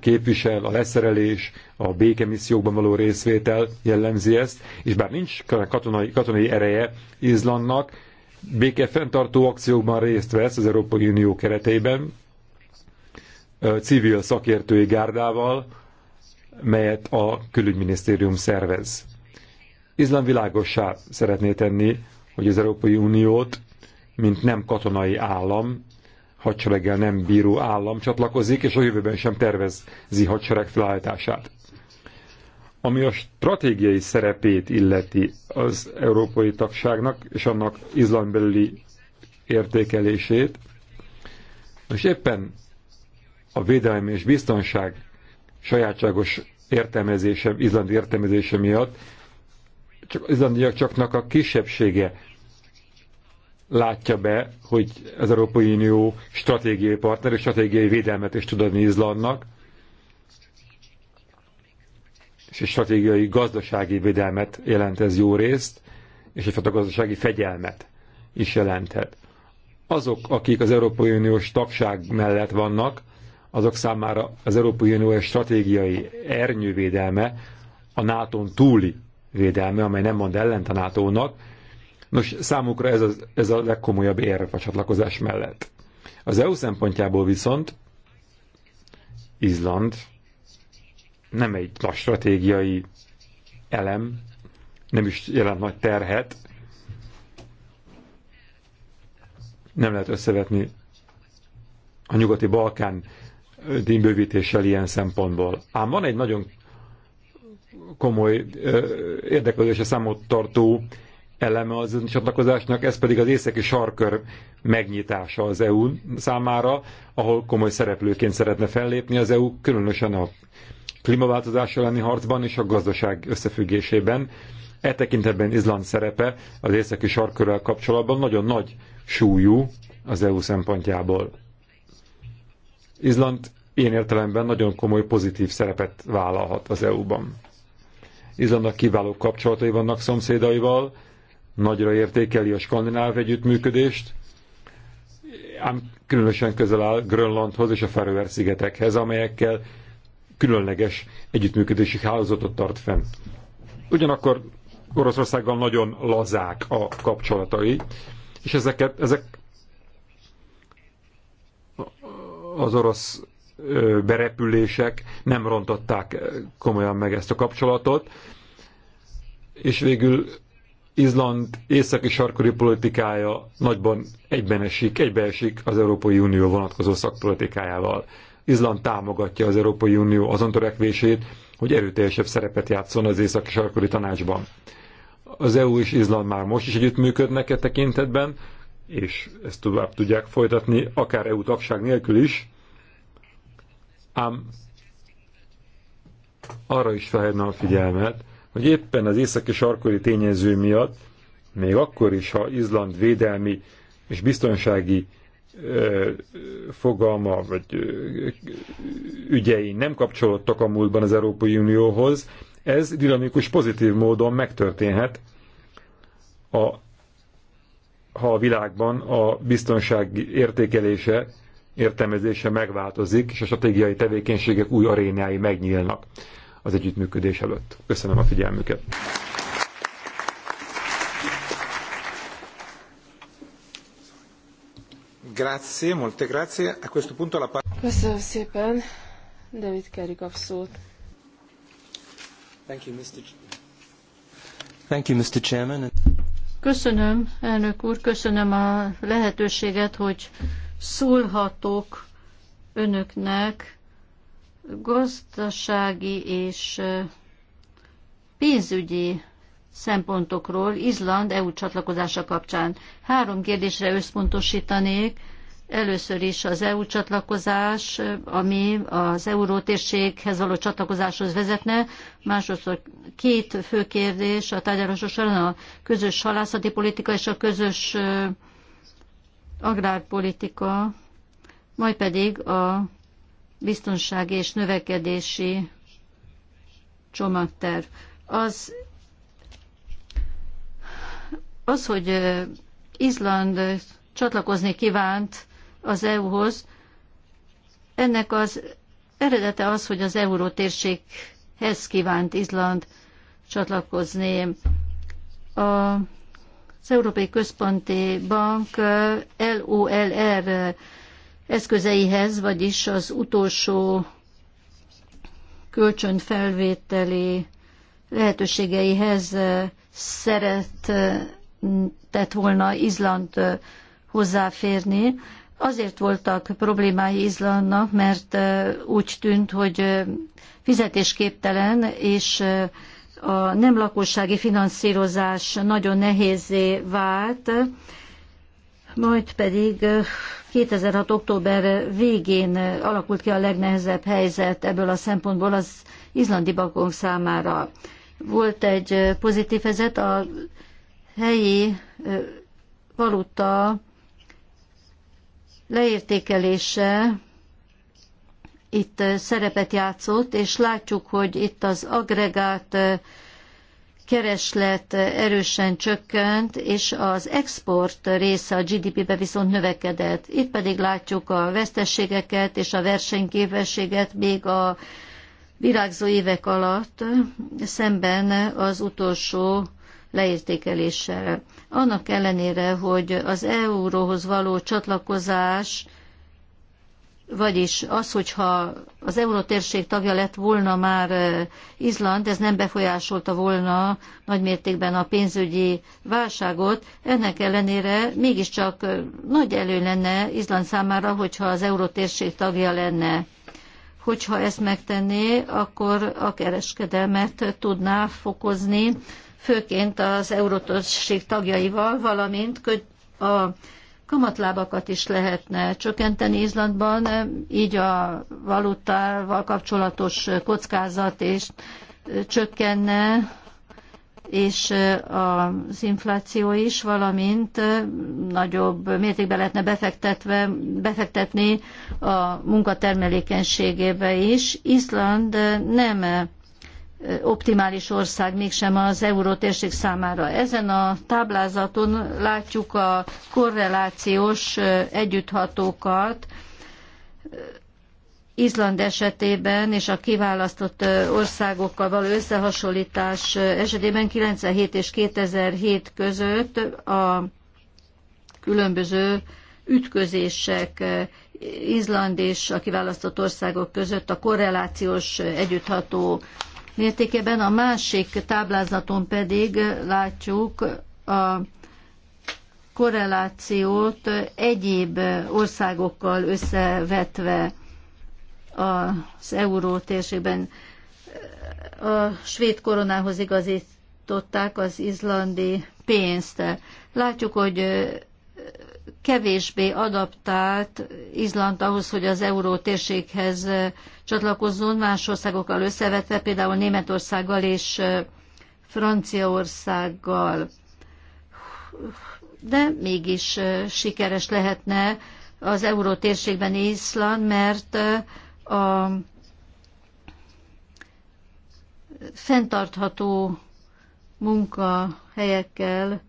képvisel, a leszerelés, a békemissziókban való részvétel jellemzi ezt, és bár nincs katonai, katonai ereje Izlandnak, békefenntartó akciókban részt vesz az Európai Unió keretében, civil szakértői gárdával, melyet a külügyminisztérium szervez. Izland világossá szeretné tenni, hogy az Európai Uniót, mint nem katonai állam, hadsereggel nem bíró állam csatlakozik, és a jövőben sem tervezzi hadsereg felállítását. Ami a stratégiai szerepét illeti az európai tagságnak és annak Izland értékelését, és éppen a védelem és biztonság sajátságos értelmezése, izlandi értelmezése miatt csak, izlandiak csaknak a kisebbsége látja be, hogy az Európai Unió stratégiai partner és stratégiai védelmet is tud adni Izlandnak, és egy stratégiai gazdasági védelmet jelent ez jó részt, és egyfajta gazdasági fegyelmet is jelenthet. Azok, akik az Európai Uniós tagság mellett vannak, azok számára az Európai Unió egy stratégiai ernyővédelme a nato túli védelme, amely nem mond ellent a NATO-nak, Nos, számukra ez, az, ez a legkomolyabb érv a csatlakozás mellett. Az EU szempontjából viszont Izland nem egy nagy stratégiai elem, nem is jelent nagy terhet, nem lehet összevetni a nyugati Balkán dínbővítéssel ilyen szempontból. Ám van egy nagyon komoly érdeklődése számot tartó eleme az csatlakozásnak, ez pedig az északi sarkör megnyitása az EU számára, ahol komoly szereplőként szeretne fellépni az EU, különösen a klímaváltozás elleni harcban és a gazdaság összefüggésében. E tekintetben Izland szerepe az északi sarkörrel kapcsolatban nagyon nagy súlyú az EU szempontjából. Izland én értelemben nagyon komoly pozitív szerepet vállalhat az EU-ban. Izlandnak kiváló kapcsolatai vannak szomszédaival, nagyra értékeli a skandináv együttműködést, ám különösen közel áll Grönlandhoz és a Feröer szigetekhez, amelyekkel különleges együttműködési hálózatot tart fenn. Ugyanakkor Oroszországgal nagyon lazák a kapcsolatai, és ezeket, ezek az orosz berepülések nem rontották komolyan meg ezt a kapcsolatot, és végül Izland északi sarkori politikája nagyban egybenesik, egybeesik az Európai Unió vonatkozó szakpolitikájával. Izland támogatja az Európai Unió azon törekvését, hogy erőteljesebb szerepet játszon az északi sarkori tanácsban. Az EU és Izland már most is együttműködnek e tekintetben, és ezt tovább tudják folytatni, akár EU tagság nélkül is, ám arra is felhívnám a figyelmet, hogy éppen az északi sarkori tényező miatt, még akkor is, ha Izland védelmi és biztonsági ö, fogalma vagy ö, ügyei nem kapcsolódtak a múltban az Európai Unióhoz, ez dinamikus, pozitív módon megtörténhet, a, ha a világban a biztonság értékelése, értelmezése megváltozik, és a stratégiai tevékenységek új arénái megnyílnak az együttműködés előtt. Köszönöm a figyelmüket! Grazie, molte grazie. A questo punto la Köszönöm szépen. David Kerry kap szót. Thank you, Mr. Thank you, Mr. Chairman. Köszönöm, elnök úr, köszönöm a lehetőséget, hogy szólhatok önöknek gazdasági és pénzügyi szempontokról Izland EU csatlakozása kapcsán. Három kérdésre összpontosítanék. Először is az EU csatlakozás, ami az eurótérséghez való csatlakozáshoz vezetne. Másodszor két fő kérdés a tárgyalások során a közös halászati politika és a közös agrárpolitika, majd pedig a biztonsági és növekedési csomagterv. Az, az hogy Izland csatlakozni kívánt az EU-hoz, ennek az eredete az, hogy az eurótérséghez kívánt Izland csatlakozni. A, az Európai Központi Bank LOLR eszközeihez, vagyis az utolsó kölcsönfelvételi lehetőségeihez eh, szeretett volna Izland eh, hozzáférni. Azért voltak problémái Izlandnak, mert eh, úgy tűnt, hogy fizetésképtelen, és a nem lakossági finanszírozás nagyon nehézé vált, majd pedig 2006. október végén alakult ki a legnehezebb helyzet ebből a szempontból az izlandi bankok számára. Volt egy pozitív helyzet, a helyi valuta leértékelése itt szerepet játszott, és látjuk, hogy itt az agregát kereslet erősen csökkent, és az export része a GDP-be viszont növekedett. Itt pedig látjuk a vesztességeket és a versenyképességet még a virágzó évek alatt szemben az utolsó leértékeléssel. Annak ellenére, hogy az euróhoz való csatlakozás vagyis az, hogyha az eurotérség tagja lett volna már Izland, ez nem befolyásolta volna nagymértékben a pénzügyi válságot, ennek ellenére mégiscsak nagy elő lenne Izland számára, hogyha az eurotérség tagja lenne. Hogyha ezt megtenné, akkor a kereskedelmet tudná fokozni, főként az eurotérség tagjaival, valamint a kamatlábakat is lehetne csökkenteni Izlandban, így a valutával kapcsolatos kockázat és csökkenne, és az infláció is, valamint nagyobb mértékben lehetne befektetve, befektetni a munkatermelékenységébe is. Izland nem optimális ország mégsem az eurótérség számára. Ezen a táblázaton látjuk a korrelációs együtthatókat Izland esetében és a kiválasztott országokkal való összehasonlítás esetében 97 és 2007 között a különböző ütközések Izland és a kiválasztott országok között a korrelációs együttható mértékében, a másik táblázaton pedig látjuk a korrelációt egyéb országokkal összevetve az euró térségben. A svéd koronához igazították az izlandi pénzt. Látjuk, hogy kevésbé adaptált Izland ahhoz, hogy az euró térséghez eh, csatlakozzon, más országokkal összevetve, például Németországgal és eh, Franciaországgal. De mégis eh, sikeres lehetne az euró térségben Izland, mert a fenntartható munkahelyekkel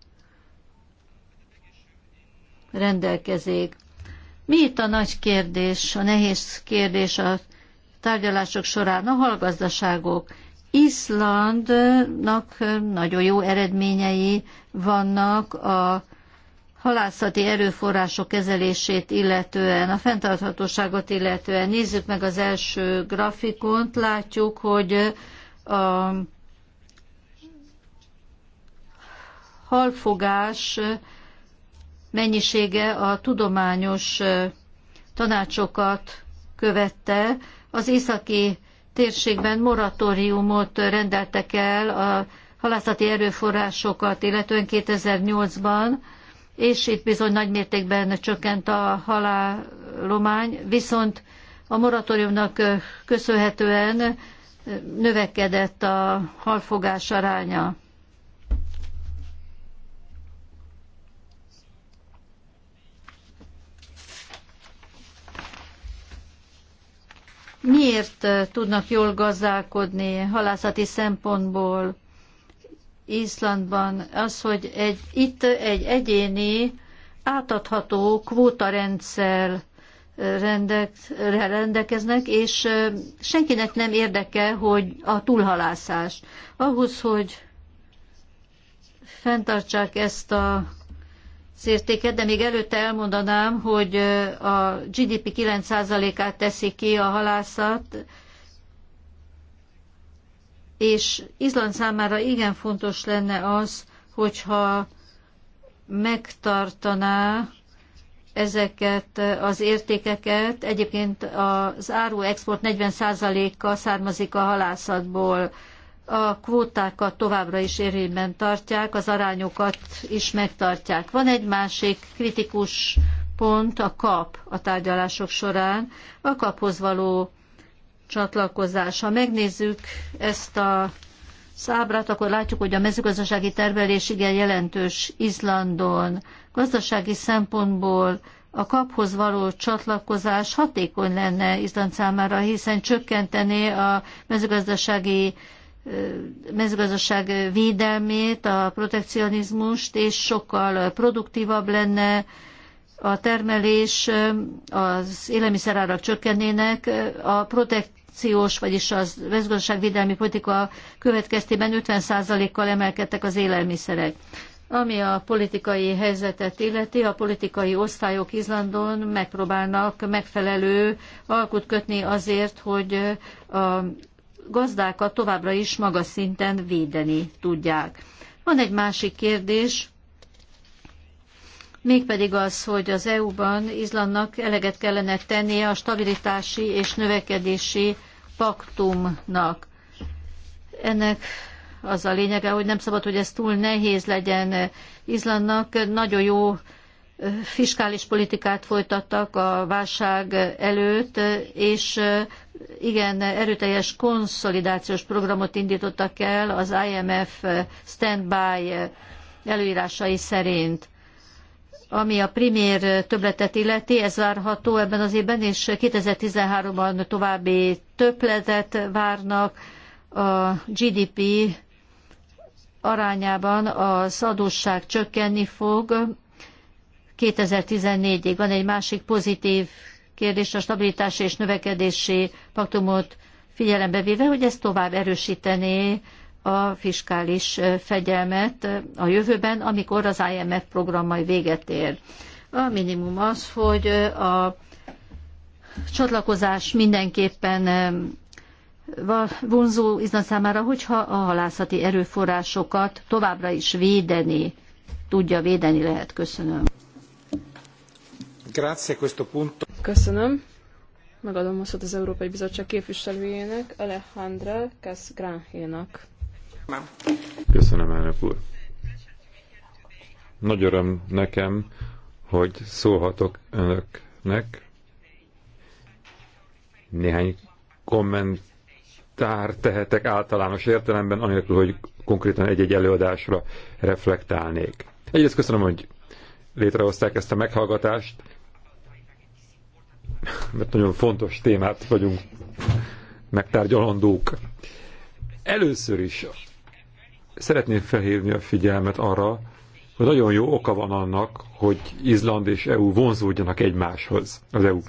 rendelkezik. Mi itt a nagy kérdés, a nehéz kérdés a tárgyalások során? A hallgazdaságok. Izlandnak nagyon jó eredményei vannak a halászati erőforrások kezelését illetően, a fenntarthatóságot illetően. Nézzük meg az első grafikont, látjuk, hogy a halfogás mennyisége a tudományos tanácsokat követte. Az északi térségben moratóriumot rendeltek el a halászati erőforrásokat, illetően 2008-ban, és itt bizony nagymértékben csökkent a halálomány, viszont a moratóriumnak köszönhetően növekedett a halfogás aránya. miért eh, tudnak jól gazdálkodni halászati szempontból Izlandban? Az, hogy egy, itt egy egyéni átadható kvótarendszer eh, rendelkeznek, és eh, senkinek nem érdeke, hogy a túlhalászás. Ahhoz, hogy fenntartsák ezt a az értéket, de még előtte elmondanám, hogy a GDP 9%-át teszi ki a halászat, és Izland számára igen fontos lenne az, hogyha megtartaná ezeket az értékeket. Egyébként az áru export 40%-a származik a halászatból a kvótákat továbbra is érvényben tartják, az arányokat is megtartják. Van egy másik kritikus pont, a kap a tárgyalások során, a kaphoz való csatlakozás. Ha megnézzük ezt a szábrát, akkor látjuk, hogy a mezőgazdasági termelés igen jelentős Izlandon. Gazdasági szempontból a kaphoz való csatlakozás hatékony lenne Izland számára, hiszen csökkentené a mezőgazdasági mezőgazdaság védelmét, a protekcionizmust, és sokkal produktívabb lenne a termelés, az élelmiszerárak csökkennének, a protekciós, vagyis a mezőgazdaságvédelmi politika következtében 50%-kal emelkedtek az élelmiszerek. Ami a politikai helyzetet illeti, a politikai osztályok Izlandon megpróbálnak megfelelő alkut kötni azért, hogy a gazdákat továbbra is magas szinten védeni tudják. Van egy másik kérdés, mégpedig az, hogy az EU-ban Izlandnak eleget kellene tennie a stabilitási és növekedési paktumnak. Ennek az a lényege, hogy nem szabad, hogy ez túl nehéz legyen Izlandnak. Nagyon jó fiskális politikát folytattak a válság előtt, és igen erőteljes konszolidációs programot indítottak el az IMF standby előírásai szerint. Ami a primér többletet illeti, ez várható ebben az évben, és 2013-ban további többletet várnak a GDP arányában az adósság csökkenni fog, 2014-ig. Van egy másik pozitív kérdés a stabilitási és növekedési paktumot figyelembe véve, hogy ez tovább erősítené a fiskális fegyelmet a jövőben, amikor az IMF program majd véget ér. A minimum az, hogy a csatlakozás mindenképpen vonzó izna számára, hogyha a halászati erőforrásokat továbbra is védeni tudja, védeni lehet. Köszönöm. Köszönöm. Megadom a szót az Európai Bizottság képviselőjének, Alejandra Casgranhénak. Köszönöm, elnök úr. Nagy öröm nekem, hogy szólhatok önöknek. Néhány kommentár tehetek általános értelemben, anélkül, hogy konkrétan egy-egy előadásra reflektálnék. Egyrészt köszönöm, hogy létrehozták ezt a meghallgatást, mert nagyon fontos témát vagyunk megtárgyalandók. Először is szeretném felhívni a figyelmet arra, hogy nagyon jó oka van annak, hogy Izland és EU vonzódjanak egymáshoz, az EU.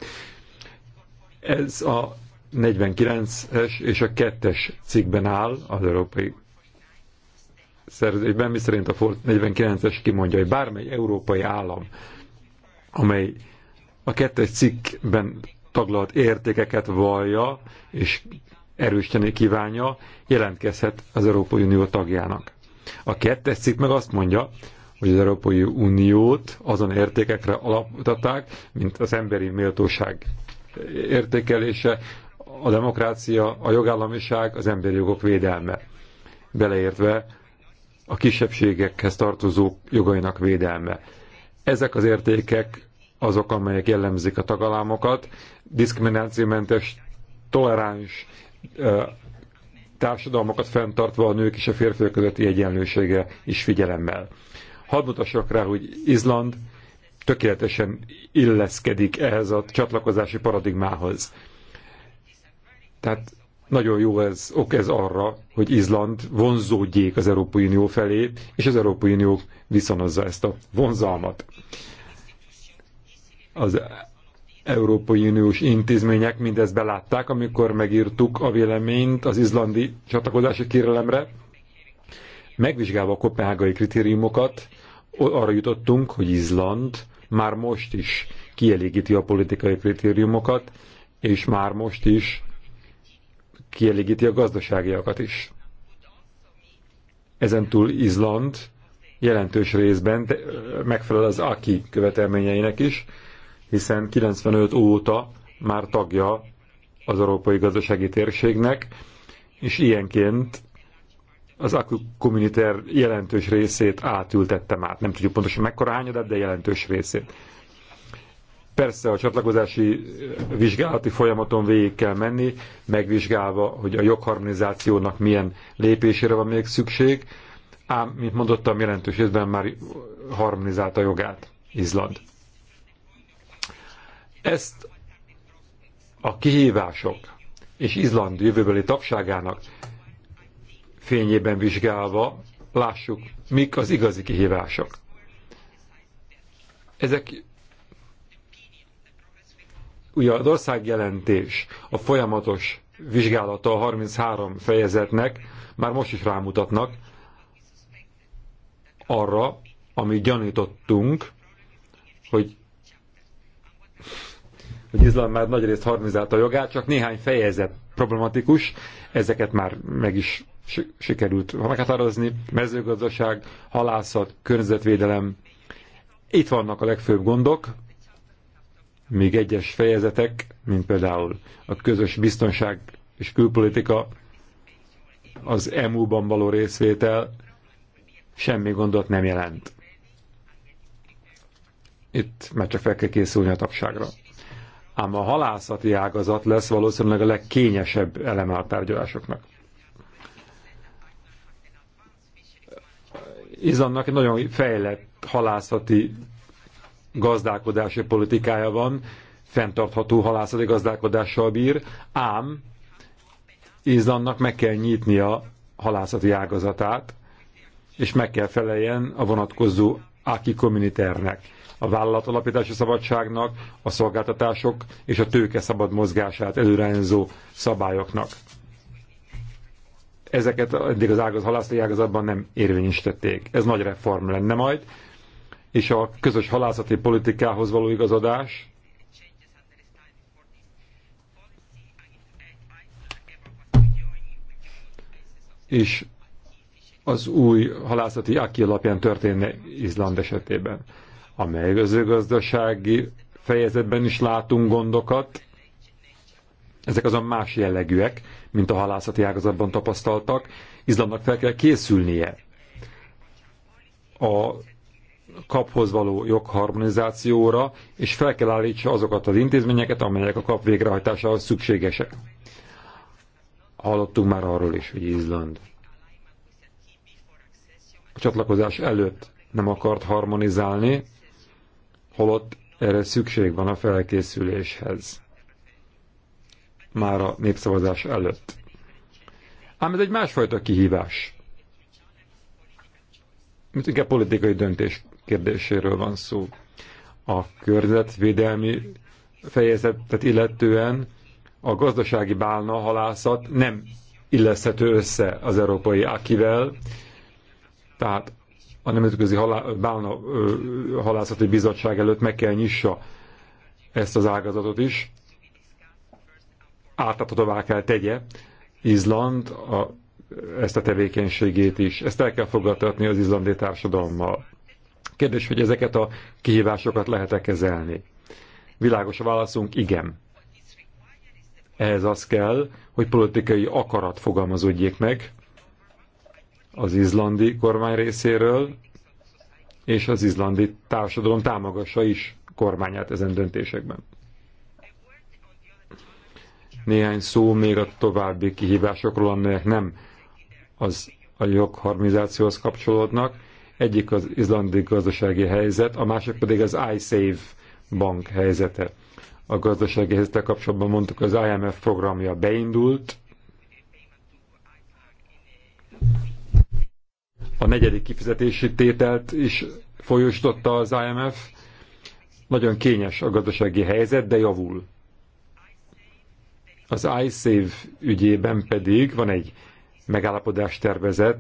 Ez a 49-es és a 2-es cikkben áll az európai szerződésben, miszerint a 49-es kimondja, hogy bármely európai állam, amely a kettes cikkben taglalt értékeket vallja és erősteni kívánja, jelentkezhet az Európai Unió tagjának. A kettes cikk meg azt mondja, hogy az Európai Uniót azon értékekre alapították, mint az emberi méltóság értékelése, a demokrácia, a jogállamiság, az emberi jogok védelme, beleértve a kisebbségekhez tartozó jogainak védelme. Ezek az értékek azok, amelyek jellemzik a tagalámokat, diszkriminációmentes, toleráns társadalmakat fenntartva a nők és a férfiak közötti egyenlősége is figyelemmel. Hadd mutassak rá, hogy Izland tökéletesen illeszkedik ehhez a csatlakozási paradigmához. Tehát nagyon jó ez, ok ez arra, hogy Izland vonzódjék az Európai Unió felé, és az Európai Unió viszonozza ezt a vonzalmat az Európai Uniós intézmények mindezt belátták, amikor megírtuk a véleményt az izlandi csatlakozási kérelemre. Megvizsgálva a kopenhágai kritériumokat, arra jutottunk, hogy Izland már most is kielégíti a politikai kritériumokat, és már most is kielégíti a gazdaságiakat is. Ezentúl Izland jelentős részben megfelel az AKI követelményeinek is, hiszen 95 óta már tagja az Európai Gazdasági Térségnek, és ilyenként az akkumuliter jelentős részét átültette, már. Nem tudjuk pontosan mekkora hányadat, de jelentős részét. Persze a csatlakozási vizsgálati folyamaton végig kell menni, megvizsgálva, hogy a jogharmonizációnak milyen lépésére van még szükség, ám, mint mondottam, jelentős részben már harmonizálta jogát Izland. Ezt a kihívások és Izland jövőbeli tagságának fényében vizsgálva lássuk, mik az igazi kihívások. Ezek ugye az országjelentés a folyamatos vizsgálata a 33 fejezetnek már most is rámutatnak arra, amit gyanítottunk, hogy hogy Izland már nagyrészt harmonizálta a jogát, csak néhány fejezet problematikus, ezeket már meg is sikerült meghatározni, mezőgazdaság, halászat, környezetvédelem. Itt vannak a legfőbb gondok, még egyes fejezetek, mint például a közös biztonság és külpolitika, az EMU-ban való részvétel semmi gondot nem jelent. Itt már csak fel kell készülni a tapságra ám a halászati ágazat lesz valószínűleg a legkényesebb eleme a tárgyalásoknak. Izlandnak egy nagyon fejlett halászati gazdálkodási politikája van, fenntartható halászati gazdálkodással bír, ám Izannak meg kell nyitnia halászati ágazatát, és meg kell feleljen a vonatkozó aki kommuniternek a vállalatalapítási szabadságnak, a szolgáltatások és a tőke szabad mozgását előrányzó szabályoknak. Ezeket eddig az ágaz, halászati ágazatban nem érvényesítették. Ez nagy reform lenne majd, és a közös halászati politikához való igazodás, és az új halászati aki alapján történne Izland esetében a mezőgazdasági fejezetben is látunk gondokat. Ezek azon más jellegűek, mint a halászati ágazatban tapasztaltak. Izlandnak fel kell készülnie a kaphoz való jogharmonizációra, és fel kell állítsa azokat az intézményeket, amelyek a kap végrehajtásához szükségesek. Hallottunk már arról is, hogy Izland a csatlakozás előtt nem akart harmonizálni, holott erre szükség van a felkészüléshez. Már a népszavazás előtt. Ám ez egy másfajta kihívás. Mint inkább politikai döntés kérdéséről van szó. A környezetvédelmi fejezetet illetően a gazdasági bálna halászat nem illeszhető össze az európai akivel, tehát a Nemzetközi Halá Bálna Halászati Bizottság előtt meg kell nyissa ezt az ágazatot is. Átláthatóvá kell tegye Izland a, ezt a tevékenységét is. Ezt el kell fogadtatni az izlandi társadalommal. Kérdés, hogy ezeket a kihívásokat lehet-e kezelni? Világos a válaszunk, igen. Ehhez az kell, hogy politikai akarat fogalmazódjék meg, az izlandi kormány részéről, és az izlandi társadalom támogassa is kormányát ezen döntésekben. Néhány szó még a további kihívásokról, amelyek nem az a jogharmonizációhoz kapcsolódnak. Egyik az izlandi gazdasági helyzet, a másik pedig az iSave bank helyzete. A gazdasági helyzettel kapcsolatban mondtuk, az IMF programja beindult, a negyedik kifizetési tételt is folyósította az IMF. Nagyon kényes a gazdasági helyzet, de javul. Az iSave ügyében pedig van egy megállapodás tervezet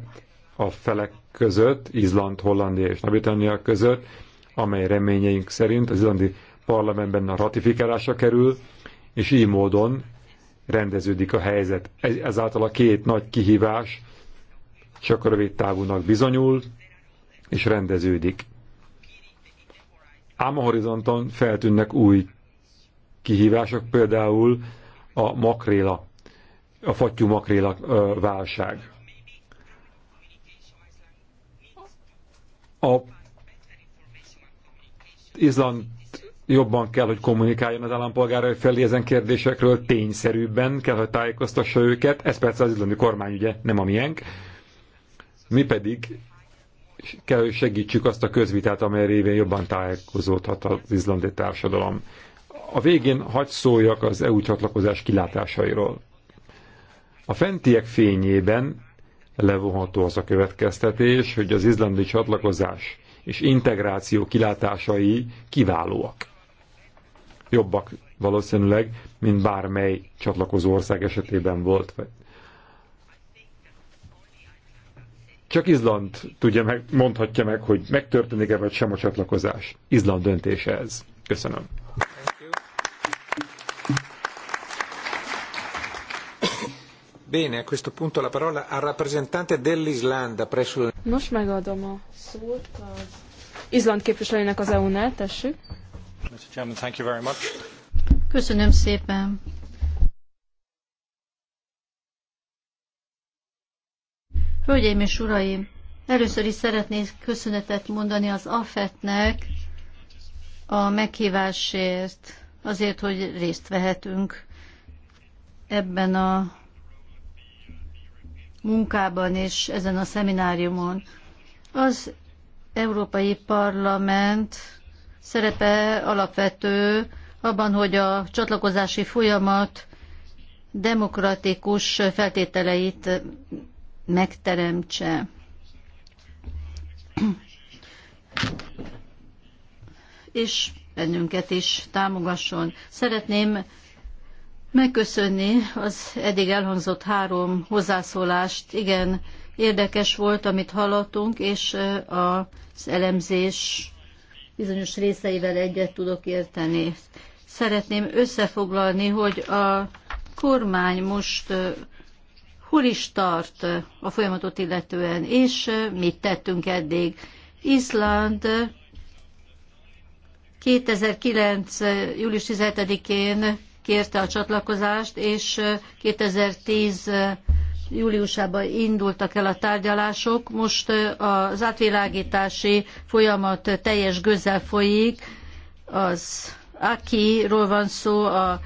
a felek között, Izland, Hollandia és Nagy-Britannia között, amely reményeink szerint az izlandi parlamentben a ratifikálásra kerül, és így módon rendeződik a helyzet. Ezáltal a két nagy kihívás csak rövid távúnak bizonyul, és rendeződik. Ám a horizonton feltűnnek új kihívások, például a makréla, a fattyú makréla válság. A Izland jobban kell, hogy kommunikáljon az állampolgárai felé ezen kérdésekről, tényszerűbben kell, hogy tájékoztassa őket, ez persze az izlandi kormány ugye, nem a miénk mi pedig kell, hogy segítsük azt a közvitát, amely révén jobban tájékozódhat az izlandi társadalom. A végén hagy szóljak az EU csatlakozás kilátásairól. A fentiek fényében levonható az a következtetés, hogy az izlandi csatlakozás és integráció kilátásai kiválóak. Jobbak valószínűleg, mint bármely csatlakozó ország esetében volt, Csak Izland tudja meg, mondhatja meg, hogy megtörténik-e vagy sem a csatlakozás. Izland döntése ez. Köszönöm. Bene, a questo punto la parola al rappresentante dell'Islanda presso... Nos, megadom a szót az Izland képviselőjének az EU-nál, tessük. Mr. Chairman, thank you very much. Köszönöm szépen. Hölgyeim és uraim, először is szeretnék köszönetet mondani az AFET-nek a meghívásért, azért, hogy részt vehetünk ebben a munkában és ezen a szemináriumon. Az Európai Parlament szerepe alapvető abban, hogy a csatlakozási folyamat demokratikus feltételeit megteremtse. És bennünket is támogasson. Szeretném megköszönni az eddig elhangzott három hozzászólást. Igen, érdekes volt, amit hallottunk, és az elemzés bizonyos részeivel egyet tudok érteni. Szeretném összefoglalni, hogy a kormány most hol is tart a folyamatot illetően, és mit tettünk eddig. Izland 2009. július 17-én kérte a csatlakozást, és 2010 júliusában indultak el a tárgyalások. Most az átvilágítási folyamat teljes gőzzel folyik. Az AKI-ról van szó, a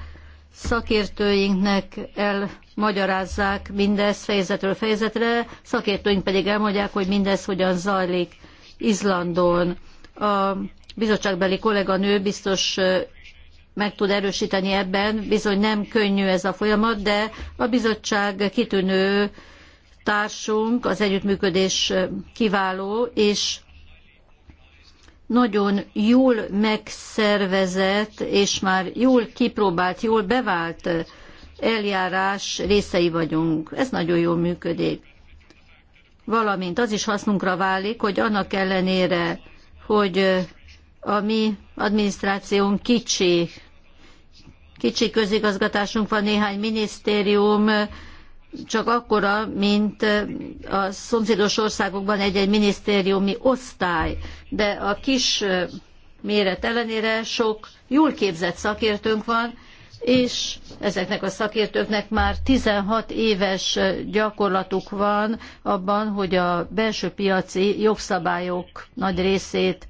szakértőinknek el magyarázzák mindezt fejezetről fejezetre, szakértőink pedig elmondják, hogy mindez hogyan zajlik Izlandon. A bizottságbeli kolléganő biztos meg tud erősíteni ebben, bizony nem könnyű ez a folyamat, de a bizottság kitűnő társunk, az együttműködés kiváló, és nagyon jól megszervezett, és már jól kipróbált, jól bevált eljárás részei vagyunk. Ez nagyon jól működik. Valamint az is hasznunkra válik, hogy annak ellenére, hogy a mi adminisztrációnk kicsi, kicsi közigazgatásunk van, néhány minisztérium, csak akkora, mint a szomszédos országokban egy-egy minisztériumi osztály, de a kis méret ellenére sok jól képzett szakértőnk van, és ezeknek a szakértőknek már 16 éves gyakorlatuk van abban, hogy a belső piaci jogszabályok nagy részét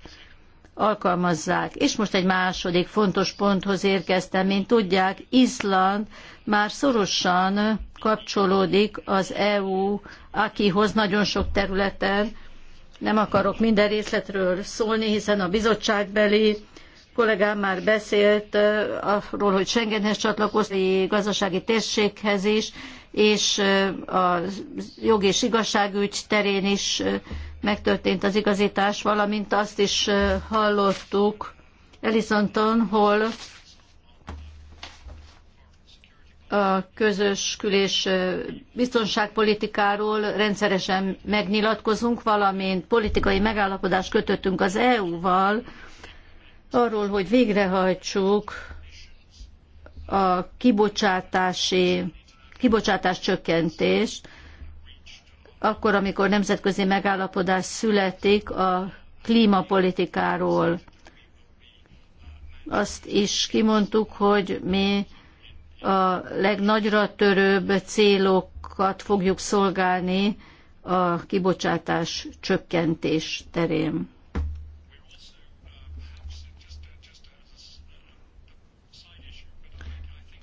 alkalmazzák. És most egy második fontos ponthoz érkeztem, mint tudják, Izland már szorosan kapcsolódik az EU akihoz nagyon sok területen. Nem akarok minden részletről szólni, hiszen a bizottságbeli kollégám már beszélt arról, hogy Schengenhez csatlakozni gazdasági térséghez is, és a jog és igazságügy terén is megtörtént az igazítás, valamint azt is hallottuk Elizonton, hol a közös kül- és biztonságpolitikáról rendszeresen megnyilatkozunk, valamint politikai megállapodást kötöttünk az EU-val, arról, hogy végrehajtsuk a kibocsátási, kibocsátás csökkentést, akkor, amikor nemzetközi megállapodás születik a klímapolitikáról. Azt is kimondtuk, hogy mi a legnagyra törőbb célokat fogjuk szolgálni a kibocsátás csökkentés terén.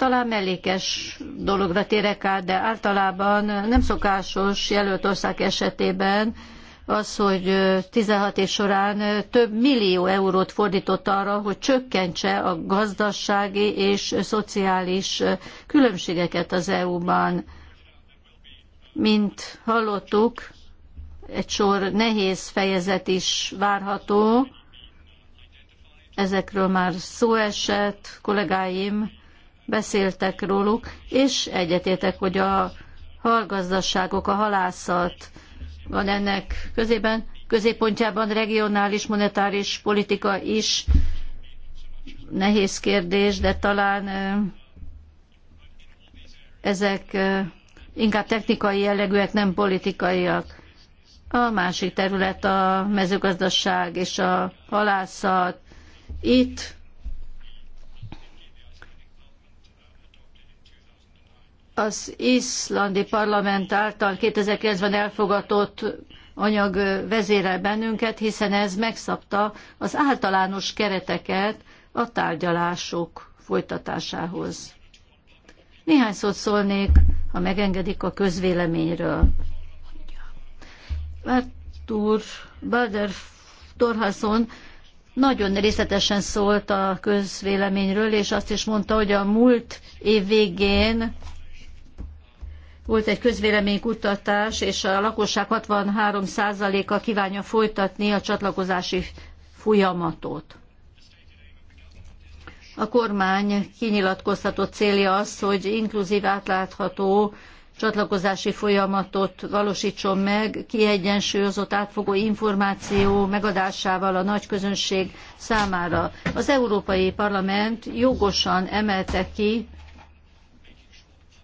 Talán mellékes dologra térek át, de általában nem szokásos jelölt ország esetében az, hogy 16 év során több millió eurót fordított arra, hogy csökkentse a gazdasági és szociális különbségeket az EU-ban. Mint hallottuk, egy sor nehéz fejezet is várható, ezekről már szó esett, kollégáim beszéltek róluk, és egyetétek, hogy a halgazdaságok, a halászat van ennek közében, középpontjában regionális monetáris politika is nehéz kérdés, de talán ezek inkább technikai jellegűek, nem politikaiak. A másik terület a mezőgazdaság és a halászat. Itt az iszlandi parlament által 2009-ben elfogadott anyag vezérel bennünket, hiszen ez megszabta az általános kereteket a tárgyalások folytatásához. Néhány szót szólnék, ha megengedik a közvéleményről. Vártúr Bader Torhason nagyon részletesen szólt a közvéleményről, és azt is mondta, hogy a múlt év végén volt egy közvéleménykutatás, és a lakosság 63%-a kívánja folytatni a csatlakozási folyamatot. A kormány kinyilatkoztatott célja az, hogy inkluzív átlátható csatlakozási folyamatot valósítson meg, kiegyensúlyozott átfogó információ megadásával a nagy közönség számára. Az Európai Parlament jogosan emelte ki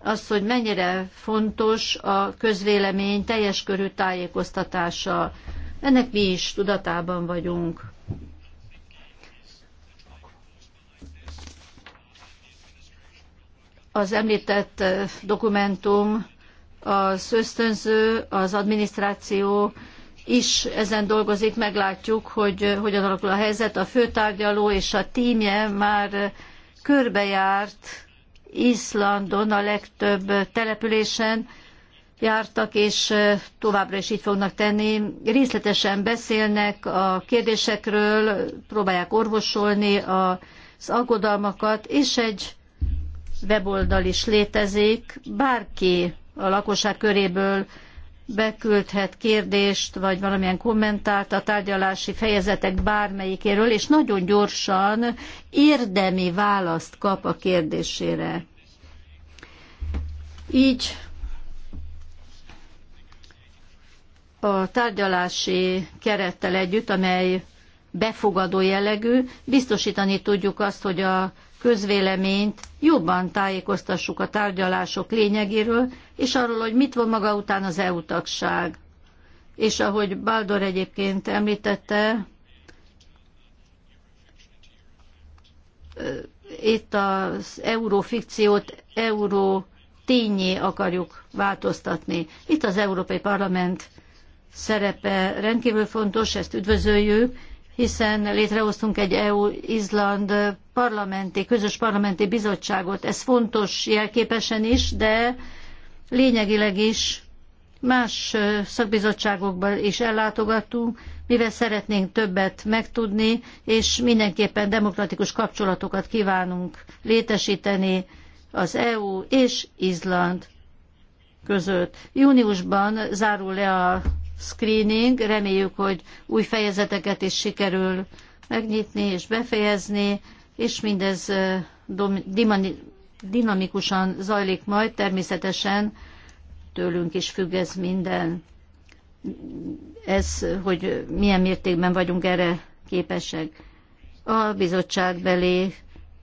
az, hogy mennyire fontos a közvélemény teljes körű tájékoztatása. Ennek mi is tudatában vagyunk. Az említett eh, dokumentum az ösztönző, az adminisztráció is ezen dolgozik, meglátjuk, hogy eh, hogyan alakul a helyzet. A főtárgyaló és a tímje már eh, körbejárt Izlandon a legtöbb településen jártak, és továbbra is így fognak tenni. Részletesen beszélnek a kérdésekről, próbálják orvosolni az aggodalmakat, és egy weboldal is létezik. Bárki a lakosság köréből beküldhet kérdést, vagy valamilyen kommentárt a tárgyalási fejezetek bármelyikéről, és nagyon gyorsan érdemi választ kap a kérdésére. Így a tárgyalási kerettel együtt, amely befogadó jellegű, biztosítani tudjuk azt, hogy a közvéleményt jobban tájékoztassuk a tárgyalások lényegéről, és arról, hogy mit von maga után az EU tagság. És ahogy Baldor egyébként említette, itt az eurofikciót euró tényé akarjuk változtatni. Itt az Európai Parlament szerepe rendkívül fontos, ezt üdvözöljük, hiszen létrehoztunk egy EU-Izland parlamenti, közös parlamenti bizottságot. Ez fontos jelképesen is, de lényegileg is más szakbizottságokban is ellátogattunk, mivel szeretnénk többet megtudni, és mindenképpen demokratikus kapcsolatokat kívánunk létesíteni az EU és Izland között. Júniusban zárul le a screening. Reméljük, hogy új fejezeteket is sikerül megnyitni és befejezni, és mindez dinamikusan zajlik majd, természetesen tőlünk is függ ez minden. Ez, hogy milyen mértékben vagyunk erre képesek. A bizottság belé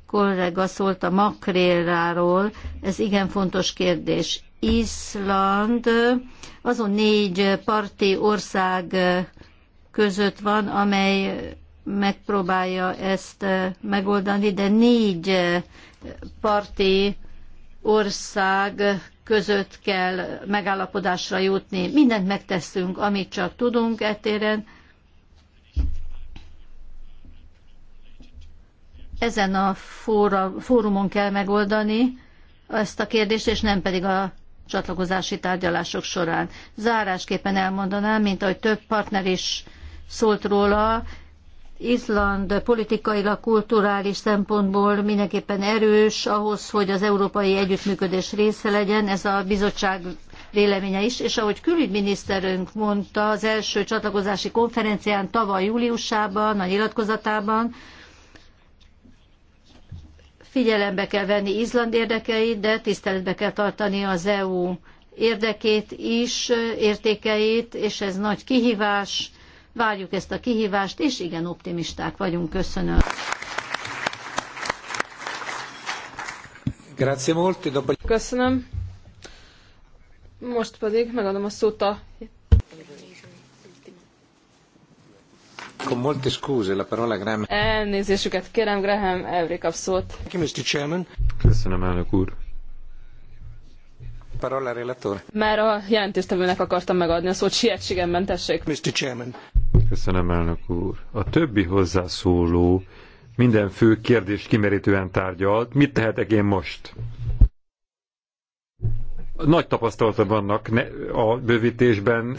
kollega szólt a makréláról, ez igen fontos kérdés. Izland azon négy parti ország között van, amely megpróbálja ezt megoldani, de négy parti ország között kell megállapodásra jutni. Mindent megteszünk, amit csak tudunk etéren. Ezen a fóra, fórumon kell megoldani ezt a kérdést, és nem pedig a csatlakozási tárgyalások során. Zárásképpen elmondanám, mint ahogy több partner is szólt róla, Izland politikailag, kulturális szempontból mindenképpen erős ahhoz, hogy az európai együttműködés része legyen, ez a bizottság véleménye is, és ahogy külügyminiszterünk mondta az első csatlakozási konferencián tavaly júliusában, a nyilatkozatában, Figyelembe kell venni Izland érdekeit, de tiszteletbe kell tartani az EU érdekét is, értékeit, és ez nagy kihívás. Várjuk ezt a kihívást, és igen, optimisták vagyunk. Köszönöm. Grazie Köszönöm. Most pedig megadom a szót a Con molte scuse, la parola Graham. Elnézésüket kérem, Graham, Elvri kap szót. Köszönöm, elnök úr. Parola relator. Már a jelentéstevőnek akartam megadni a szót, sietségemben tessék. Mr. Chairman. Köszönöm, elnök úr. A többi hozzászóló minden fő kérdést kimerítően tárgyalt. Mit tehetek én most? Nagy tapasztalata vannak a bővítésben,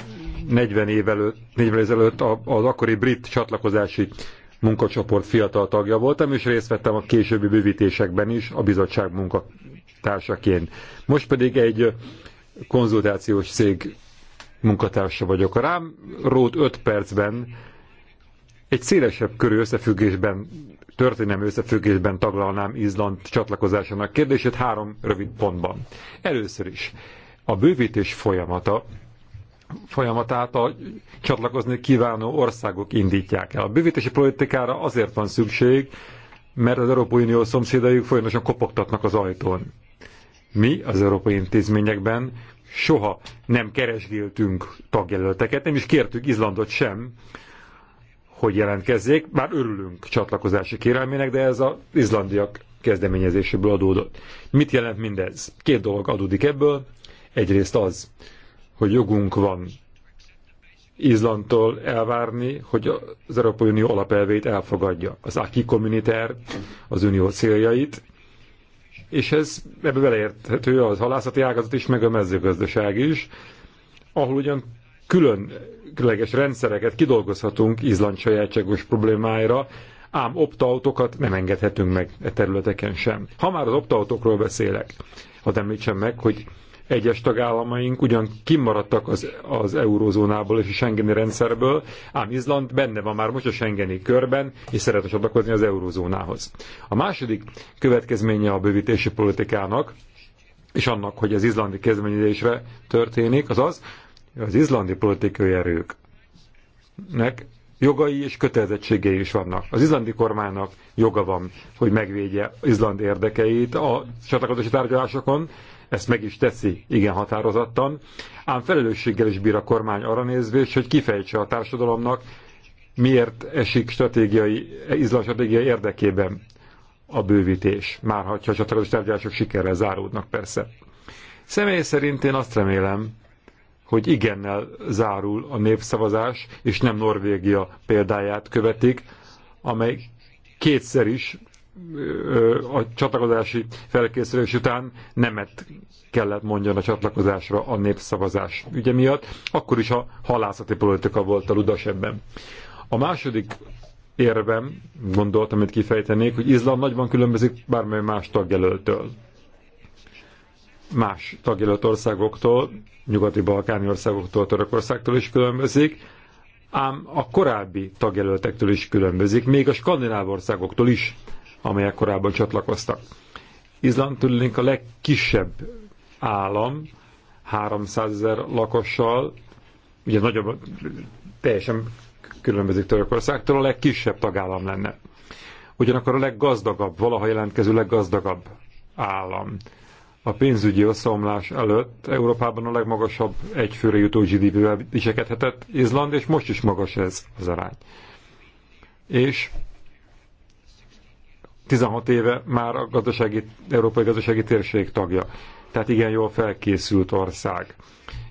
40 év előtt, 40 év előtt az akkori brit csatlakozási munkacsoport fiatal tagja voltam, és részt vettem a későbbi bővítésekben is a bizottság munkatársaként. Most pedig egy konzultációs cég munkatársa vagyok. Rám rót 5 percben egy szélesebb körű összefüggésben, történelmi összefüggésben taglalnám Izland csatlakozásának kérdését három rövid pontban. Először is, a bővítés folyamata folyamatát a csatlakozni kívánó országok indítják el. A bővítési politikára azért van szükség, mert az Európai Unió szomszédaiuk folyamatosan kopogtatnak az ajtón. Mi az európai intézményekben soha nem keresgéltünk tagjelölteket, nem is kértük Izlandot sem, hogy jelentkezzék, már örülünk csatlakozási kérelmének, de ez az izlandiak kezdeményezéséből adódott. Mit jelent mindez? Két dolog adódik ebből. Egyrészt az, hogy jogunk van Izlandtól elvárni, hogy az Európai Unió alapelveit elfogadja, az aki kommuniter, az unió céljait, és ez ebbe beleérthető az halászati ágazat is, meg a mezőgazdaság is, ahol ugyan különleges rendszereket kidolgozhatunk Izland sajátságos problémáira, ám optautokat nem engedhetünk meg e területeken sem. Ha már az optautokról beszélek, ha említsem meg, hogy egyes tagállamaink ugyan kimaradtak az, az eurózónából és a Schengeni rendszerből, ám Izland benne van már most a Schengeni körben, és szeretne csatlakozni az eurózónához. A második következménye a bővítési politikának, és annak, hogy az izlandi kezdeményezésre történik, az az, hogy az izlandi politikai erőknek jogai és kötelezettségei is vannak. Az izlandi kormánynak joga van, hogy megvédje Izland érdekeit a csatlakozási tárgyalásokon, ezt meg is teszi, igen határozottan, ám felelősséggel is bír a kormány arra nézvés, hogy kifejtse a társadalomnak, miért esik stratégiai, izlan stratégiai érdekében a bővítés, már ha a csatlakozás tárgyalások sikerrel záródnak persze. Személy szerint én azt remélem, hogy igennel zárul a népszavazás, és nem Norvégia példáját követik, amely kétszer is a csatlakozási felkészülés után nemet kellett mondjon a csatlakozásra a népszavazás ügye miatt, akkor is a halászati politika volt a ludas ebben. A második érvem, gondoltam, amit kifejtenék, hogy Izland nagyban különbözik bármely más tagjelöltől. Más tagjelölt országoktól, nyugati balkáni országoktól, Törökországtól is különbözik, ám a korábbi tagjelöltektől is különbözik, még a skandináv országoktól is amelyek korábban csatlakoztak. Izland tudnék a legkisebb állam, 300 ezer lakossal, ugye nagyobb, teljesen különbözik Törökországtól, a legkisebb tagállam lenne. Ugyanakkor a leggazdagabb, valaha jelentkező leggazdagabb állam. A pénzügyi összeomlás előtt Európában a legmagasabb egyfőre jutó GDP-vel viselkedhetett Izland, és most is magas ez az arány. És 16 éve már a gazdasági, európai gazdasági térség tagja. Tehát igen jól felkészült ország.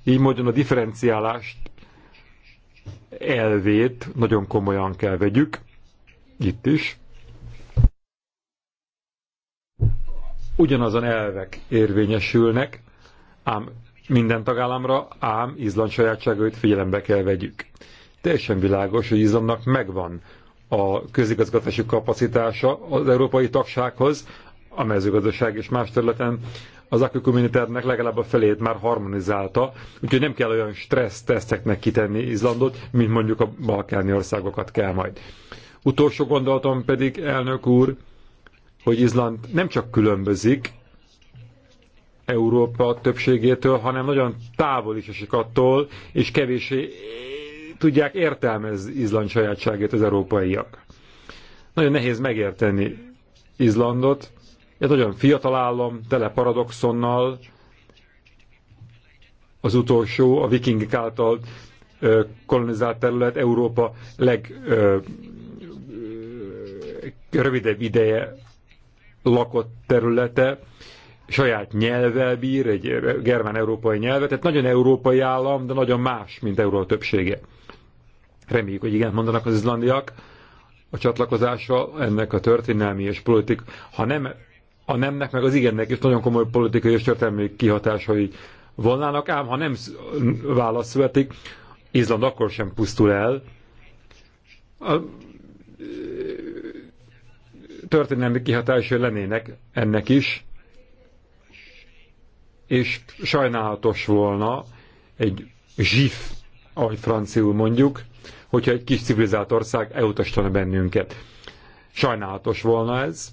Így módon a differenciálást elvét nagyon komolyan kell vegyük, itt is. Ugyanazon elvek érvényesülnek, ám minden tagállamra, ám Izland sajátságait figyelembe kell vegyük. Teljesen világos, hogy Izlandnak megvan a közigazgatási kapacitása az európai tagsághoz, a mezőgazdaság és más területen az akkumulitárnak legalább a felét már harmonizálta, úgyhogy nem kell olyan stressz teszteknek kitenni Izlandot, mint mondjuk a balkáni országokat kell majd. Utolsó gondolatom pedig, elnök úr, hogy Izland nem csak különbözik Európa többségétől, hanem nagyon távol is esik attól, és kevésé tudják értelmezni Izland sajátságét az európaiak. Nagyon nehéz megérteni Izlandot, egy nagyon fiatal állam, tele paradoxonnal, az utolsó, a vikingek által kolonizált terület Európa legrövidebb ideje lakott területe, saját nyelvvel bír, egy germán-európai nyelvet, tehát nagyon európai állam, de nagyon más, mint Európa többsége. Reméljük, hogy igen mondanak az izlandiak a csatlakozásra, ennek a történelmi és politik, ha nem, a nemnek meg az igennek is nagyon komoly politikai és történelmi kihatásai volnának, ám ha nem válasz születik, Izland akkor sem pusztul el. A történelmi kihatásai lennének ennek is, és sajnálatos volna egy zsif, ahogy franciul mondjuk, hogyha egy kis civilizált ország elutasítana bennünket. Sajnálatos volna ez.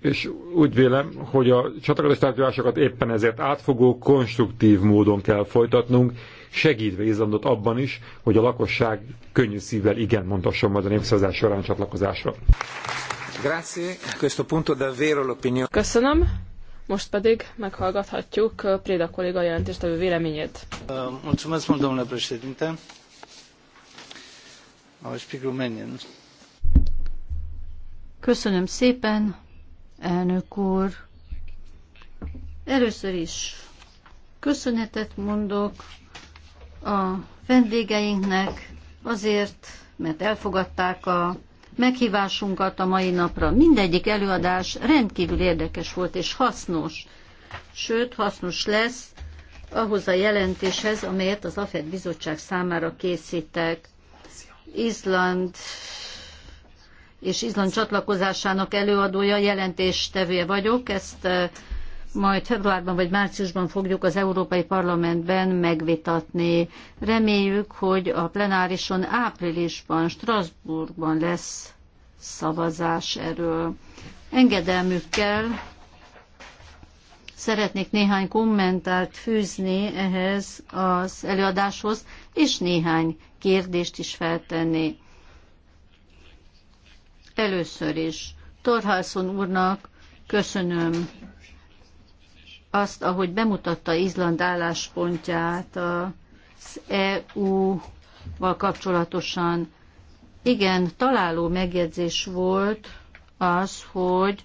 És úgy vélem, hogy a csatlakozás tárgyalásokat éppen ezért átfogó, konstruktív módon kell folytatnunk, segítve Izlandot abban is, hogy a lakosság könnyű szívvel igen mondhasson majd a népszavazás során csatlakozásra. Grazie, questo punto davvero l'opinione. Köszönöm. Most pedig meghallgathatjuk uh, Préda kolléga jelentéstevő véleményét. Uh, mulțumesc mult, domnule președinte. Köszönöm szépen, elnök úr. Először is köszönetet mondok a vendégeinknek azért, mert elfogadták a meghívásunkat a mai napra. Mindegyik előadás rendkívül érdekes volt és hasznos, sőt hasznos lesz ahhoz a jelentéshez, amelyet az AFED bizottság számára készítek. Izland és Izland csatlakozásának előadója, jelentéstevője vagyok, ezt majd februárban vagy márciusban fogjuk az Európai Parlamentben megvitatni. Reméljük, hogy a plenárison áprilisban, Strasbourgban lesz szavazás erről. Engedelmükkel szeretnék néhány kommentárt fűzni ehhez az előadáshoz, és néhány kérdést is feltenni. Először is Torhalszon úrnak köszönöm azt, ahogy bemutatta Izland álláspontját az EU-val kapcsolatosan. Igen, találó megjegyzés volt az, hogy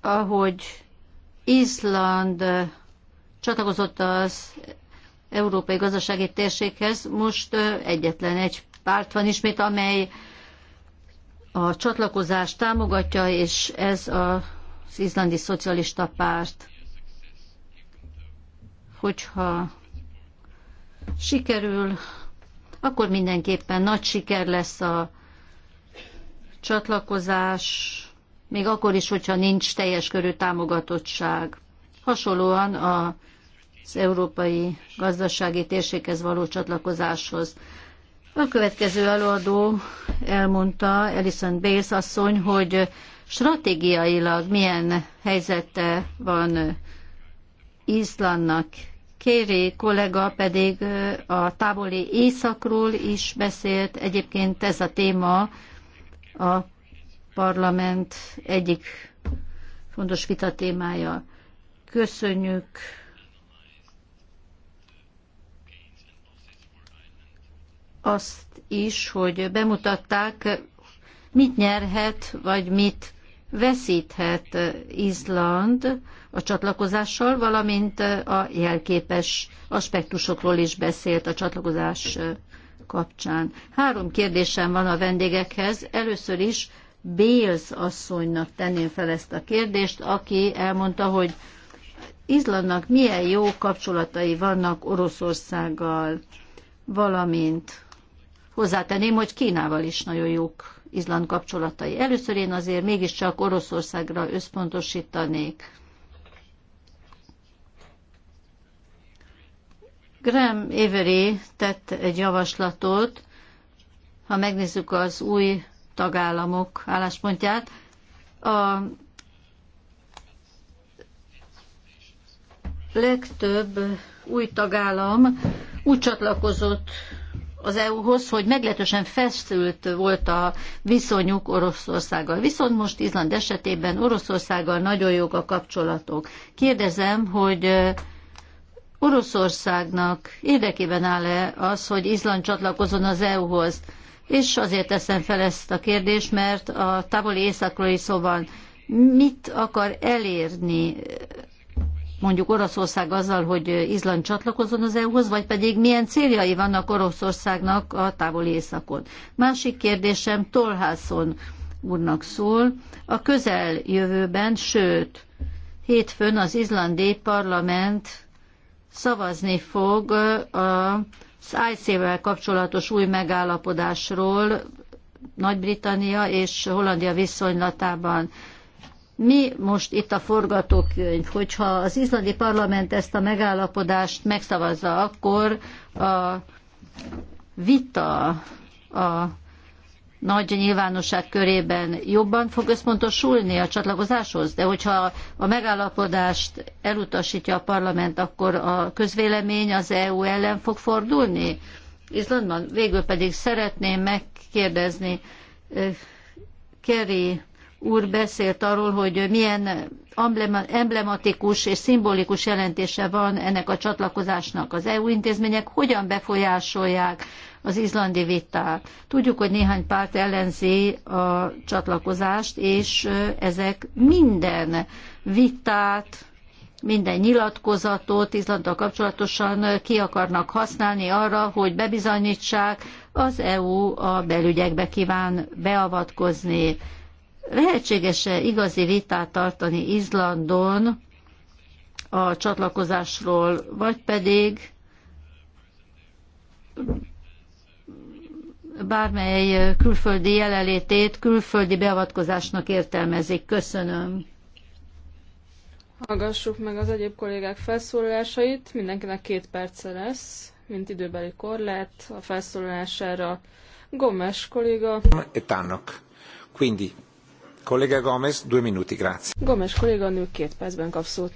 ahogy Izland csatlakozott az európai gazdasági térséghez, most egyetlen egy párt van ismét, amely a csatlakozást támogatja, és ez az izlandi szocialista párt. Hogyha sikerül, akkor mindenképpen nagy siker lesz a csatlakozás, még akkor is, hogyha nincs teljes körű támogatottság. Hasonlóan az európai gazdasági térséghez való csatlakozáshoz. A következő előadó elmondta, Alison Bales asszony, hogy stratégiailag milyen helyzete van Izlandnak. Kéri kollega pedig a távoli északról is beszélt. Egyébként ez a téma a parlament egyik fontos vita témája. Köszönjük azt is, hogy bemutatták, mit nyerhet, vagy mit veszíthet Izland a csatlakozással, valamint a jelképes aspektusokról is beszélt a csatlakozás kapcsán. Három kérdésem van a vendégekhez. Először is Béls asszonynak tenném fel ezt a kérdést, aki elmondta, hogy Izlandnak milyen jó kapcsolatai vannak Oroszországgal, valamint Hozzátenném, hogy Kínával is nagyon jók Izland kapcsolatai. Először én azért mégiscsak Oroszországra összpontosítanék. Graham Avery tett egy javaslatot, ha megnézzük az új tagállamok álláspontját, a legtöbb új tagállam úgy csatlakozott az EU-hoz, hogy meglehetősen feszült volt a viszonyuk Oroszországgal. Viszont most Izland esetében Oroszországgal nagyon jók a kapcsolatok. Kérdezem, hogy Oroszországnak érdekében áll-e az, hogy Izland csatlakozon az EU-hoz? És azért teszem fel ezt a kérdést, mert a távoli északról is szóval Mit akar elérni mondjuk Oroszország azzal, hogy Izland csatlakozon az EU-hoz, vagy pedig milyen céljai vannak Oroszországnak a távoli északon. Másik kérdésem Tolhászon úrnak szól. A közeljövőben, sőt, hétfőn az izlandi parlament szavazni fog az IC-vel kapcsolatos új megállapodásról, nagy-Britannia és Hollandia viszonylatában mi most itt a forgatókönyv, hogyha az izlandi parlament ezt a megállapodást megszavazza, akkor a vita a nagy nyilvánosság körében jobban fog összpontosulni a csatlakozáshoz, de hogyha a megállapodást elutasítja a parlament, akkor a közvélemény az EU ellen fog fordulni? Izlandban végül pedig szeretném megkérdezni eh, Kerry úr beszélt arról, hogy milyen emblematikus és szimbolikus jelentése van ennek a csatlakozásnak. Az EU intézmények hogyan befolyásolják az izlandi vitát? Tudjuk, hogy néhány párt ellenzi a csatlakozást, és ezek minden vitát, minden nyilatkozatot Izlanddal kapcsolatosan ki akarnak használni arra, hogy bebizonyítsák, az EU a belügyekbe kíván beavatkozni Lehetséges-e igazi vitát tartani Izlandon a csatlakozásról, vagy pedig bármely külföldi jelenlétét külföldi beavatkozásnak értelmezik. Köszönöm. Hallgassuk meg az egyéb kollégák felszólalásait. Mindenkinek két perce lesz, mint időbeli korlát a felszólalására. Gomes kolléga. Etának. Quindi Kolléga Gomez, due minuti, grazie. Gomes kolléganő két percben kap szót.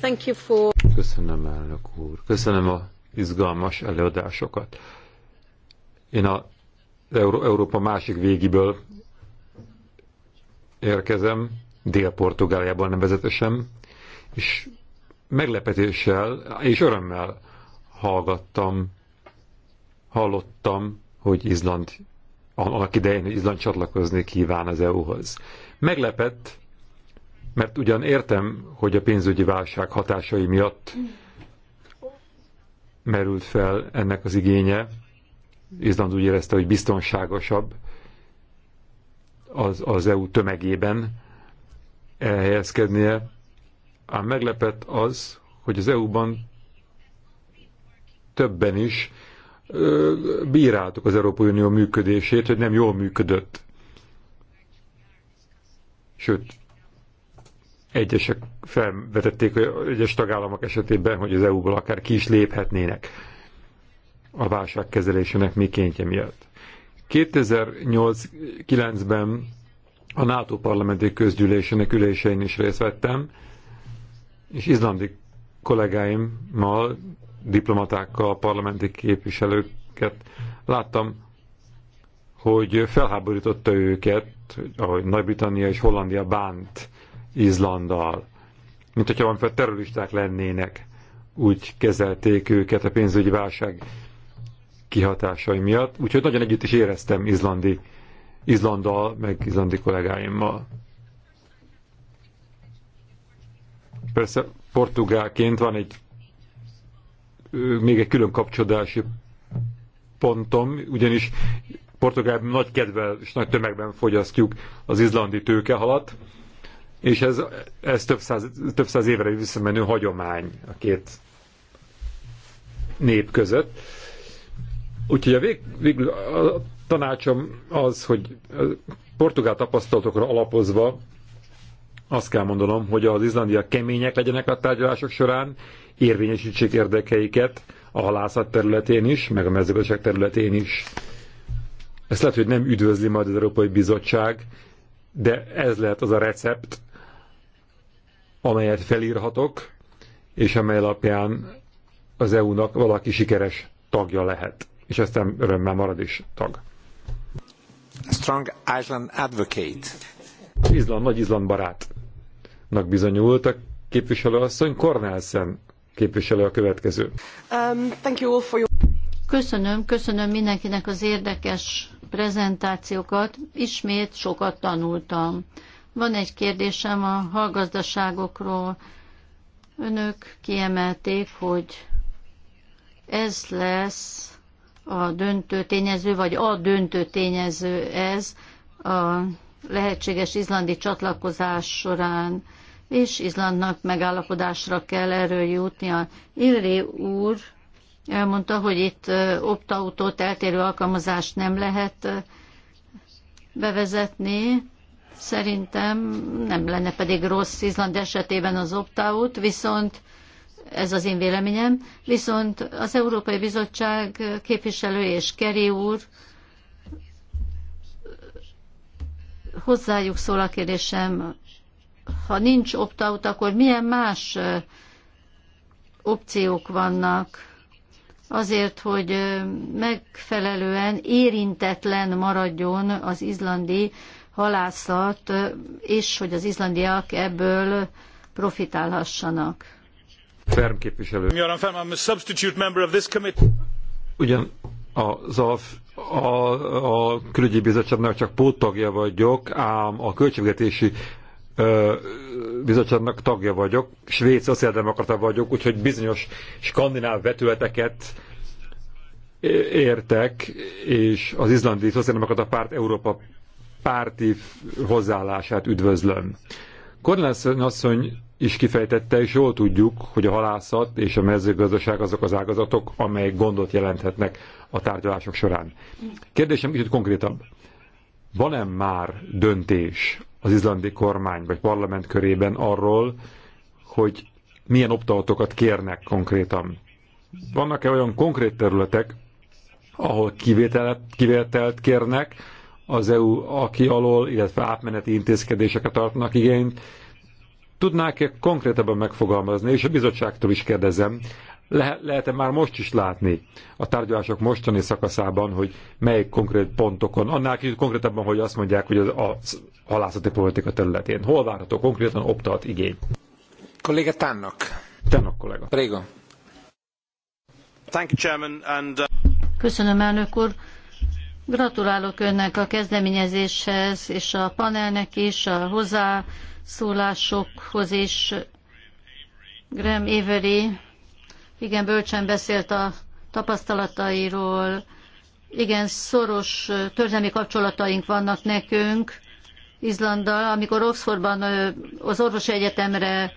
Thank you for... Köszönöm, elnök úr. Köszönöm a izgalmas előadásokat. Én a Euró Európa másik végiből érkezem, Dél-Portugáliából nevezetesen, és meglepetéssel és örömmel hallgattam, hallottam, hogy Izland annak idején, hogy Izland csatlakozni kíván az EU-hoz. Meglepett, mert ugyan értem, hogy a pénzügyi válság hatásai miatt merült fel ennek az igénye. Izland úgy érezte, hogy biztonságosabb az, az EU tömegében elhelyezkednie. Ám meglepett az, hogy az EU-ban többen is bíráltuk az Európai Unió működését, hogy nem jól működött. Sőt, egyesek felvetették, hogy egyes tagállamok esetében, hogy az EU-ból akár ki is léphetnének a válságkezelésének mikéntje miatt. 2008-9-ben a NATO parlamenti közgyűlésének ülésein is részt vettem, és izlandi kollégáimmal diplomatákkal, parlamenti képviselőket. Láttam, hogy felháborította őket, ahogy Nagy-Britannia és Hollandia bánt Izlanddal. Mint hogyha valamiféle terroristák lennének, úgy kezelték őket a pénzügyi válság kihatásai miatt. Úgyhogy nagyon együtt is éreztem izlandi, Izlanddal, meg izlandi kollégáimmal. Persze portugálként van egy még egy külön kapcsolódási pontom, ugyanis Portugálban nagy kedvel és nagy tömegben fogyasztjuk az izlandi tőkehalat, és ez, ez több, száz, több száz évre visszamenő hagyomány a két nép között. Úgyhogy a vég, végül a tanácsom az, hogy portugál tapasztalatokra alapozva azt kell mondanom, hogy az izlandiak kemények legyenek a tárgyalások során, érvényesítsék érdekeiket a halászat területén is, meg a mezőgazdaság területén is. Ezt lehet, hogy nem üdvözli majd az Európai Bizottság, de ez lehet az a recept, amelyet felírhatok, és amely alapján az EU-nak valaki sikeres tagja lehet, és aztán örömmel marad is tag. Strong Iceland Advocate. Izland, nagy Izland barátnak bizonyult a képviselőasszony Cornelsen képviselő a következő. Um, thank you all for your... Köszönöm, köszönöm mindenkinek az érdekes prezentációkat. Ismét sokat tanultam. Van egy kérdésem a hallgazdaságokról. Önök kiemelték, hogy ez lesz a döntő tényező, vagy a döntő tényező ez a lehetséges izlandi csatlakozás során és Izlandnak megállapodásra kell erről jutnia. Illi úr elmondta, hogy itt optautót, eltérő alkalmazást nem lehet bevezetni. Szerintem nem lenne pedig rossz Izland esetében az optaut, viszont ez az én véleményem, viszont az Európai Bizottság képviselő és Keri úr hozzájuk szól a kérdésem ha nincs opt-out, akkor milyen más opciók vannak azért, hogy megfelelően érintetlen maradjon az izlandi halászat, és hogy az izlandiak ebből profitálhassanak. Ferm képviselő. Ugyan az ALF a, a külügyi bizottságnak csak póttagja vagyok, ám a költségvetési bizottságnak tagja vagyok, svéd szociáldemokrata vagyok, úgyhogy bizonyos skandináv vetületeket értek, és az izlandi szociáldemokrata párt Európa párti hozzáállását üdvözlöm. Kornelszön asszony is kifejtette, és jól tudjuk, hogy a halászat és a mezőgazdaság azok az ágazatok, amelyek gondot jelenthetnek a tárgyalások során. Kérdésem kicsit konkrétabb. Van-e már döntés az izlandi kormány vagy parlament körében arról, hogy milyen optautokat kérnek konkrétan. Vannak-e olyan konkrét területek, ahol kivételet, kivételt kérnek az EU aki alól, illetve átmeneti intézkedéseket tartnak igényt, tudnák-e konkrétabban megfogalmazni, és a bizottságtól is kérdezem, le, lehet-e már most is látni a tárgyalások mostani szakaszában, hogy mely konkrét pontokon, annál kicsit konkrétabban, hogy azt mondják, hogy az a halászati politika területén. Hol várható konkrétan optat igény? Kolléga Tannak. Tannak kollega. Prego. Thank you, Chairman, and, uh... Köszönöm, elnök úr. Gratulálok önnek a kezdeményezéshez, és a panelnek is, a hozzászólásokhoz is. Graham Avery igen bölcsen beszélt a tapasztalatairól, igen szoros történelmi kapcsolataink vannak nekünk Izlanddal. Amikor Oxfordban az orvosi egyetemre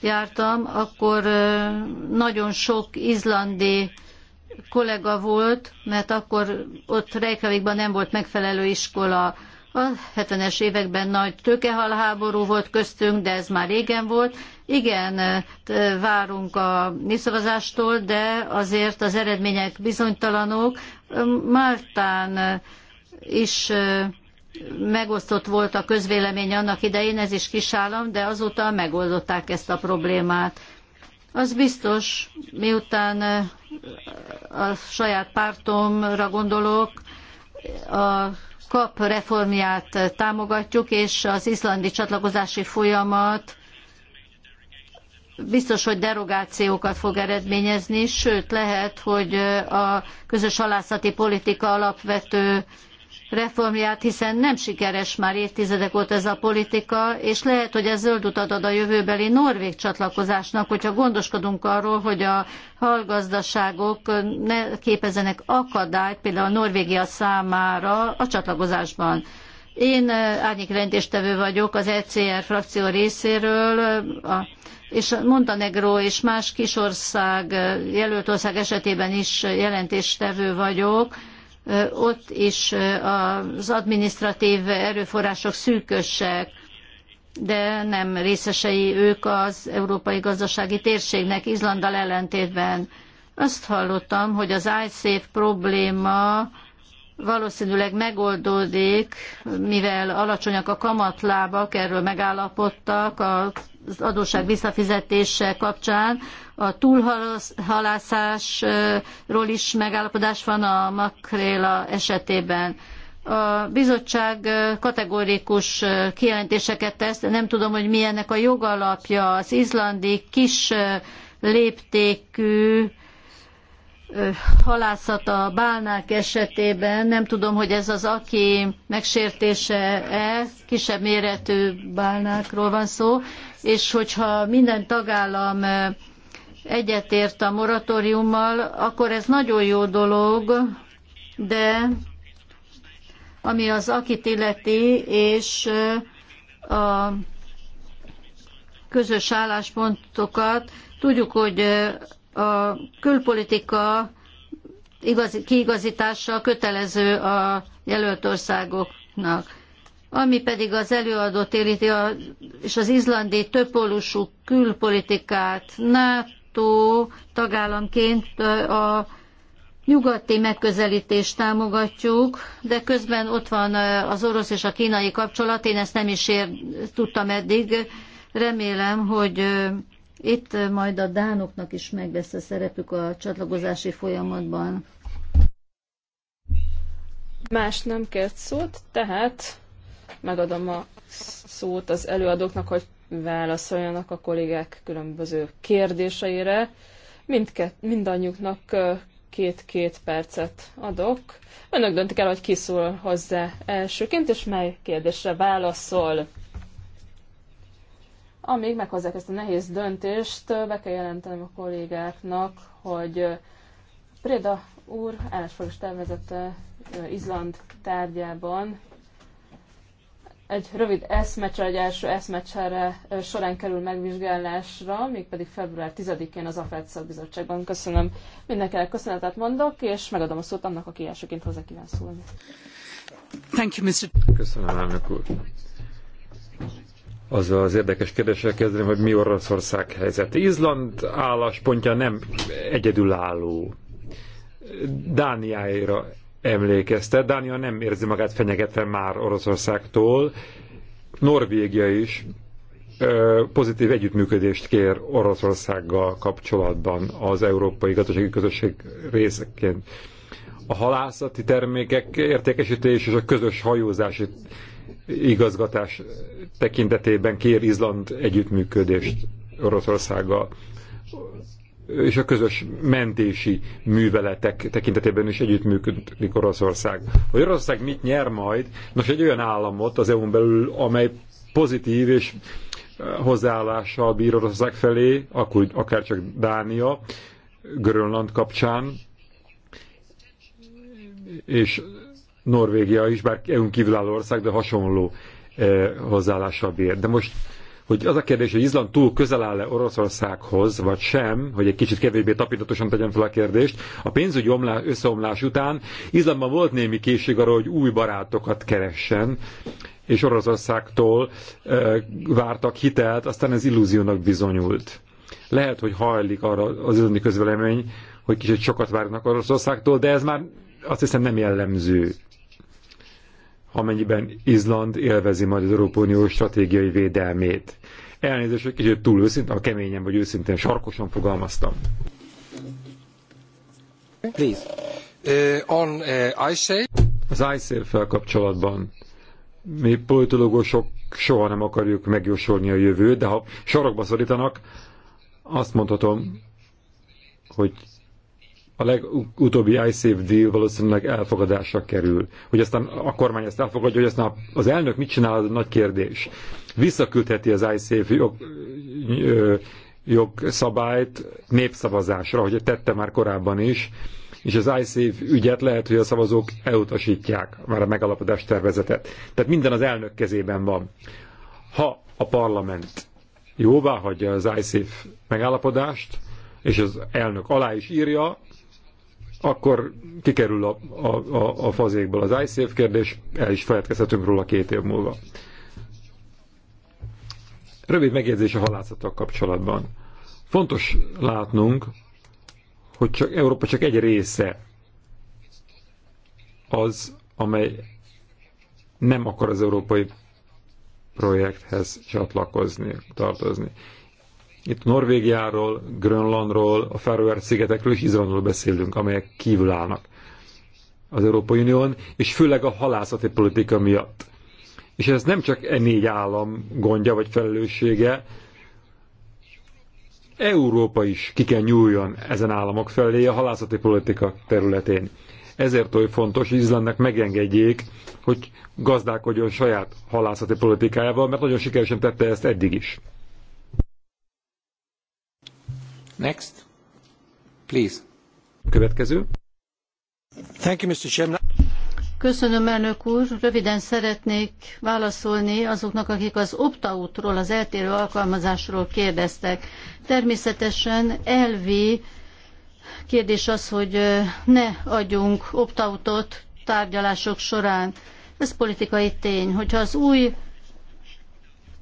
jártam, akkor nagyon sok izlandi kollega volt, mert akkor ott Reykjavikban nem volt megfelelő iskola. A 70-es években nagy tőkehalháború volt köztünk, de ez már régen volt, igen, várunk a népszavazástól, de azért az eredmények bizonytalanok. Máltán is megosztott volt a közvélemény annak idején, ez is kisállam, de azóta megoldották ezt a problémát. Az biztos, miután a saját pártomra gondolok, a kap reformját támogatjuk, és az izlandi csatlakozási folyamat biztos, hogy derogációkat fog eredményezni, sőt lehet, hogy a közös halászati politika alapvető reformját, hiszen nem sikeres már évtizedek óta ez a politika, és lehet, hogy ez zöld utat ad a jövőbeli norvég csatlakozásnak, hogyha gondoskodunk arról, hogy a halgazdaságok ne képezenek akadályt például a Norvégia számára a csatlakozásban. Én árnyék rendéstevő vagyok az ECR frakció részéről, a és Montenegro és más kisország, jelölt ország esetében is jelentéstevő vagyok, ott is az adminisztratív erőforrások szűkösek, de nem részesei ők az európai gazdasági térségnek Izlanddal ellentétben. Azt hallottam, hogy az ISAF probléma valószínűleg megoldódik, mivel alacsonyak a kamatlábak, erről megállapodtak az adósság visszafizetése kapcsán. A túlhalászásról is megállapodás van a makréla esetében. A bizottság kategórikus kijelentéseket tesz, nem tudom, hogy mi ennek a jogalapja. Az izlandi kis léptékű halászata bálnák esetében, nem tudom, hogy ez az aki megsértése-e, kisebb méretű bálnákról van szó, és hogyha minden tagállam egyetért a moratóriummal, akkor ez nagyon jó dolog, de ami az akit illeti, és a közös álláspontokat, tudjuk, hogy a külpolitika igazi, kiigazítása kötelező a jelölt országoknak. Ami pedig az előadót éríti, a, és az izlandi többpólusú külpolitikát NATO tagállamként a nyugati megközelítést támogatjuk, de közben ott van az orosz és a kínai kapcsolat, én ezt nem is ér, tudtam eddig, remélem, hogy itt majd a dánoknak is meg lesz a szerepük a csatlakozási folyamatban. Más nem kért szót, tehát megadom a szót az előadóknak, hogy válaszoljanak a kollégák különböző kérdéseire. Mindket, mindannyiuknak két-két percet adok. Önök döntik el, hogy kiszól hozzá elsőként, és mely kérdésre válaszol. Amíg meghozzák ezt a nehéz döntést, be kell jelentenem a kollégáknak, hogy Préda úr állásfoglalás tervezete Izland tárgyában egy rövid eszmecse, egy első eszmecsere során kerül megvizsgálásra, mégpedig február 10-én az AFED szakbizottságban. Köszönöm mindenkinek, köszönetet mondok, és megadom a szót annak, aki elsőként hozzá kíván szólni. Thank you, Mr. Köszönöm, elnök úr az az érdekes kérdéssel kezdeném, hogy mi Oroszország helyzet. Izland álláspontja nem egyedülálló. Dániáira emlékezte. Dánia nem érzi magát fenyegetve már Oroszországtól. Norvégia is pozitív együttműködést kér Oroszországgal kapcsolatban az Európai Gazdasági Közösség részeként. A halászati termékek értékesítés és a közös hajózási igazgatás tekintetében kér Izland együttműködést Oroszországgal és a közös mentési műveletek tekintetében is együttműködik Oroszország. Hogy Oroszország mit nyer majd? Nos, egy olyan államot az EU-n belül, amely pozitív és eh, hozzáállással bír Oroszország felé, akkor akár csak Dánia, Grönland kapcsán, és Norvégia is, bár EU-n kívülálló ország, de hasonló eh, hozzáállással bír. De most, hogy az a kérdés, hogy Izland túl közel áll-e Oroszországhoz, vagy sem, hogy egy kicsit kevésbé tapintatosan tegyem fel a kérdést, a pénzügyi omlás, összeomlás után Izlandban volt némi készség arra, hogy új barátokat keressen, és Oroszországtól eh, vártak hitelt, aztán ez illúziónak bizonyult. Lehet, hogy hajlik arra az izlandi közvelemény, hogy kicsit sokat várnak Oroszországtól, de ez már azt hiszem nem jellemző amennyiben Izland élvezi majd az Európai Unió stratégiai védelmét. Elnézést, hogy kicsit túl őszintén, a keményen vagy őszintén sarkosan fogalmaztam. Please. Uh, on uh, Az isaf e felkapcsolatban kapcsolatban mi politológusok soha nem akarjuk megjósolni a jövőt, de ha sarokba szorítanak, azt mondhatom, hogy a legutóbbi iSafe deal valószínűleg elfogadásra kerül. Hogy aztán a kormány ezt elfogadja, hogy aztán az elnök mit csinál, az nagy kérdés. Visszaküldheti az iSafe jog, jogszabályt népszavazásra, hogy tette már korábban is, és az iSafe ügyet lehet, hogy a szavazók elutasítják már a megalapodás tervezetet. Tehát minden az elnök kezében van. Ha a parlament jóvá hagyja az iSafe megállapodást, és az elnök alá is írja, akkor kikerül a, a, a, a fazékból az iSafe kérdés, el is feledkezhetünk róla két év múlva. Rövid megjegyzés a halászattal kapcsolatban. Fontos látnunk, hogy csak, Európa csak egy része az, amely nem akar az európai projekthez csatlakozni, tartozni. Itt Norvégiáról, Grönlandról, a Feröer szigetekről és Izlandról beszélünk, amelyek kívül állnak az Európai Unión, és főleg a halászati politika miatt. És ez nem csak e négy állam gondja vagy felelőssége, Európa is ki kell nyúljon ezen államok felé a halászati politika területén. Ezért oly fontos, hogy Izlandnak megengedjék, hogy gazdálkodjon saját halászati politikájával, mert nagyon sikeresen tette ezt eddig is. Next. Please. Következő. Thank you, Mr. Chairman. Köszönöm, elnök úr. Röviden szeretnék válaszolni azoknak, akik az opt-outról, az eltérő alkalmazásról kérdeztek. Természetesen elvi kérdés az, hogy ne adjunk opt-outot tárgyalások során. Ez politikai tény. Hogyha az új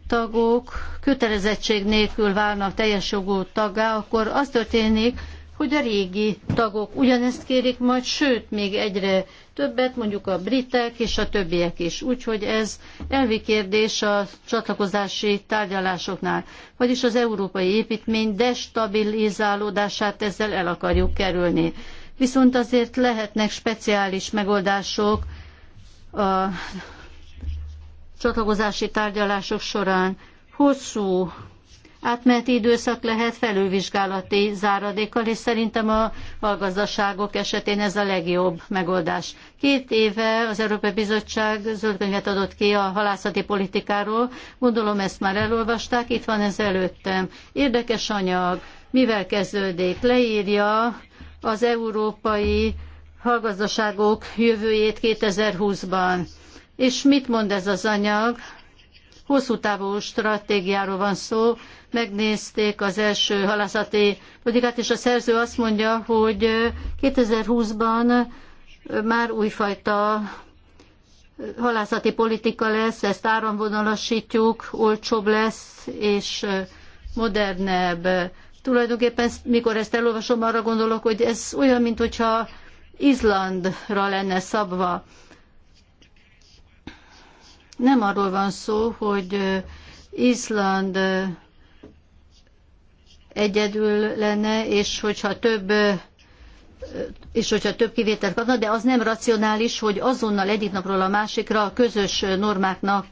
tagok kötelezettség nélkül válnak teljes jogú taggá, akkor az történik, hogy a régi tagok ugyanezt kérik majd, sőt, még egyre többet, mondjuk a britek és a többiek is. Úgyhogy ez elvi kérdés a csatlakozási tárgyalásoknál. Vagyis az európai építmény destabilizálódását ezzel el akarjuk kerülni. Viszont azért lehetnek speciális megoldások a csatlakozási tárgyalások során hosszú átmeneti időszak lehet felülvizsgálati záradékkal, és szerintem a hallgazdaságok esetén ez a legjobb megoldás. Két éve az Európai Bizottság zöldkönyvet adott ki a halászati politikáról, gondolom ezt már elolvasták, itt van ez előttem. Érdekes anyag, mivel kezdődik? Leírja az európai hallgazdaságok jövőjét 2020-ban és mit mond ez az anyag? Hosszú távú stratégiáról van szó, megnézték az első halászati politikát, és a szerző azt mondja, hogy 2020-ban már újfajta halászati politika lesz, ezt áramvonalasítjuk, olcsóbb lesz, és modernebb. Tulajdonképpen, mikor ezt elolvasom, arra gondolok, hogy ez olyan, mintha Izlandra lenne szabva. Nem arról van szó, hogy Izland egyedül lenne, és hogyha több és hogyha több kivételt kapna, de az nem racionális, hogy azonnal egyik napról a másikra a közös normáknak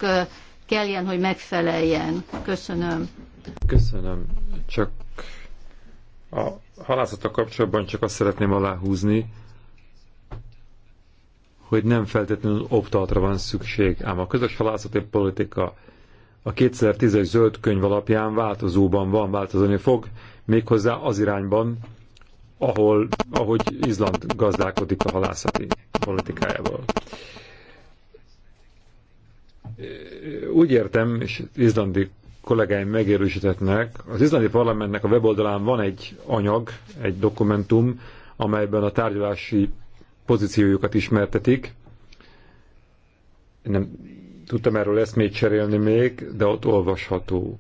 kelljen, hogy megfeleljen. Köszönöm. Köszönöm. Csak a halászata kapcsolatban csak azt szeretném aláhúzni, hogy nem feltétlenül optatra van szükség, ám a közös halászati politika a 2010-es zöld könyv alapján változóban van, változni fog, méghozzá az irányban, ahol, ahogy Izland gazdálkodik a halászati politikájával. Úgy értem, és izlandi kollégáim megérősítetnek, az izlandi parlamentnek a weboldalán van egy anyag, egy dokumentum, amelyben a tárgyalási pozíciójukat ismertetik. Nem tudtam erről eszmét cserélni még, de ott olvasható.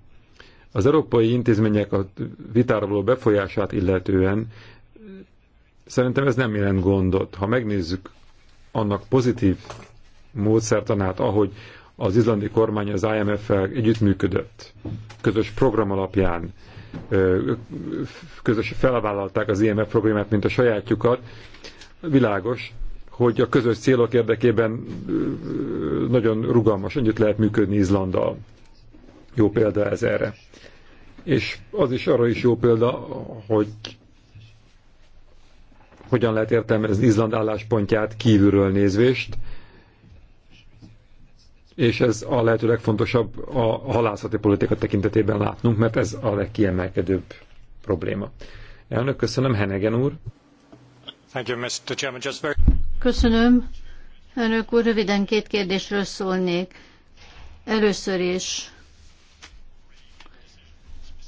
Az európai intézmények a vitára való befolyását illetően szerintem ez nem jelent gondot. Ha megnézzük annak pozitív módszertanát, ahogy az izlandi kormány az IMF-fel együttműködött, közös program alapján, közös felvállalták az IMF programját, mint a sajátjukat, világos, hogy a közös célok érdekében nagyon rugalmas együtt lehet működni Izlanddal. Jó példa ez erre. És az is arra is jó példa, hogy hogyan lehet értelmezni Izland álláspontját kívülről nézvést, és ez a lehető legfontosabb a halászati politika tekintetében látnunk, mert ez a legkiemelkedőbb probléma. Elnök, köszönöm, Henegen úr. Köszönöm. Önök úr, röviden két kérdésről szólnék. Először is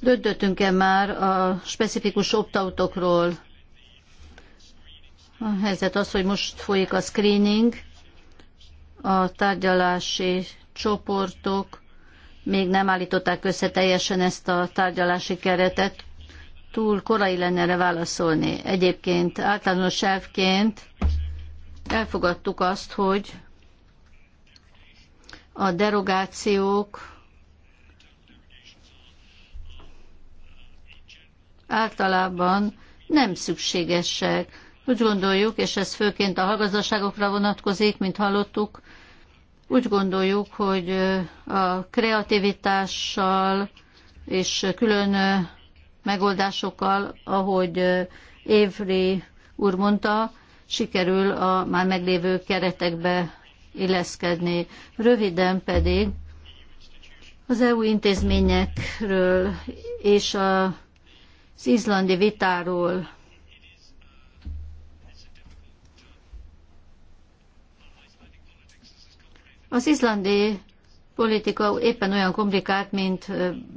döntöttünk-e már a specifikus optautokról? A helyzet az, hogy most folyik a screening, a tárgyalási csoportok még nem állították össze teljesen ezt a tárgyalási keretet, túl korai lenne erre válaszolni. Egyébként általános elvként elfogadtuk azt, hogy a derogációk általában nem szükségesek. Úgy gondoljuk, és ez főként a hallgazdaságokra vonatkozik, mint hallottuk, úgy gondoljuk, hogy a kreativitással és külön megoldásokkal, ahogy Évri úr mondta, sikerül a már meglévő keretekbe illeszkedni. Röviden pedig az EU intézményekről és a, az izlandi vitáról az izlandi politika éppen olyan komplikált, mint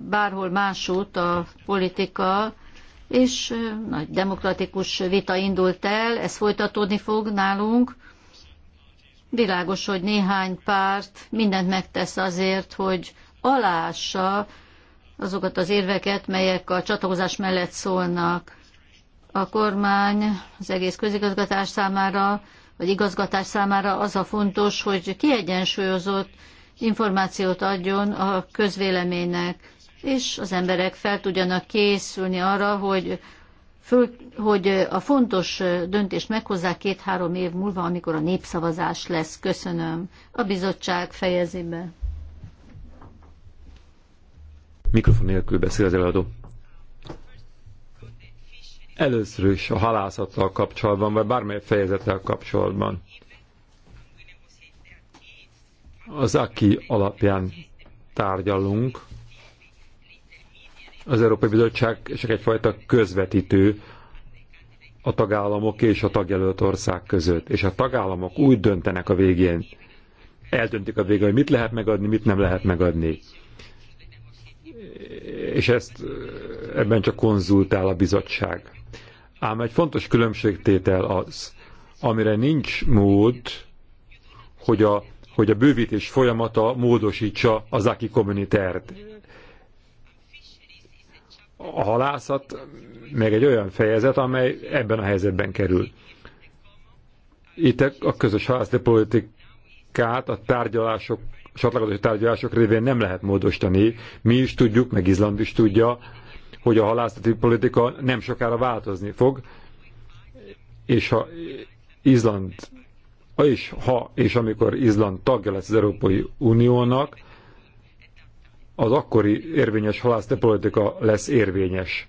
bárhol másút a politika, és nagy demokratikus vita indult el, ez folytatódni fog nálunk. Világos, hogy néhány párt mindent megtesz azért, hogy alássa azokat az érveket, melyek a csatlakozás mellett szólnak. A kormány az egész közigazgatás számára, vagy igazgatás számára az a fontos, hogy kiegyensúlyozott információt adjon a közvéleménynek, és az emberek fel tudjanak készülni arra, hogy, föl, hogy a fontos döntést meghozzák két-három év múlva, amikor a népszavazás lesz. Köszönöm. A bizottság fejezi be. Mikrofon nélkül beszél az előadó. Először is a halászattal kapcsolatban, vagy bármely fejezettel kapcsolatban az AKI alapján tárgyalunk. Az Európai Bizottság csak egyfajta közvetítő a tagállamok és a tagjelölt ország között. És a tagállamok úgy döntenek a végén, eldöntik a végén, hogy mit lehet megadni, mit nem lehet megadni. És ezt ebben csak konzultál a bizottság. Ám egy fontos különbségtétel az, amire nincs mód, hogy a hogy a bővítés folyamata módosítsa az aki kommunitárt. A halászat meg egy olyan fejezet, amely ebben a helyzetben kerül. Itt a közös halászati politikát a tárgyalások, csatlakozási tárgyalások révén nem lehet módosítani. Mi is tudjuk, meg Izland is tudja, hogy a halászati politika nem sokára változni fog, és ha Izland és ha és amikor Izland tagja lesz az Európai Uniónak, az akkori érvényes halászatpolitika lesz érvényes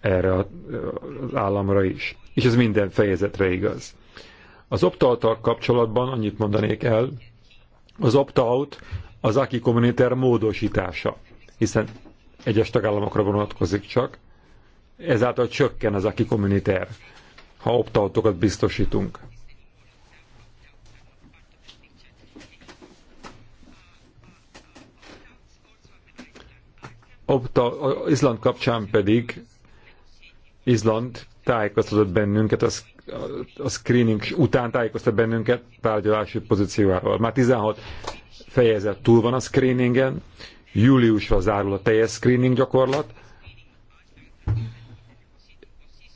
erre az államra is. És ez minden fejezetre igaz. Az opt kapcsolatban annyit mondanék el, az opt-out az aki kommuniter módosítása, hiszen egyes tagállamokra vonatkozik csak, ezáltal csökken az aki kommuniter, ha opt biztosítunk. Opta, az Izland kapcsán pedig Izland tájékoztatott bennünket, az, a screening után tájékoztat bennünket tárgyalási pozíciójával. Már 16 fejezet túl van a screeningen, júliusra zárul a teljes screening gyakorlat,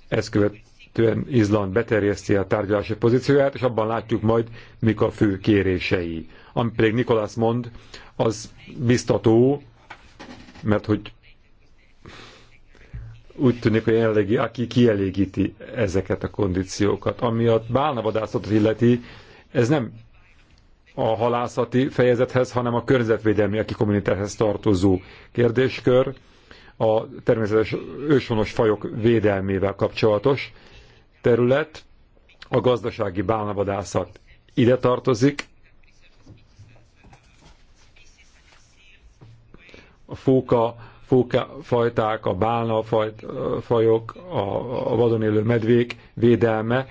ezt követően Izland beterjeszti a tárgyalási pozícióját, és abban látjuk majd, mik a fő kérései. Ami pedig Nikolász mond, az biztató, mert hogy úgy tűnik, hogy jelenlegi, aki kielégíti ezeket a kondíciókat. Ami a bálnavadászatot illeti, ez nem a halászati fejezethez, hanem a környezetvédelmi, aki kommunitáshez tartozó kérdéskör, a természetes őshonos fajok védelmével kapcsolatos terület, a gazdasági bálnavadászat ide tartozik, a fóka, fóka fajták, a bálna fajt, fajok, a, a vadon élő medvék védelme,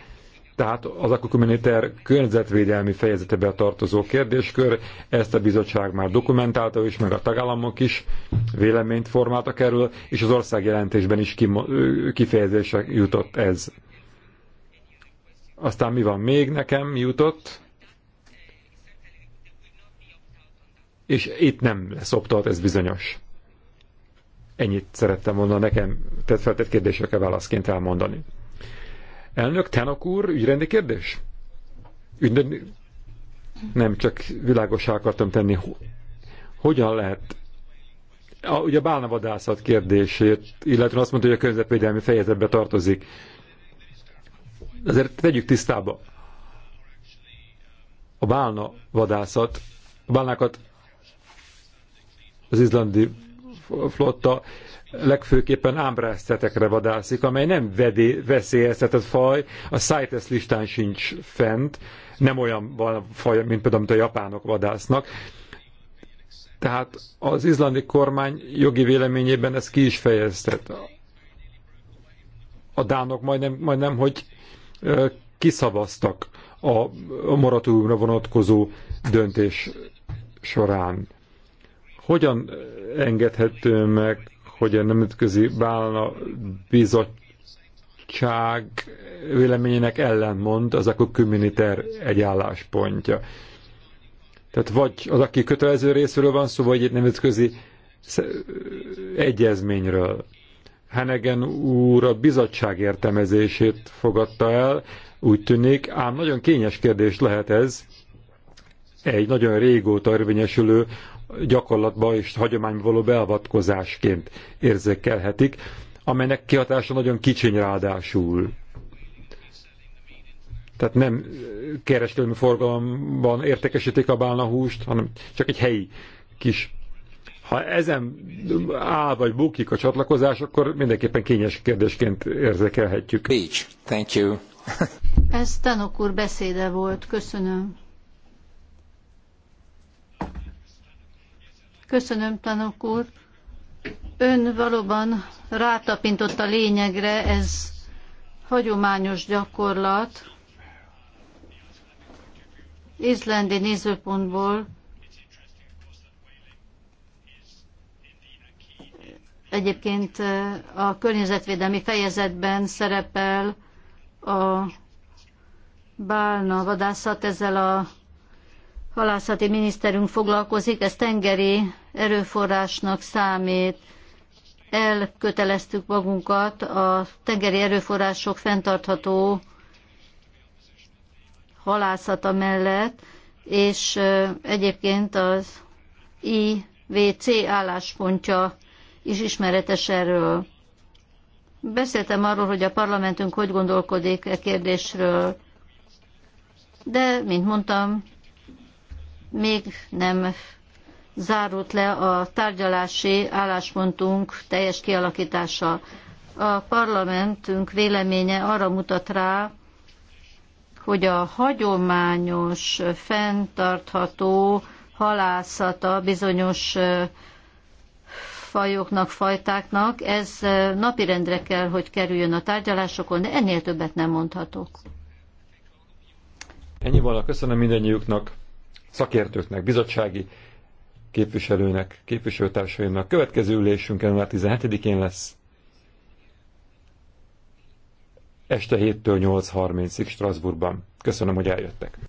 tehát az akkumuliter környezetvédelmi fejezetebe tartozó kérdéskör, ezt a bizottság már dokumentálta és meg a tagállamok is véleményt formáltak erről, és az országjelentésben is kifejezésre jutott ez. Aztán mi van még nekem jutott? és itt nem lesz optalt, ez bizonyos. Ennyit szerettem volna nekem tett feltett kérdésekre válaszként elmondani. Elnök Tenok úr, ügyrendi kérdés? Ügyrendi... Nem, csak világosá akartam tenni, hogyan lehet a, ugye a bálnavadászat kérdését, illetve azt mondta, hogy a környezetvédelmi fejezetbe tartozik. Azért tegyük tisztába. A bálna vadászat, a bálnákat az izlandi flotta legfőképpen ámbrásztetekre vadászik, amely nem vedé, veszélyeztetett faj, a CITES listán sincs fent, nem olyan faj, mint például, amit a japánok vadásznak. Tehát az izlandi kormány jogi véleményében ez ki is fejeztet. A dánok majdnem, majdnem hogy kiszavaztak a moratóriumra vonatkozó döntés során. Hogyan engedhető meg, hogy a Nemzetközi Bálna Bizottság véleményének mond? az akkor külminiter egy álláspontja? Tehát vagy az, aki kötelező részről van szó, vagy egy nemzetközi egyezményről. Hennegen úr a bizottság értelmezését fogadta el, úgy tűnik, ám nagyon kényes kérdés lehet ez, egy nagyon régóta érvényesülő gyakorlatba és hagyományba való beavatkozásként érzékelhetik, amelynek kihatása nagyon kicsiny ráadásul. Tehát nem kereskedelmi forgalomban értékesítik a bálna húst, hanem csak egy helyi kis ha ezen áll vagy bukik a csatlakozás, akkor mindenképpen kényes kérdésként érzékelhetjük. Beach, thank you. Ez Tanok úr beszéde volt, köszönöm. Köszönöm, tanok úr. Ön valóban rátapintott a lényegre, ez hagyományos gyakorlat. Izlandi nézőpontból Egyébként eh, a környezetvédelmi fejezetben szerepel a bálna vadászat ezzel a halászati miniszterünk foglalkozik, ez tengeri erőforrásnak számít. Elköteleztük magunkat a tengeri erőforrások fenntartható halászata mellett, és egyébként az IVC álláspontja is ismeretes erről. Beszéltem arról, hogy a parlamentünk hogy gondolkodik e kérdésről, de, mint mondtam, még nem zárult le a tárgyalási álláspontunk teljes kialakítása. A parlamentünk véleménye arra mutat rá, hogy a hagyományos, fenntartható halászata bizonyos fajoknak, fajtáknak, ez napirendre kell, hogy kerüljön a tárgyalásokon, de ennél többet nem mondhatok. Ennyi volna, köszönöm mindennyiuknak szakértőknek, bizottsági képviselőnek, képviselőtársaimnak. Következő ülésünk január 17-én lesz. Este 7-től 8.30-ig Strasbourgban. Köszönöm, hogy eljöttek.